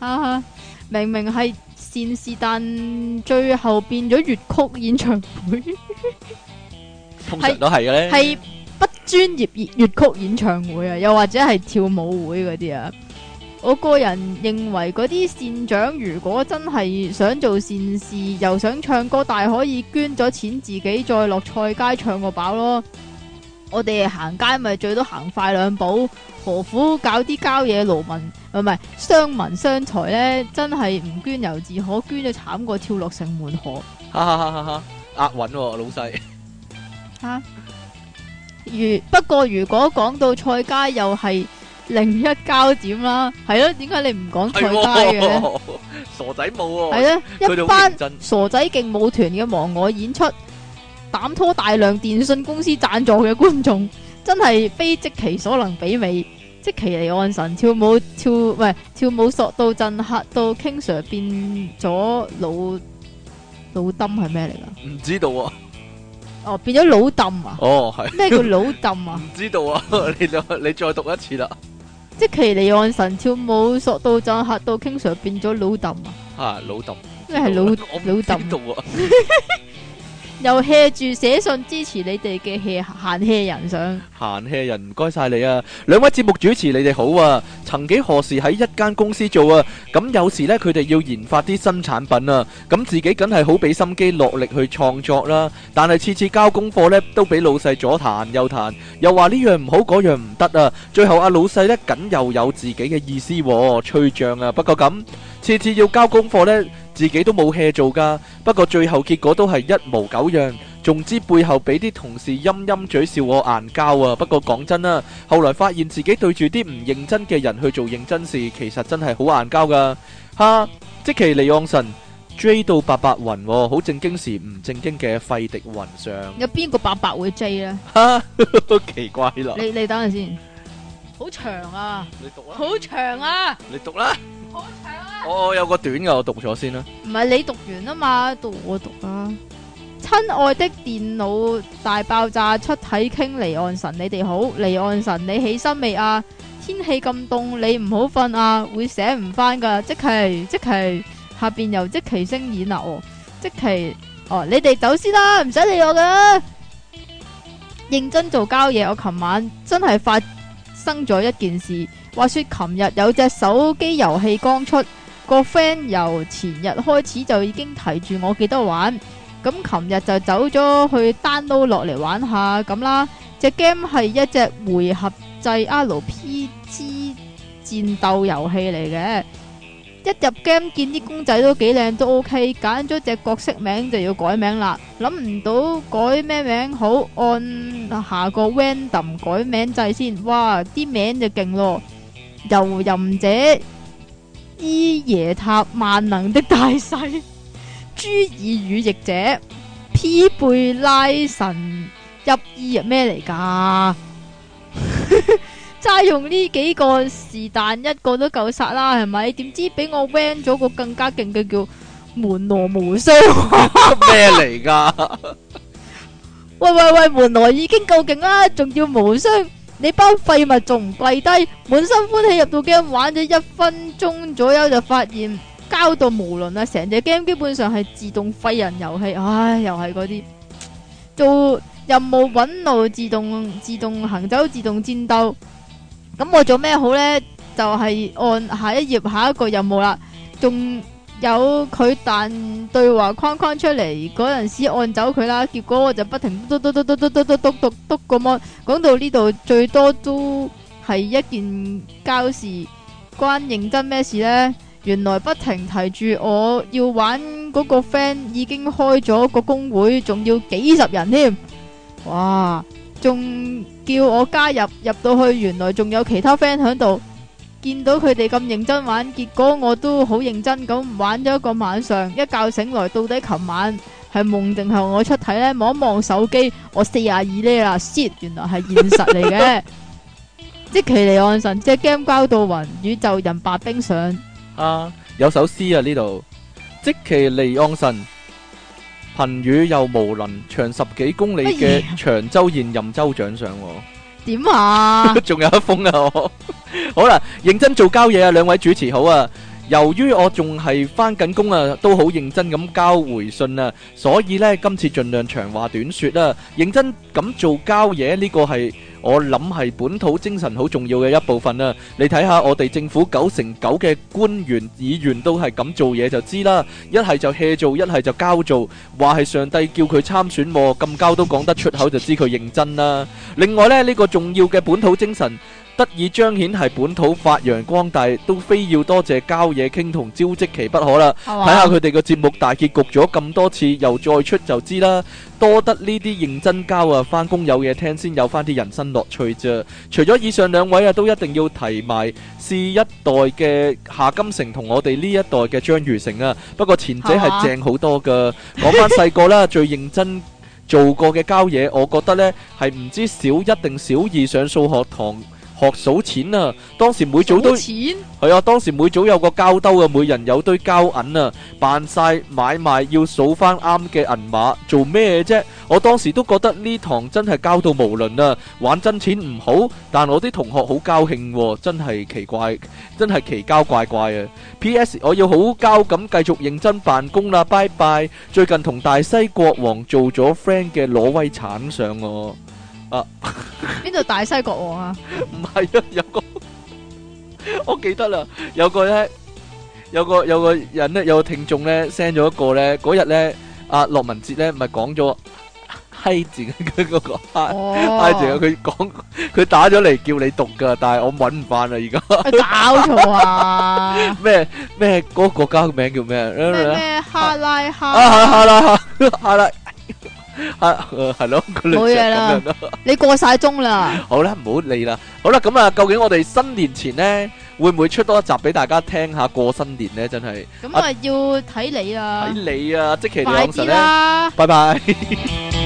哈哈，明明係善事，但最後變咗粵曲演唱會， 通常都係嘅咧，係。專業粵曲演唱會啊，又或者係跳舞會嗰啲啊，我個人認為嗰啲善長如果真係想做善事，又想唱歌，大可以捐咗錢，自己再落菜街唱個飽咯。我哋行街咪最多行快兩步，何苦搞啲膠野勞民？唔係唔係，傷民傷財咧，真係唔捐由自可，捐咗慘過跳落城門河。哈哈哈！哈哈，押韻，老細吓。如不過如果講到菜街又係另一膠點啦，係咯？點解你唔講菜街嘅傻仔冇啊！係啊！一班傻仔勁舞團嘅忘我演出，膽拖大量電信公司贊助嘅觀眾，真係非積淇所能比美，積淇離岸神跳舞跳唔跳舞索到震吓到，King Sir 變咗老老登係咩嚟噶？唔知道啊！哦，變咗老氹啊！哦，係咩叫老氹啊？唔 知道啊！你再你再讀一次啦！ 即係積淇離岸神跳舞索到就吓到，經常變咗老氹啊！吓、啊、老氹咩係老、啊、老氹、啊？ 又謝住寫信支持你哋嘅謝閒氣人，想閒氣人唔該晒你啊！兩位節目主持，你哋好啊！曾幾何時喺一間公司做啊？咁有時呢，佢哋要研發啲新產品啊，咁自己梗係好俾心機落力去創作啦。但係次次交功課呢，都俾老細左彈右彈，又話呢樣唔好，嗰樣唔得啊！最後阿老細呢，梗又有自己嘅意思，吹脹啊！不過咁。次次要交功課咧，自己都冇 hea 做噶。不過最後結果都係一模九樣，仲知背後俾啲同事陰陰嘴笑我硬交啊。不過講真啦，後來發現自己對住啲唔認真嘅人去做認真事，其實真係好硬交噶。哈！積淇離岸神追到白白雲，好正經時唔正經嘅費迪雲上。有邊個白白會追啊？哈，奇怪啦。你你，等陣先，好長啊！你讀啊！好長啊！你讀啦。啊、我，我有個短嘅，我讀咗先啦。唔係你讀完啊嘛，讀我讀啊。親愛的電腦大爆炸出體 King 離岸神，你哋好離岸神，你起身未啊？天氣咁凍，你唔好瞓啊，會醒唔返㗎。即係即係下邊又即其聲演啦，即其哦、哦，你哋走先、啊、啦，唔使理我㗎。認真做膠嘢，我琴晚真係發生咗一件事。話說琴日有隻手機遊戲剛出，個 friend 由前日開始就已經提住我記得玩，咁琴日就走咗去 download 落嚟玩下咁啦。隻 game 係一隻回合制 RPG 戰鬥遊戲嚟嘅。一入 game 見啲公仔都幾靚，都 OK。揀咗隻角色名就要改名啦，諗唔到改咩名，名好，按下個 random 改名掣先。哇，啲名就勁咯～遊吟者伊耶塔、萬能的大師諸爾、語譯者皮貝拉神入伊係咩嚟噶？齋用呢幾個是但一個都夠殺啦，係咪？點知俾我掹咗個更加勁嘅叫門羅無雙咩嚟噶？喂喂喂，門羅已經夠勁啦，仲要無雙？.你包廢物仲唔跪低？滿心歡喜入到 game 玩咗一分鐘左右就發現膠到無倫啦！成隻 game 基本上係自動廢人遊戲，唉，又係嗰啲做任務搵路自動自動行走自動戰鬥，咁我做咩好呢？就係、是、按下一頁下一個任務啦，仲。有佢彈對話框框出嚟嗰陣時，按走佢啦。結果我就不停嘟嘟嘟嘟嘟嘟嘟嘟篤個 mon。講到呢度最多都係一件交事，關認真咩事呢？原來不停提住我要玩嗰個 friend 已經開咗個公會，仲要幾十人添。哇！仲叫我加入入到去，原來仲有其他 friend 響度。見到佢哋咁認真玩，結果我都好認真咁玩咗一個晚上，一覺醒來到底琴晚係夢定係我出體呢？望一望手機，我四廿二呢啦，shit，原來係現實嚟嘅。積淇離岸神即 game 交到云宇宙人白冰上啊！有首詩啊呢度，積淇離岸神，頻雨又無能，長十幾公里嘅長洲現任州長上。點啊？仲 有一封啊！我 好啦，認真做膠嘢啊！兩位主持好啊！由於我仲係返緊工啊，都好認真咁交回信啊，所以呢今次盡量長話短説啦，認真咁做膠嘢呢個係我諗係本土精神好重要嘅一部分啦。你睇下我哋政府九成九嘅官員議員都係咁做嘢就知啦，一係就 hea 做，一係就膠做，話係上帝叫佢參選，咁膠都講得出口就知佢認真啦。另外呢呢個重要嘅本土精神，得以彰顯係本土發揚光大，都非要多謝膠野傾同，招積淇不可啦。睇下佢哋嘅節目大結局咗咁多次，又再出就知啦。多得呢啲認真膠啊，返工有嘢聽先有返啲人生樂趣啫。除咗以上兩位啊，都一定要提埋是一代嘅夏金城同我哋呢一代嘅張如成啊。不過前者係正好多㗎，講返細個啦， 最認真做過嘅膠野，我覺得呢係唔知小一定小二上數學堂。學數錢啊！當時每組都係錢啊，當時每組有個膠兜啊，每人有堆膠銀啊，扮晒買賣要數翻啱嘅銀碼，做咩啫？我當時都覺得呢堂真係膠到無倫啊！玩真錢唔好，但我啲同學好高興，啊，真係奇怪，真係奇膠怪怪啊！P.S. 我要好膠咁繼續認真辦公啦，拜拜！最近同大西國王做咗 friend 嘅挪威鏟相我，啊。啊！邊度大西國王啊？唔係啊，有個我記得啦，有個咧，有個有個人咧，有個聽眾咧 send 咗一個咧，嗰日咧，阿駱文哲咧唔係講咗希字嘅嗰個，希字啊，佢講佢打咗嚟叫你讀噶，但係我搵唔翻啦，而家搞錯啊！咩咩嗰個國家嘅名叫咩？咩哈拉哈啊哈拉哈哈拉。啊，係咯，冇嘢啦。你過晒鐘啦，好啦，唔好理啦。好啦，咁啊，究竟我哋新年前咧，會唔會出多一集俾大家聽下過新年咧？真係咁啊，要睇你啊，睇你啊，積淇離岸神咧，拜拜。